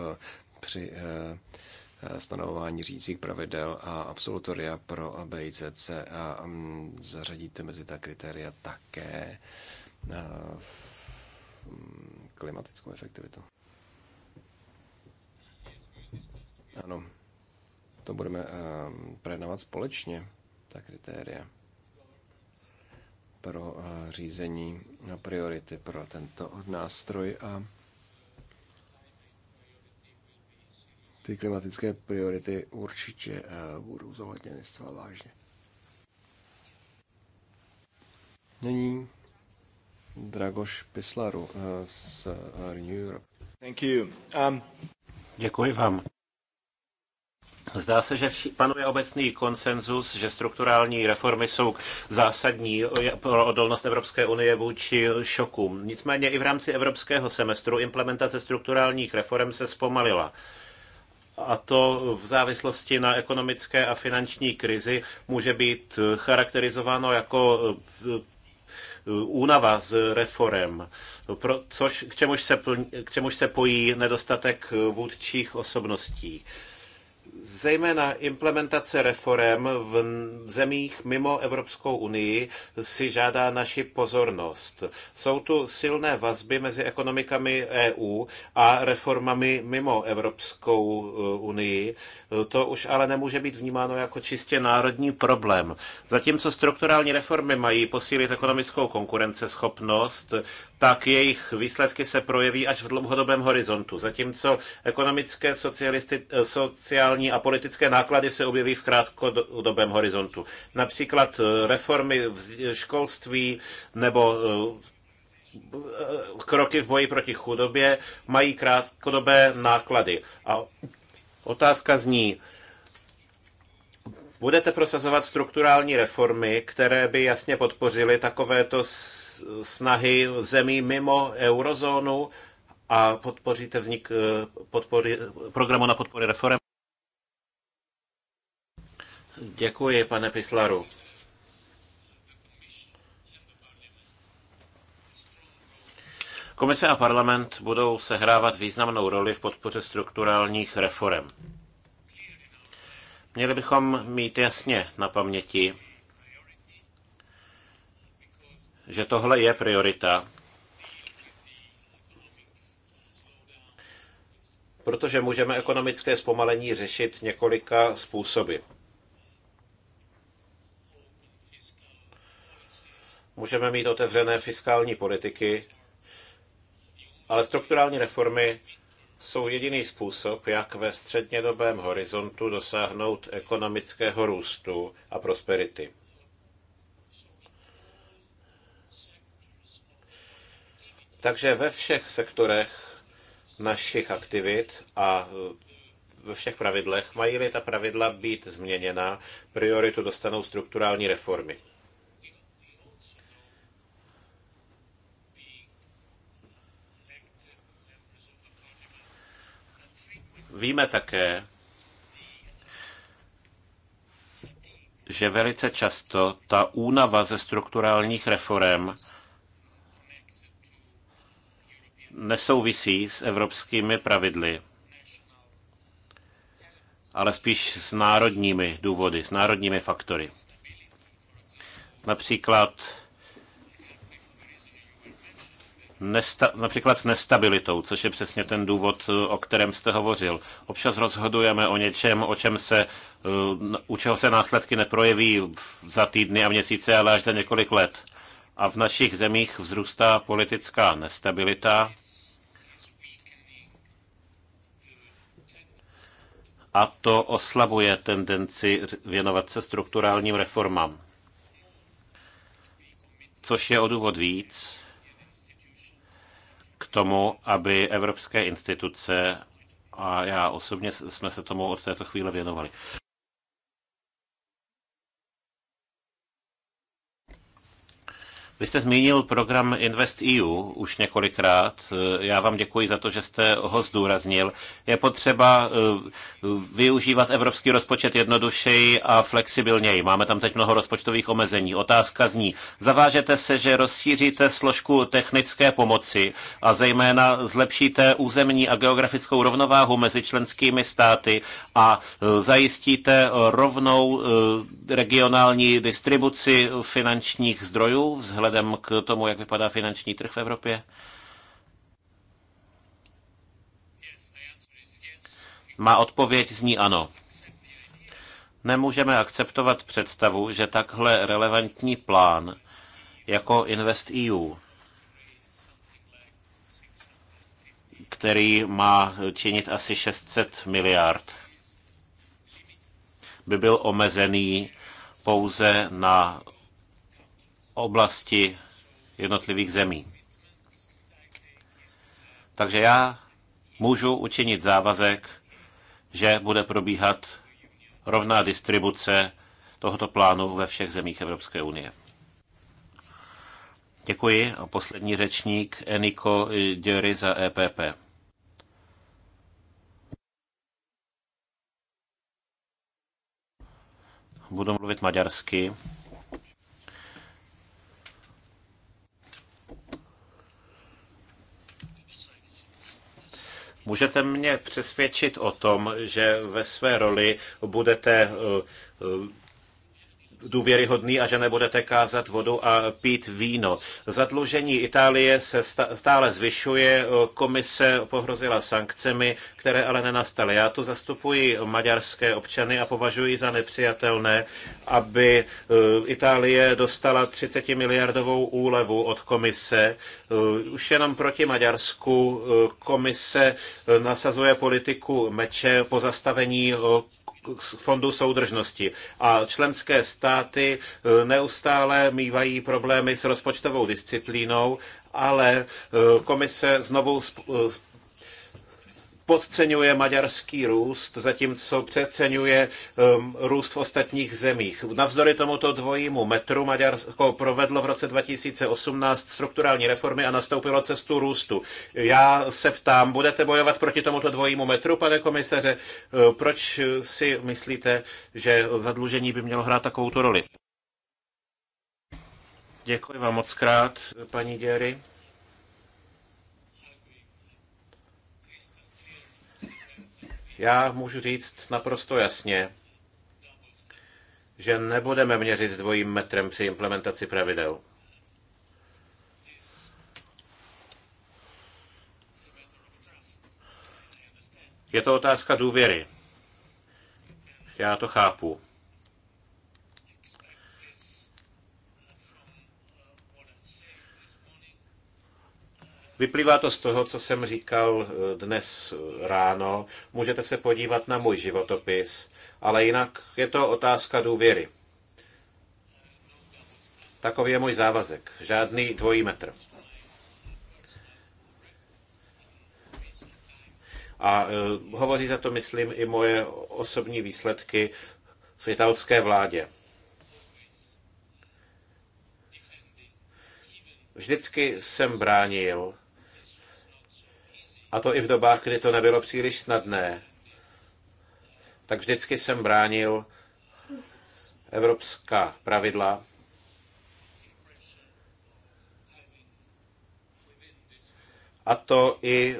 při eh, stanovování řídících pravidel a absolutoria pro BICC a mm, zařadíte mezi ta kritéria také mm, klimatickou efektivitu. Ano, to budeme projednávat společně, ta kritéria pro eh, řízení a priority pro tento nástroj a ty klimatické priority určitě eh, budou zohledněny zcela vážně. Nyní Dragoš Pislaru eh, z Renew Europe. Thank you. Um... Děkuji vám. Zdá se, že panuje obecný konsenzus, že strukturální reformy jsou zásadní pro odolnost Evropské unie vůči šokům. Nicméně i v rámci evropského semestru implementace strukturálních reform se zpomalila a to v závislosti na ekonomické a finanční krizi může být charakterizováno jako eh, únava z reform, pro, což, k, čemuž se, k čemuž se pojí nedostatek vůdčích osobností. Zejména implementace reform v zemích mimo Evropskou unii si žádá naši pozornost. Jsou tu silné vazby mezi ekonomikami EU a reformami mimo Evropskou eh, unii. To už ale nemůže být vnímáno jako čistě národní problém. Zatímco strukturální reformy mají posílit ekonomickou konkurenceschopnost, tak jejich výsledky se projeví až v dlouhodobém horizontu. Zatímco ekonomické, eh, sociální a politické náklady se objeví v krátkodobém horizontu. Například eh, reformy v školství nebo eh, kroky v boji proti chudobě mají krátkodobé náklady. A otázka zní, budete prosazovat strukturální reformy, které by jasně podpořily takovéto snahy zemí mimo eurozónu a podpoříte vznik eh, podpory, programu na podpory reform? Děkuji, pane Pislaru. Komise a parlament budou sehrávat významnou roli v podpoře strukturálních reform. Měli bychom mít jasně na paměti, že tohle je priorita, protože můžeme ekonomické zpomalení řešit několika způsoby. Můžeme mít otevřené fiskální politiky, ale strukturální reformy jsou jediný způsob, jak ve střednědobém horizontu dosáhnout ekonomického růstu a prosperity. Takže ve všech sektorech našich aktivit a ve všech pravidlech, mají-li ta pravidla být změněna, prioritu dostanou strukturální reformy. Víme také, že velice často ta únava ze strukturálních reform nesouvisí s evropskými pravidly, ale spíš s národními důvody, s národními faktory. Například nesta- například s nestabilitou, což je přesně ten důvod, eh, o kterém jste hovořil. Občas rozhodujeme o něčem, o čem se, eh, u čeho se následky neprojeví za týdny a měsíce, ale až za několik let. A v našich zemích vzrůstá politická nestabilita. A to oslabuje tendenci věnovat se strukturálním reformám. Což je o důvod víc, tomu, aby evropské instituce a já osobně jsme se tomu od této chvíle věnovali. Vy jste zmínil program Invest EU už několikrát. Já vám děkuji za to, že jste ho zdůraznil. Je potřeba eh, využívat evropský rozpočet jednodušeji a flexibilněji. Máme tam teď mnoho rozpočtových omezení. Otázka zní, zavážete se, že rozšíříte složku technické pomoci a zejména zlepšíte územní a geografickou rovnováhu mezi členskými státy a eh, zajistíte rovnou eh, regionální distribuci finančních zdrojů vzhledem vzhledem k tomu, jak vypadá finanční trh v Evropě? Má odpověď zní ano. Nemůžeme akceptovat představu, že takhle relevantní plán jako InvestEU, který má činit asi 600 miliard, by byl omezený pouze na oblasti jednotlivých zemí. Takže já můžu učinit závazek, že bude probíhat rovná distribuce tohoto plánu ve všech zemích Evropské unie. Děkuji. A poslední řečník Eniko Děry za EPP. Budu mluvit maďarsky. Můžete mě přesvědčit o tom, že ve své roli budete eh, eh, důvěryhodný a že nebudete kázat vodu a pít víno. Zadlužení Itálie se stále zvyšuje, komise pohrozila sankcemi, které ale nenastaly. Já tu zastupuji maďarské občany a považuji za nepřijatelné, aby e, Itálie dostala 30 miliardovou úlevu od komise. E, už jenom proti Maďarsku e, komise nasazuje politiku meče pozastavení fondu soudržnosti. A členské státy e, neustále mývají problémy s rozpočtovou disciplínou, ale e, komise znovu e, podceňuje maďarský růst, zatímco přeceňuje um, růst v ostatních zemích. Navzdory tomuto dvojímu metru Maďarsko provedlo v roce 2018 strukturální reformy a nastoupilo cestu růstu. Já se ptám, budete bojovat proti tomuto dvojímu metru, pane komisaře? Uh, proč si myslíte, že zadlužení by mělo hrát takovou roli? Děkuji vám moc krát, paní Děry. Já můžu říct naprosto jasně, že nebudeme měřit dvojím metrem při implementaci pravidel. Je to otázka důvěry. Já to chápu. Vyplývá to z toho, co jsem říkal eh, dnes eh, ráno. Můžete se podívat na můj životopis, ale jinak je to otázka důvěry. Takový je můj závazek. Žádný dvojí metr. A eh, hovoří za to, myslím, i moje osobní výsledky v italské vládě. Vždycky jsem bránil a to i v dobách, kdy to nebylo příliš snadné. Tak vždycky jsem bránil evropská pravidla. A to i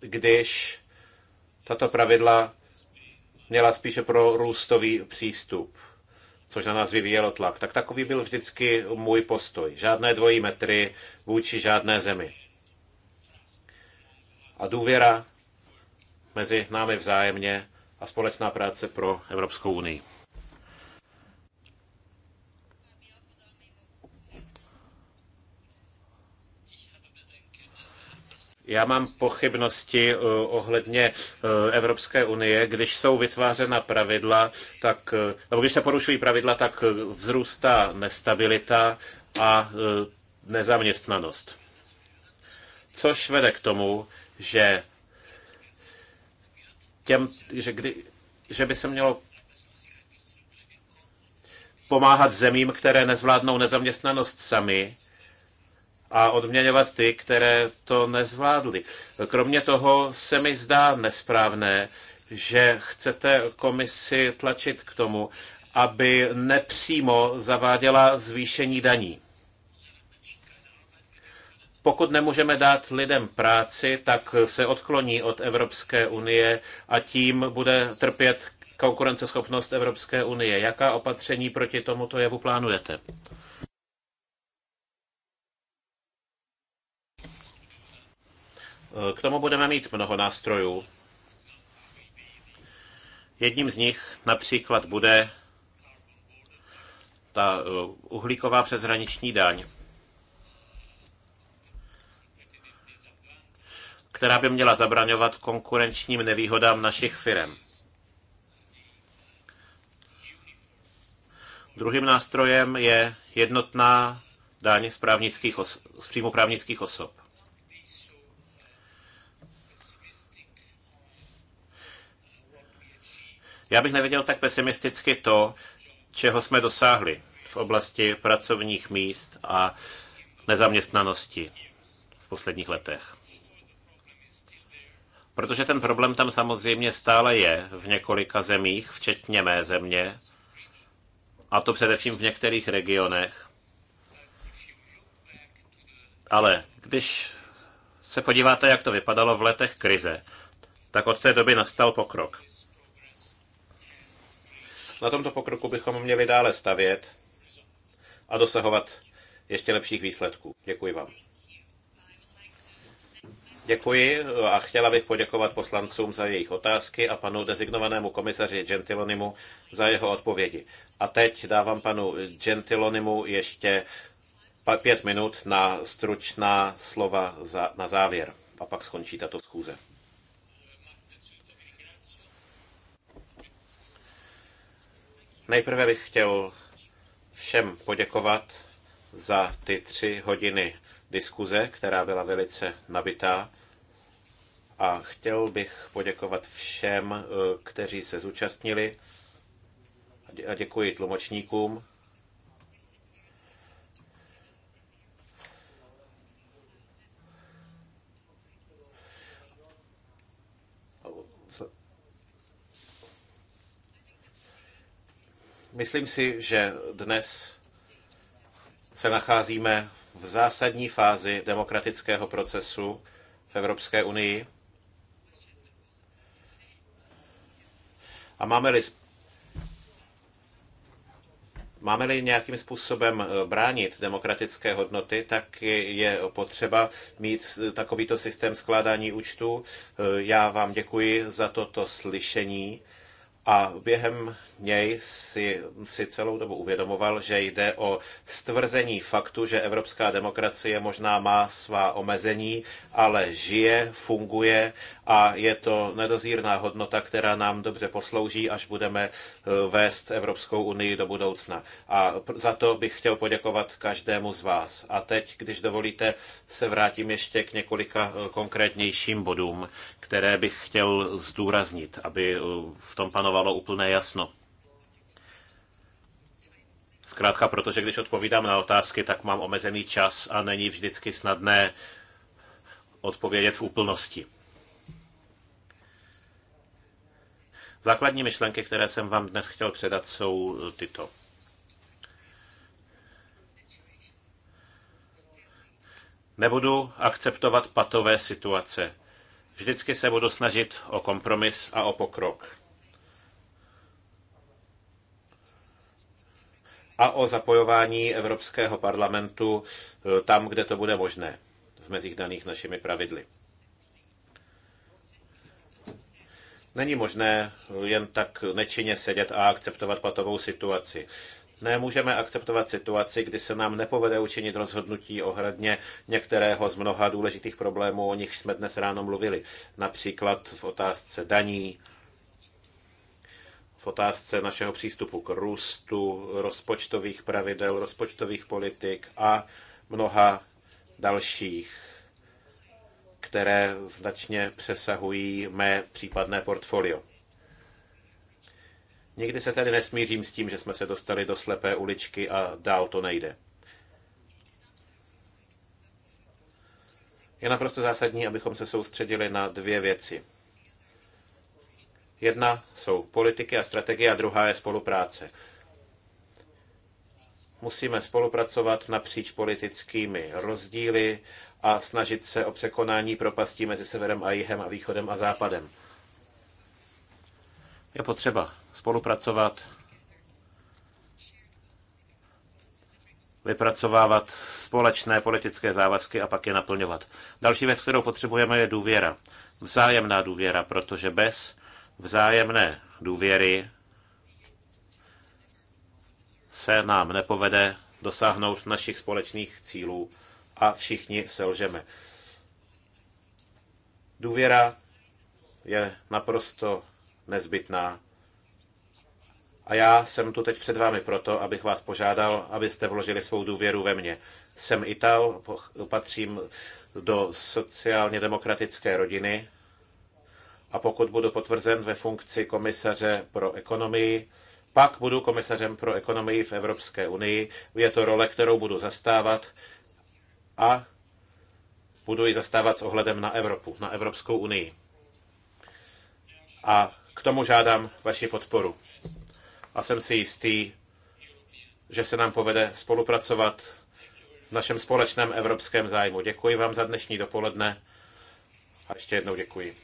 když tato pravidla měla spíše pro růstový přístup, což na nás vyvíjelo tlak. Tak takový byl vždycky můj postoj. Žádné dvojí metry vůči žádné zemi a důvěra mezi námi vzájemně a společná práce pro Evropskou unii. Já mám pochybnosti eh, ohledně eh, Evropské unie. Když jsou vytvářena pravidla, tak, eh, nebo když se porušují pravidla, tak vzrůstá nestabilita a nezaměstnanost. Což vede k tomu, že, těm, že, kdy, že by se mělo pomáhat zemím, které nezvládnou nezaměstnanost sami a odměňovat ty, které to nezvládly. Kromě toho se mi zdá nesprávné, že chcete komisi tlačit k tomu, aby nepřímo zaváděla zvýšení daní. Pokud nemůžeme dát lidem práci, tak se odkloní od Evropské unie a tím bude trpět konkurenceschopnost Evropské unie. Jaká opatření proti tomuto jevu plánujete? K tomu budeme mít mnoho nástrojů. Jedním z nich například bude ta uh, uhlíková přeshraniční daň. která by měla zabraňovat konkurenčním nevýhodám našich firm. Druhým nástrojem je jednotná daň z, právnických z příjmu právnických osob. Já bych neviděl tak pesimisticky to, čeho jsme dosáhli v oblasti pracovních míst a nezaměstnanosti v posledních letech. Protože ten problém tam samozřejmě stále je v několika zemích, včetně mé země, a to především v některých regionech. Ale když se podíváte, jak to vypadalo v letech krize, tak od té doby nastal pokrok. Na tomto pokroku bychom měli dále stavět a dosahovat ještě lepších výsledků. Děkuji vám. Děkuji a chtěla bych poděkovat poslancům za jejich otázky a panu dezignovanému komisaři Gentilonimu za jeho odpovědi. A teď dávám panu Gentilonimu ještě pět minut na stručná slova za, na závěr a pak skončí tato schůze. Nejprve bych chtěl všem poděkovat za ty tři hodiny diskuze, která byla velice nabitá a chtěl bych poděkovat všem, eh, kteří se zúčastnili a děkuji tlumočníkům. Myslím si, že dnes se nacházíme v zásadní fázi demokratického procesu v Evropské unii. A máme-li Máme-li nějakým způsobem eh, bránit demokratické hodnoty, tak je potřeba mít takovýto systém skládání účtů. Eh, já vám děkuji za toto slyšení a během něj si, si celou dobu uvědomoval, že jde o stvrzení faktu, že evropská demokracie možná má svá omezení, ale žije, funguje a je to nedozírná hodnota, která nám dobře poslouží, až budeme eh, vést Evropskou unii do budoucna. A za to bych chtěl poděkovat každému z vás. A teď, když dovolíte, se vrátím ještě k několika eh, konkrétnějším bodům, které bych chtěl zdůraznit, aby eh, v tom panoval nedávalo úplné jasno. Zkrátka, protože když odpovídám na otázky, tak mám omezený čas a není vždycky snadné odpovědět v úplnosti. Základní myšlenky, které jsem vám dnes chtěl předat, jsou tyto. Nebudu akceptovat patové situace. Vždycky se budu snažit o kompromis a o pokrok. a o zapojování Evropského parlamentu eh, tam, kde to bude možné, v mezích daných našimi pravidly. Není možné jen tak nečinně sedět a akceptovat patovou situaci. Nemůžeme akceptovat situaci, kdy se nám nepovede učinit rozhodnutí ohradně některého z mnoha důležitých problémů, o nich jsme dnes ráno mluvili. Například v otázce daní, v otázce našeho přístupu k růstu, rozpočtových pravidel, rozpočtových politik a mnoha dalších, které značně přesahují mé případné portfolio. Nikdy se tedy nesmířím s tím, že jsme se dostali do slepé uličky a dál to nejde. Je naprosto zásadní, abychom se soustředili na dvě věci. Jedna jsou politiky a strategie a druhá je spolupráce. Musíme spolupracovat napříč politickými rozdíly a snažit se o překonání propastí mezi severem a jihem a východem a západem. Je potřeba spolupracovat, vypracovávat společné politické závazky a pak je naplňovat. Další věc, kterou potřebujeme, je důvěra. Vzájemná důvěra, protože bez vzájemné důvěry se nám nepovede dosáhnout našich společných cílů a všichni selžeme. Důvěra je naprosto nezbytná. A já jsem tu teď před vámi proto, abych vás požádal, abyste vložili svou důvěru ve mě. Jsem Ital, patřím do sociálně demokratické rodiny a pokud budu potvrzen ve funkci komisaře pro ekonomii, pak budu komisařem pro ekonomii v Evropské unii. Je to role, kterou budu zastávat a budu ji zastávat s ohledem na Evropu, na Evropskou unii. A k tomu žádám vaši podporu. A jsem si jistý, že se nám povede spolupracovat v našem společném evropském zájmu. Děkuji vám za dnešní dopoledne a ještě jednou děkuji.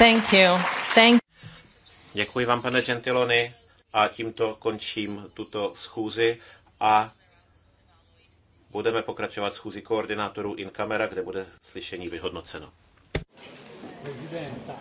Thank you. Thank Děkuji vám, pane Gentiloni, a tímto končím tuto schůzi a budeme pokračovat schůzi koordinátorů in camera, kde bude slyšení vyhodnoceno. Prezidenta.